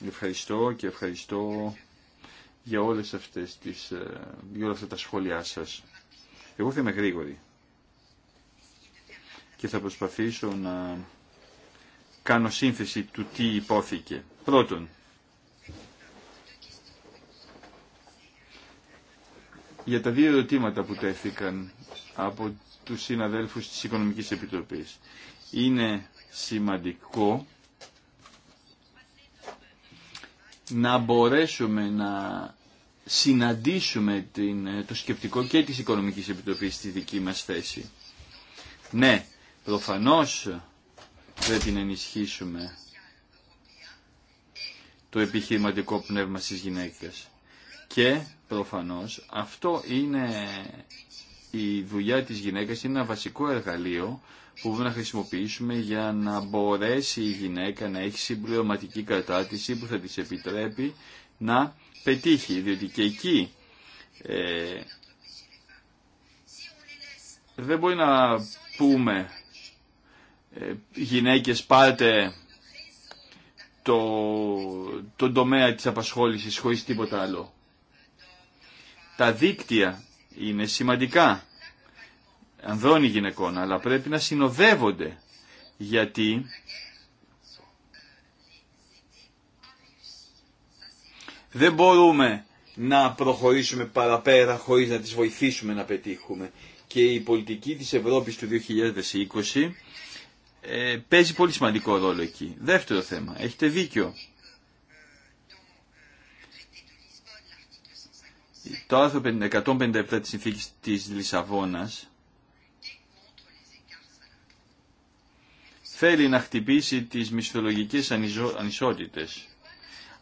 Ευχαριστώ και ευχαριστώ για, όλες αυτές τις, ε, για όλα αυτά τα σχόλιά σας. Εγώ θα είμαι γρήγορη και θα προσπαθήσω να κάνω σύνθεση του τι υπόθηκε. Πρώτον, για τα δύο ερωτήματα που τέθηκαν από τους συναδέλφους της Οικονομικής Επιτροπής. Είναι σημαντικό να μπορέσουμε να συναντήσουμε την, ε, το σκεπτικό και της Οικονομικής Επιτροπής στη δική μας θέση. Ναι, προφανώς πρέπει να ενισχύσουμε το επιχειρηματικό πνεύμα στις γυναίκες. Και προφανώς αυτό είναι η δουλειά της γυναίκας, είναι ένα βασικό εργαλείο που μπορούμε να χρησιμοποιήσουμε για να μπορέσει η γυναίκα να έχει συμπληρωματική κατάτηση που θα της επιτρέπει να πετύχει, διότι και εκεί ε, δεν μπορεί να πούμε ε, γυναίκες πάρτε το, τον τομέα της απασχόλησης χωρίς τίποτα άλλο. Τα δίκτυα είναι σημαντικά ανδρών ή γυναικών, αλλά πρέπει να συνοδεύονται γιατί Δεν μπορούμε να προχωρήσουμε παραπέρα χωρίς να τις βοηθήσουμε να πετύχουμε. Και η πολιτική της Ευρώπης του 2020 ε, παίζει πολύ σημαντικό ρόλο εκεί. Δεύτερο θέμα, έχετε δίκιο. Το άρθρο 157 της συνθήκης της Λισαβόνας θέλει να χτυπήσει τις μισθολογικές ανισότητες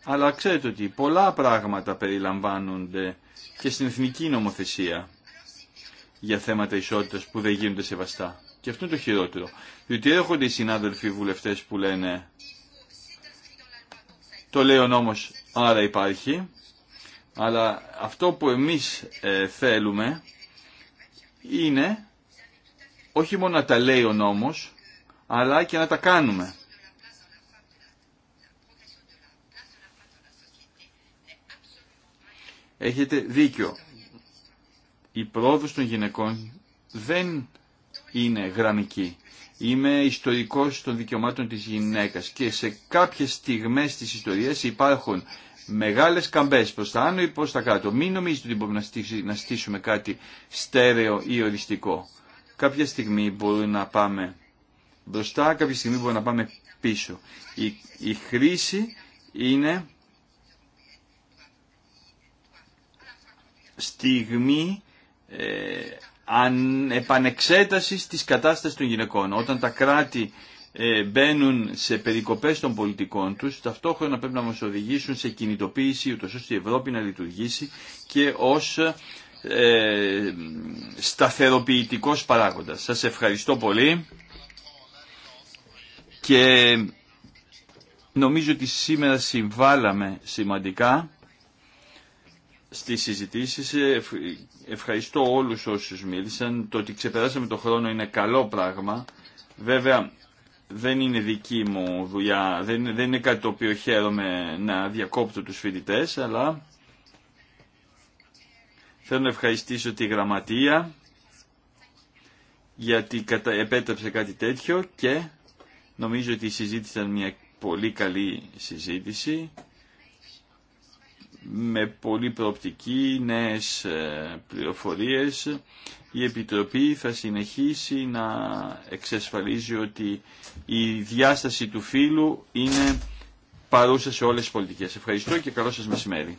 αλλά ξέρετε ότι πολλά πράγματα περιλαμβάνονται και στην εθνική νομοθεσία για θέματα ισότητας που δεν γίνονται σεβαστά. Και αυτό είναι το χειρότερο. Διότι έρχονται οι συνάδελφοι βουλευτές που λένε το λέει ο νόμος άρα υπάρχει, αλλά αυτό που εμείς ε, θέλουμε είναι όχι μόνο να τα λέει ο νόμος, αλλά και να τα κάνουμε. έχετε δίκιο. Η πρόοδος των γυναικών δεν είναι γραμμική. Είμαι ιστορικός των δικαιωμάτων της γυναίκας και σε κάποιες στιγμές της ιστορίας υπάρχουν μεγάλες καμπές προς τα άνω ή προς τα κάτω. Μην νομίζετε ότι μπορούμε να στήσουμε κάτι στέρεο ή οριστικό. Κάποια στιγμή μπορούμε να πάμε μπροστά, κάποια στιγμή μπορούμε να πάμε πίσω. Η, η χρήση είναι στιγμή ε, αν, επανεξέταση της κατάστασης των γυναικών. Όταν τα κράτη ε, μπαίνουν σε περικοπές των πολιτικών τους, ταυτόχρονα πρέπει να μας οδηγήσουν σε κινητοποίηση, ούτως ώστε η Ευρώπη να λειτουργήσει και ως ε, σταθεροποιητικός παράγοντας. Σας ευχαριστώ πολύ και νομίζω ότι σήμερα συμβάλαμε σημαντικά στις συζητήσεις. Ε, ευχαριστώ όλους όσους μίλησαν. Το ότι ξεπεράσαμε τον χρόνο είναι καλό πράγμα. Βέβαια δεν είναι δική μου δουλειά, δεν, δεν είναι κάτι το οποίο χαίρομαι να διακόπτω τους φοιτητέ, αλλά θέλω να ευχαριστήσω τη γραμματεία γιατί επέτρεψε κάτι τέτοιο και νομίζω ότι η συζήτηση μια πολύ καλή συζήτηση με πολύ προοπτική, νέες ε, πληροφορίες. Η Επιτροπή θα συνεχίσει να εξασφαλίζει ότι η διάσταση του φύλου είναι παρούσα σε όλες τις πολιτικές. Ευχαριστώ και καλό σας μεσημέρι.